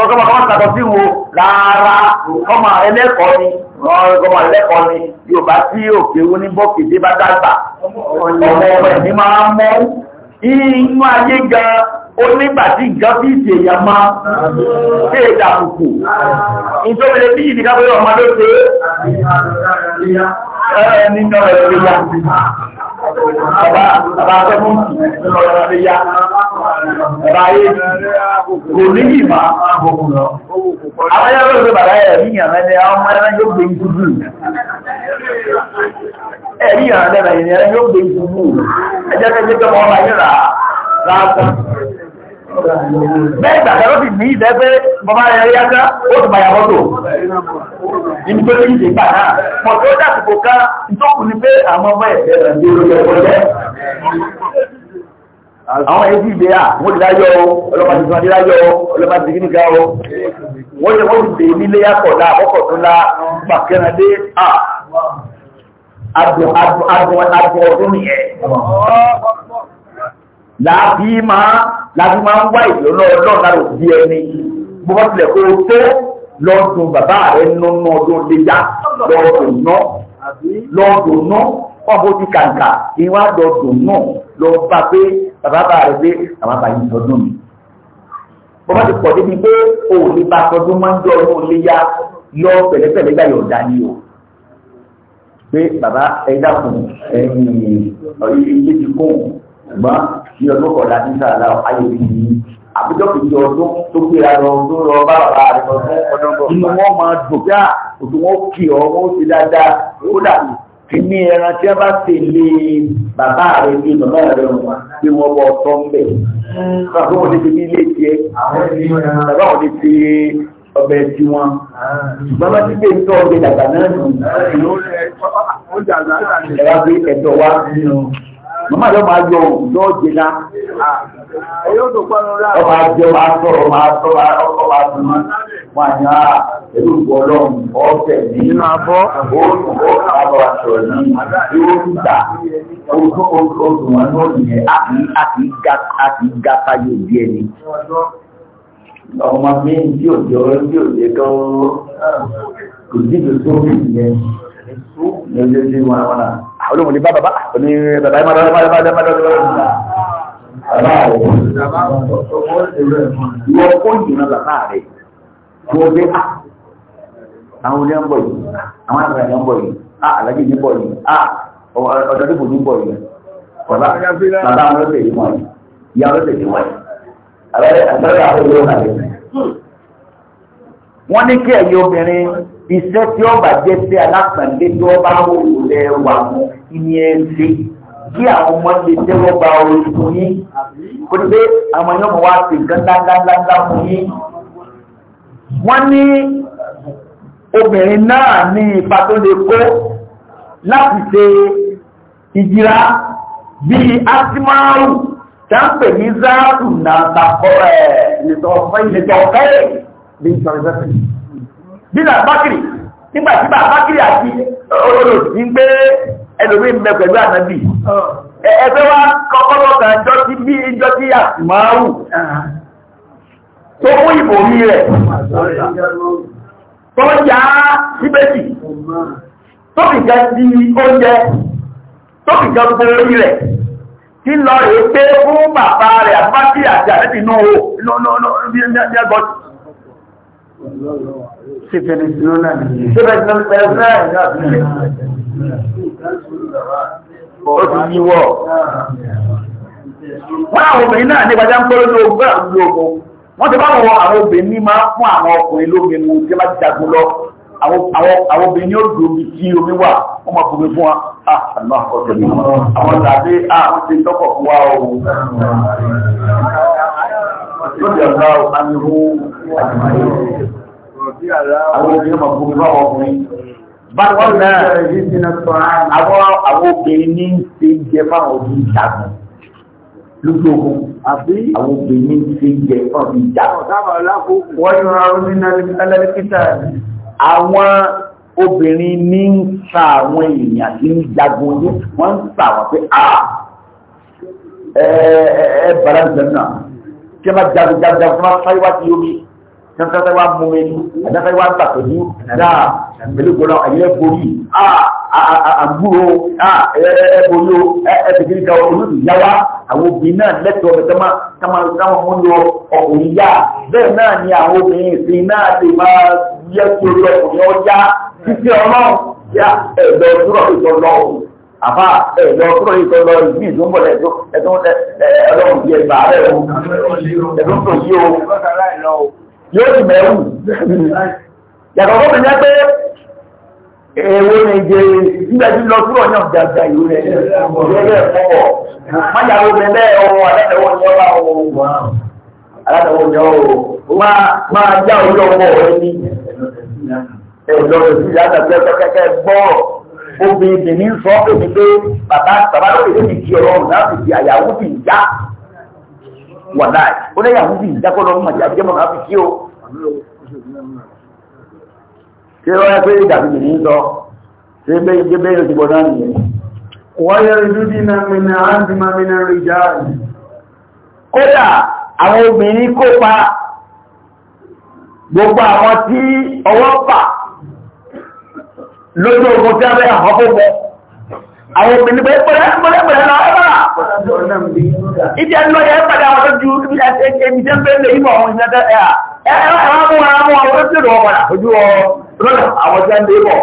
ọgọ́mọ̀kọ́mọ̀ sàtọ̀ sí wo rárá ọmọ ẹlẹ́kọ̀ọ́ ni ọgọ́mọ̀ ẹlẹ́kọ̀ọ́ ni yóò bá tí òkè owó ní bọ́kìdé bá dàgbà ọmọ ẹ̀ ní máa mọ́ inú ayé gan onígbàtí nǹkan bí ìsì èèyàn máa ṣe é dàbùkù ìjọbìnrin bí ìdíkà pé ọmọ ló ṣe bàbá bàbá sẹ́fúntì lọ́rọ̀ ya bàbá ayé kò ní ìmọ̀ àwọn yàrá ló bàbá ẹ̀ rí yàrá ẹni àwọn ọmọ ẹran yóò gbé ìdúdú ẹ̀ rí yàrá ẹni ẹran yóò gbé ìdúdú ẹjẹ́ kẹ́kẹ́ tó mọ́ ọmọ ayé rà á bẹ́ẹ̀ gbàgbà ló sì ní ìdẹ́ pé bọ́bá rẹ̀ rí ásá ó ti bàyà mọ́tò níbi tó ní ìdè gbà náà mọ̀ tó dàsìkò ká ìtòkù ni pé àwọn ọmọ ẹ̀ àwọn ẹbí ìgbé à wọ́n ti láyọ́ ọlọ́pàá ti sọ́dí láyọ́ ọlọ́pàá ti gíníga ọ wọ́n ti wọ́n ti dè nílé yàkọ̀ọ́lá àkọ́kọ̀ tó lá gbàkẹ́rẹ́dé à adùn adùn adùn ọdún nìyẹn láàbí máa láàbí máa ń wá ìlọ́lọ́ ọlọ́run lára òbí ẹni bó bá tilẹ̀ kó o tó lọ́dún bàbá rẹ̀ nínú ọdún léyà lọ́dún náà lọ́dún náà wọ́n bó ti kàǹkà ìwọ́n àdọ́dún náà lọ bá pé bàbá bá rẹ̀ pé àwọn àbáyé ìtọ́dún mi bó bá ti pọ̀ débi pé òun ní bá tọdún máa ń jọ ọdún léyà yọ pẹ̀lẹ́pẹ̀lẹ́ gbà yọ̀ọ̀dá ni o pé bàbá ẹ dákun ẹ̀yìn ọ̀yìn ilé ti kóhùn ṣùgbọ́n ní ọdún kọ̀ọ̀dà ní sàlá ayé mi ní àbújọ kejì ọdún tó gbéra lọ tó lọ bá bàbá rẹ lọ fún ọdún bọ̀. inú wọn máa dùn bí ah, òtún wọn kì ọ wọn ó ṣe dáadáa ó dàbí kí ní ẹran tí a bá tẹ̀lé bàbá rẹ bí bàbá rẹ wọn bí wọn bọ ọtọ ń bẹ. bàbá wọn lè fi ní ilé tiẹ̀ bàbá wọn lè fi ọbẹ̀ tí Bàbá tí gbé ìtọ́ ọbẹ̀ dàgbà náà nù. Ẹ̀rọ gbé ẹ̀tọ́ wá màmá yóò máa yọ yóò jẹlá. ọba jẹ ọba sọ̀rọ̀ ọba sọ̀rọ̀ ọba sọ̀rọ̀ wọn àyà ẹlòpọ Ọlọ́run ọ̀fẹ́ ní. nínú abọ́. òun òun àbọ̀ àṣọ ní ìwé níta oṣù oṣù wọn náà yẹn a kì í ga fayé òbí ẹni ọmọ mi ń bí òjò ń bí òjò tó kò sí ìdòtò òbí yẹn lójú sí wọn àwọn náà olóhùn ní bá bàbá ní bàbá yìí máa dọ́dọ́ máa dọ́dọ́ máa dọ́dọ́ bàbá rẹ̀ ìwọ kó ìdùnnà bàbá rẹ̀ tó o dé à àwọn oníyà ń bọ̀ yìí àwọn àgbàlagbà ń bọ̀ yìí à ah, alájì ní bọ̀ yìí à ah, ọ̀dọ́ tó bò ní bọ̀ yìí bàbá bàbá àwọn iṣẹ́ tí ọba jẹ́ sí alápàdé tí ọba wò lẹ wà mú ìní ẹ lé kí àwọn ọmọ lè tẹ́wọ́ gba orí fún yín kó ní pé àwọn ẹ̀yọ́ mọ̀ wá sí nǹkan dáńdáńdáńdá fún yín. wọ́n ní obìnrin náà ní ipa tó lè kó láti ṣe ìjìra bíi asimaru táǹpẹ̀ ní záàtù náà tàkọ́ ẹ̀ lè tọ́ fẹ́ lè tọ́ fẹ́ lè tọ́ fẹ́ bílà bákìrì nígbà tí bá bákìrì àti olùsí ń gbé ẹlòmí ń bẹ pẹ̀lú ànábì ẹgbẹ́ wa kọ́kọ́ lọ́kàn ìjọ tí bí ìjọ tí àtìmáwù tó mú ìbò mi rẹ̀ tó yá síbẹ̀sì tó fi gan di oúnjẹ tó fi gan bo orí rẹ̀ tí lọ rèé pé fún bàbá rẹ̀ àbájáde àti àtẹ́bì náà ó lọ́nà ọ̀nà se pẹ̀lẹ́sìlọ́nà ṣe pẹ̀lẹ́sìlọ́nà náà ó ti yíwọ́ wọ́n àwọn obìnrin náà ní gbajá ń pẹ́ lójú ogun àwọn ogun wọ́n ti bá wọn àwọn obìnrin ní máa fún àwọn ọkùnrin lóbìnrin mú tí wọ́n ti lọ àwọn obìnrin ní òdò omi tí omi wà wọ́n máa fòmí fún ah, àmà ọ̀tọ̀ àwọn tàbí àwọn ah, ti tọ́kọ̀ fún wa o lórí ọ̀gá ọ̀gá ni ó àwọn obìnrin mọ̀ fún mi bá ọkùnrin. bákan náà àwọn àwọn obìnrin ní ṣe jẹ fáwọn òbí ìjagun lójú ogun àwọn obìnrin ní ṣe jẹ fáwọn òbí ìjagun. wọ́n yọ àwọn obìnrin alẹ́lẹ́kítà. àwọn obìnrin ní ń sa àwọn èèyàn tí ń jagun ní wọ́n ń sa àwọn pé ah! ẹ ẹ bàrà ń sẹ́nu náà kí wọ́n bá jagun jagun jagun fún wọn fáyíwá ti dáfẹ́ wá mú ẹni dáfẹ́ wá a dáa pẹ̀lú gbọ́nà ẹ̀yẹ borí àgbúrò ẹ̀bọ̀lò ẹ̀bẹ̀gìrì ga olùdí yáwá àwọn obìnrin náà lẹ́tọ̀ọ́ ọ̀bẹ̀ táwọn mú lọ ọkùnrin yá bẹ́ẹ̀ náà ni àwọn obìnrin ìsìn náà lè máa yẹ kí orí ọkùnrin ọjà títí ọlọ́run yá ẹ̀dọ̀ ọdúnrọ̀ ìtọ́lọ́ àbá ẹ̀dọ̀ ọdúnrọ̀ ìtọ́lọ́ ìbí ìdúnbọ̀lẹ̀ ẹ̀dọ̀ ọlọ́run bí ẹgbàá rẹ̀ o ẹ̀dọ̀ tó yí o yóò sì mẹ́rù yàtọ̀ fún mi ní pé èwo ni ìjẹ ìgbà tí lọ sí ọ̀nà ìjàgbà ìlú rẹ̀ ìrẹ́lẹ̀ ọ̀pọ̀ májàwó bẹ̀rẹ̀ ọ̀rọ̀ alátẹ̀wọ̀ ni ọba ọ̀rọ̀ alátẹ̀wọ̀ ni ọ̀rọ̀ máa já orí ọmọ rẹ̀ ní ẹ̀lọ́rẹ̀ sí látàbí ọjọ́ kẹ́kẹ́ gbọ́ obìnrin ní sọ pé ní pé bàbá bàbá lórí ìlú ìjì ọlọ́run láti di àyàwó bì ń já wà láì ó lẹ́yàwó bì ń já kọ́ lọ́mọ àti àjẹmọ̀ láti kí o ṣé wọ́n yẹ pé ìdàbí mi ń sọ ṣé bẹ́ẹ̀ ṣe bẹ́ẹ̀ ti gbọ́dá nìyẹn. wọ́n yẹ ìdúdí na mìíràn áńtì máa mìíràn rí jáàrì. kódà àwọn obìnrin kópa gbogbo àwọn tí ọwọ́ pa lójú ogun tí a bẹ́ àwọn fófó àwọn obìnrin pé pẹ̀lẹ́pẹ̀lẹ́ lọ ẹ́bà ìdí ẹnu ọ̀yẹ́ padà wọ́n tó ju ibi tí a ṣe ń gbé ní ìmọ̀ ọ̀hún ìjọba ẹ̀ ẹwà mú ara mú àwọn olóṣèlú ọmọdà ojú ọ lọ́nà àwọn tí a ń dé bọ̀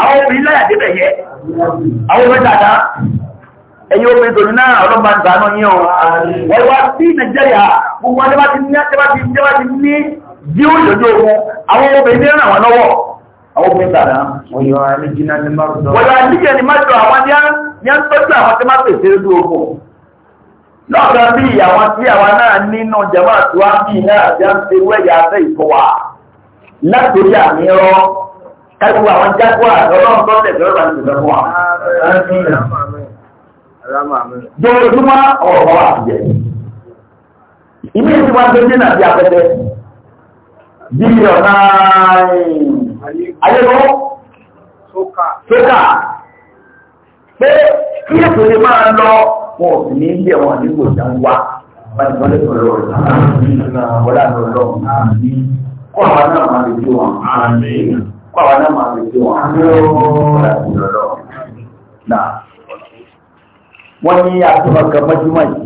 àwọn obìnrin láyà débẹ̀ yẹ àwọn obìnrin dàda ẹ̀yìn obìnrin tòní náà ọlọ́mọ àgbà náà ní ọ̀rọ̀ ẹ̀wà sí nàìjíríà gbogbo ọdẹ bá ti ní ẹjẹ́ bá ní bí ó yọjú ogun àwọn obìnrin ní ràn lọ́wọ́ àwọn obìnrin dàda lọ́dọ̀ bí ìyàwó tí àwa náà nínú jẹmọ́ àtúwá bí náà jẹ́ ń ṣe wẹ́yà abẹ́ ìfọwà látòrí àmì rọ kẹ́kọ̀ọ́ àwọn jágbó àdọ́lọ́run tó tẹ̀sí ọ̀rọ̀ àti ìfẹ́ fún wa. jọ̀wọ́dúnmọ́ ọ̀rọ̀ àbíyẹ. ilé tí wọ́n gbé dínà bí apẹ́tẹ́ bílíọ̀nù ayélujára sókà pé kí ètò lè máa lọ wọn ò ní ilé wọn nígbò tí wọn wá wọn ti wọlé pẹ̀lú ọ̀rọ̀ wọlé àná ọlọ́run kó àwọn náà máa lè jó wọn kó àwọn náà máa lè jó wọn wọlé àná ọlọ́run náà wọn ní àtúnwá kan mọ́júmọ́ yìí.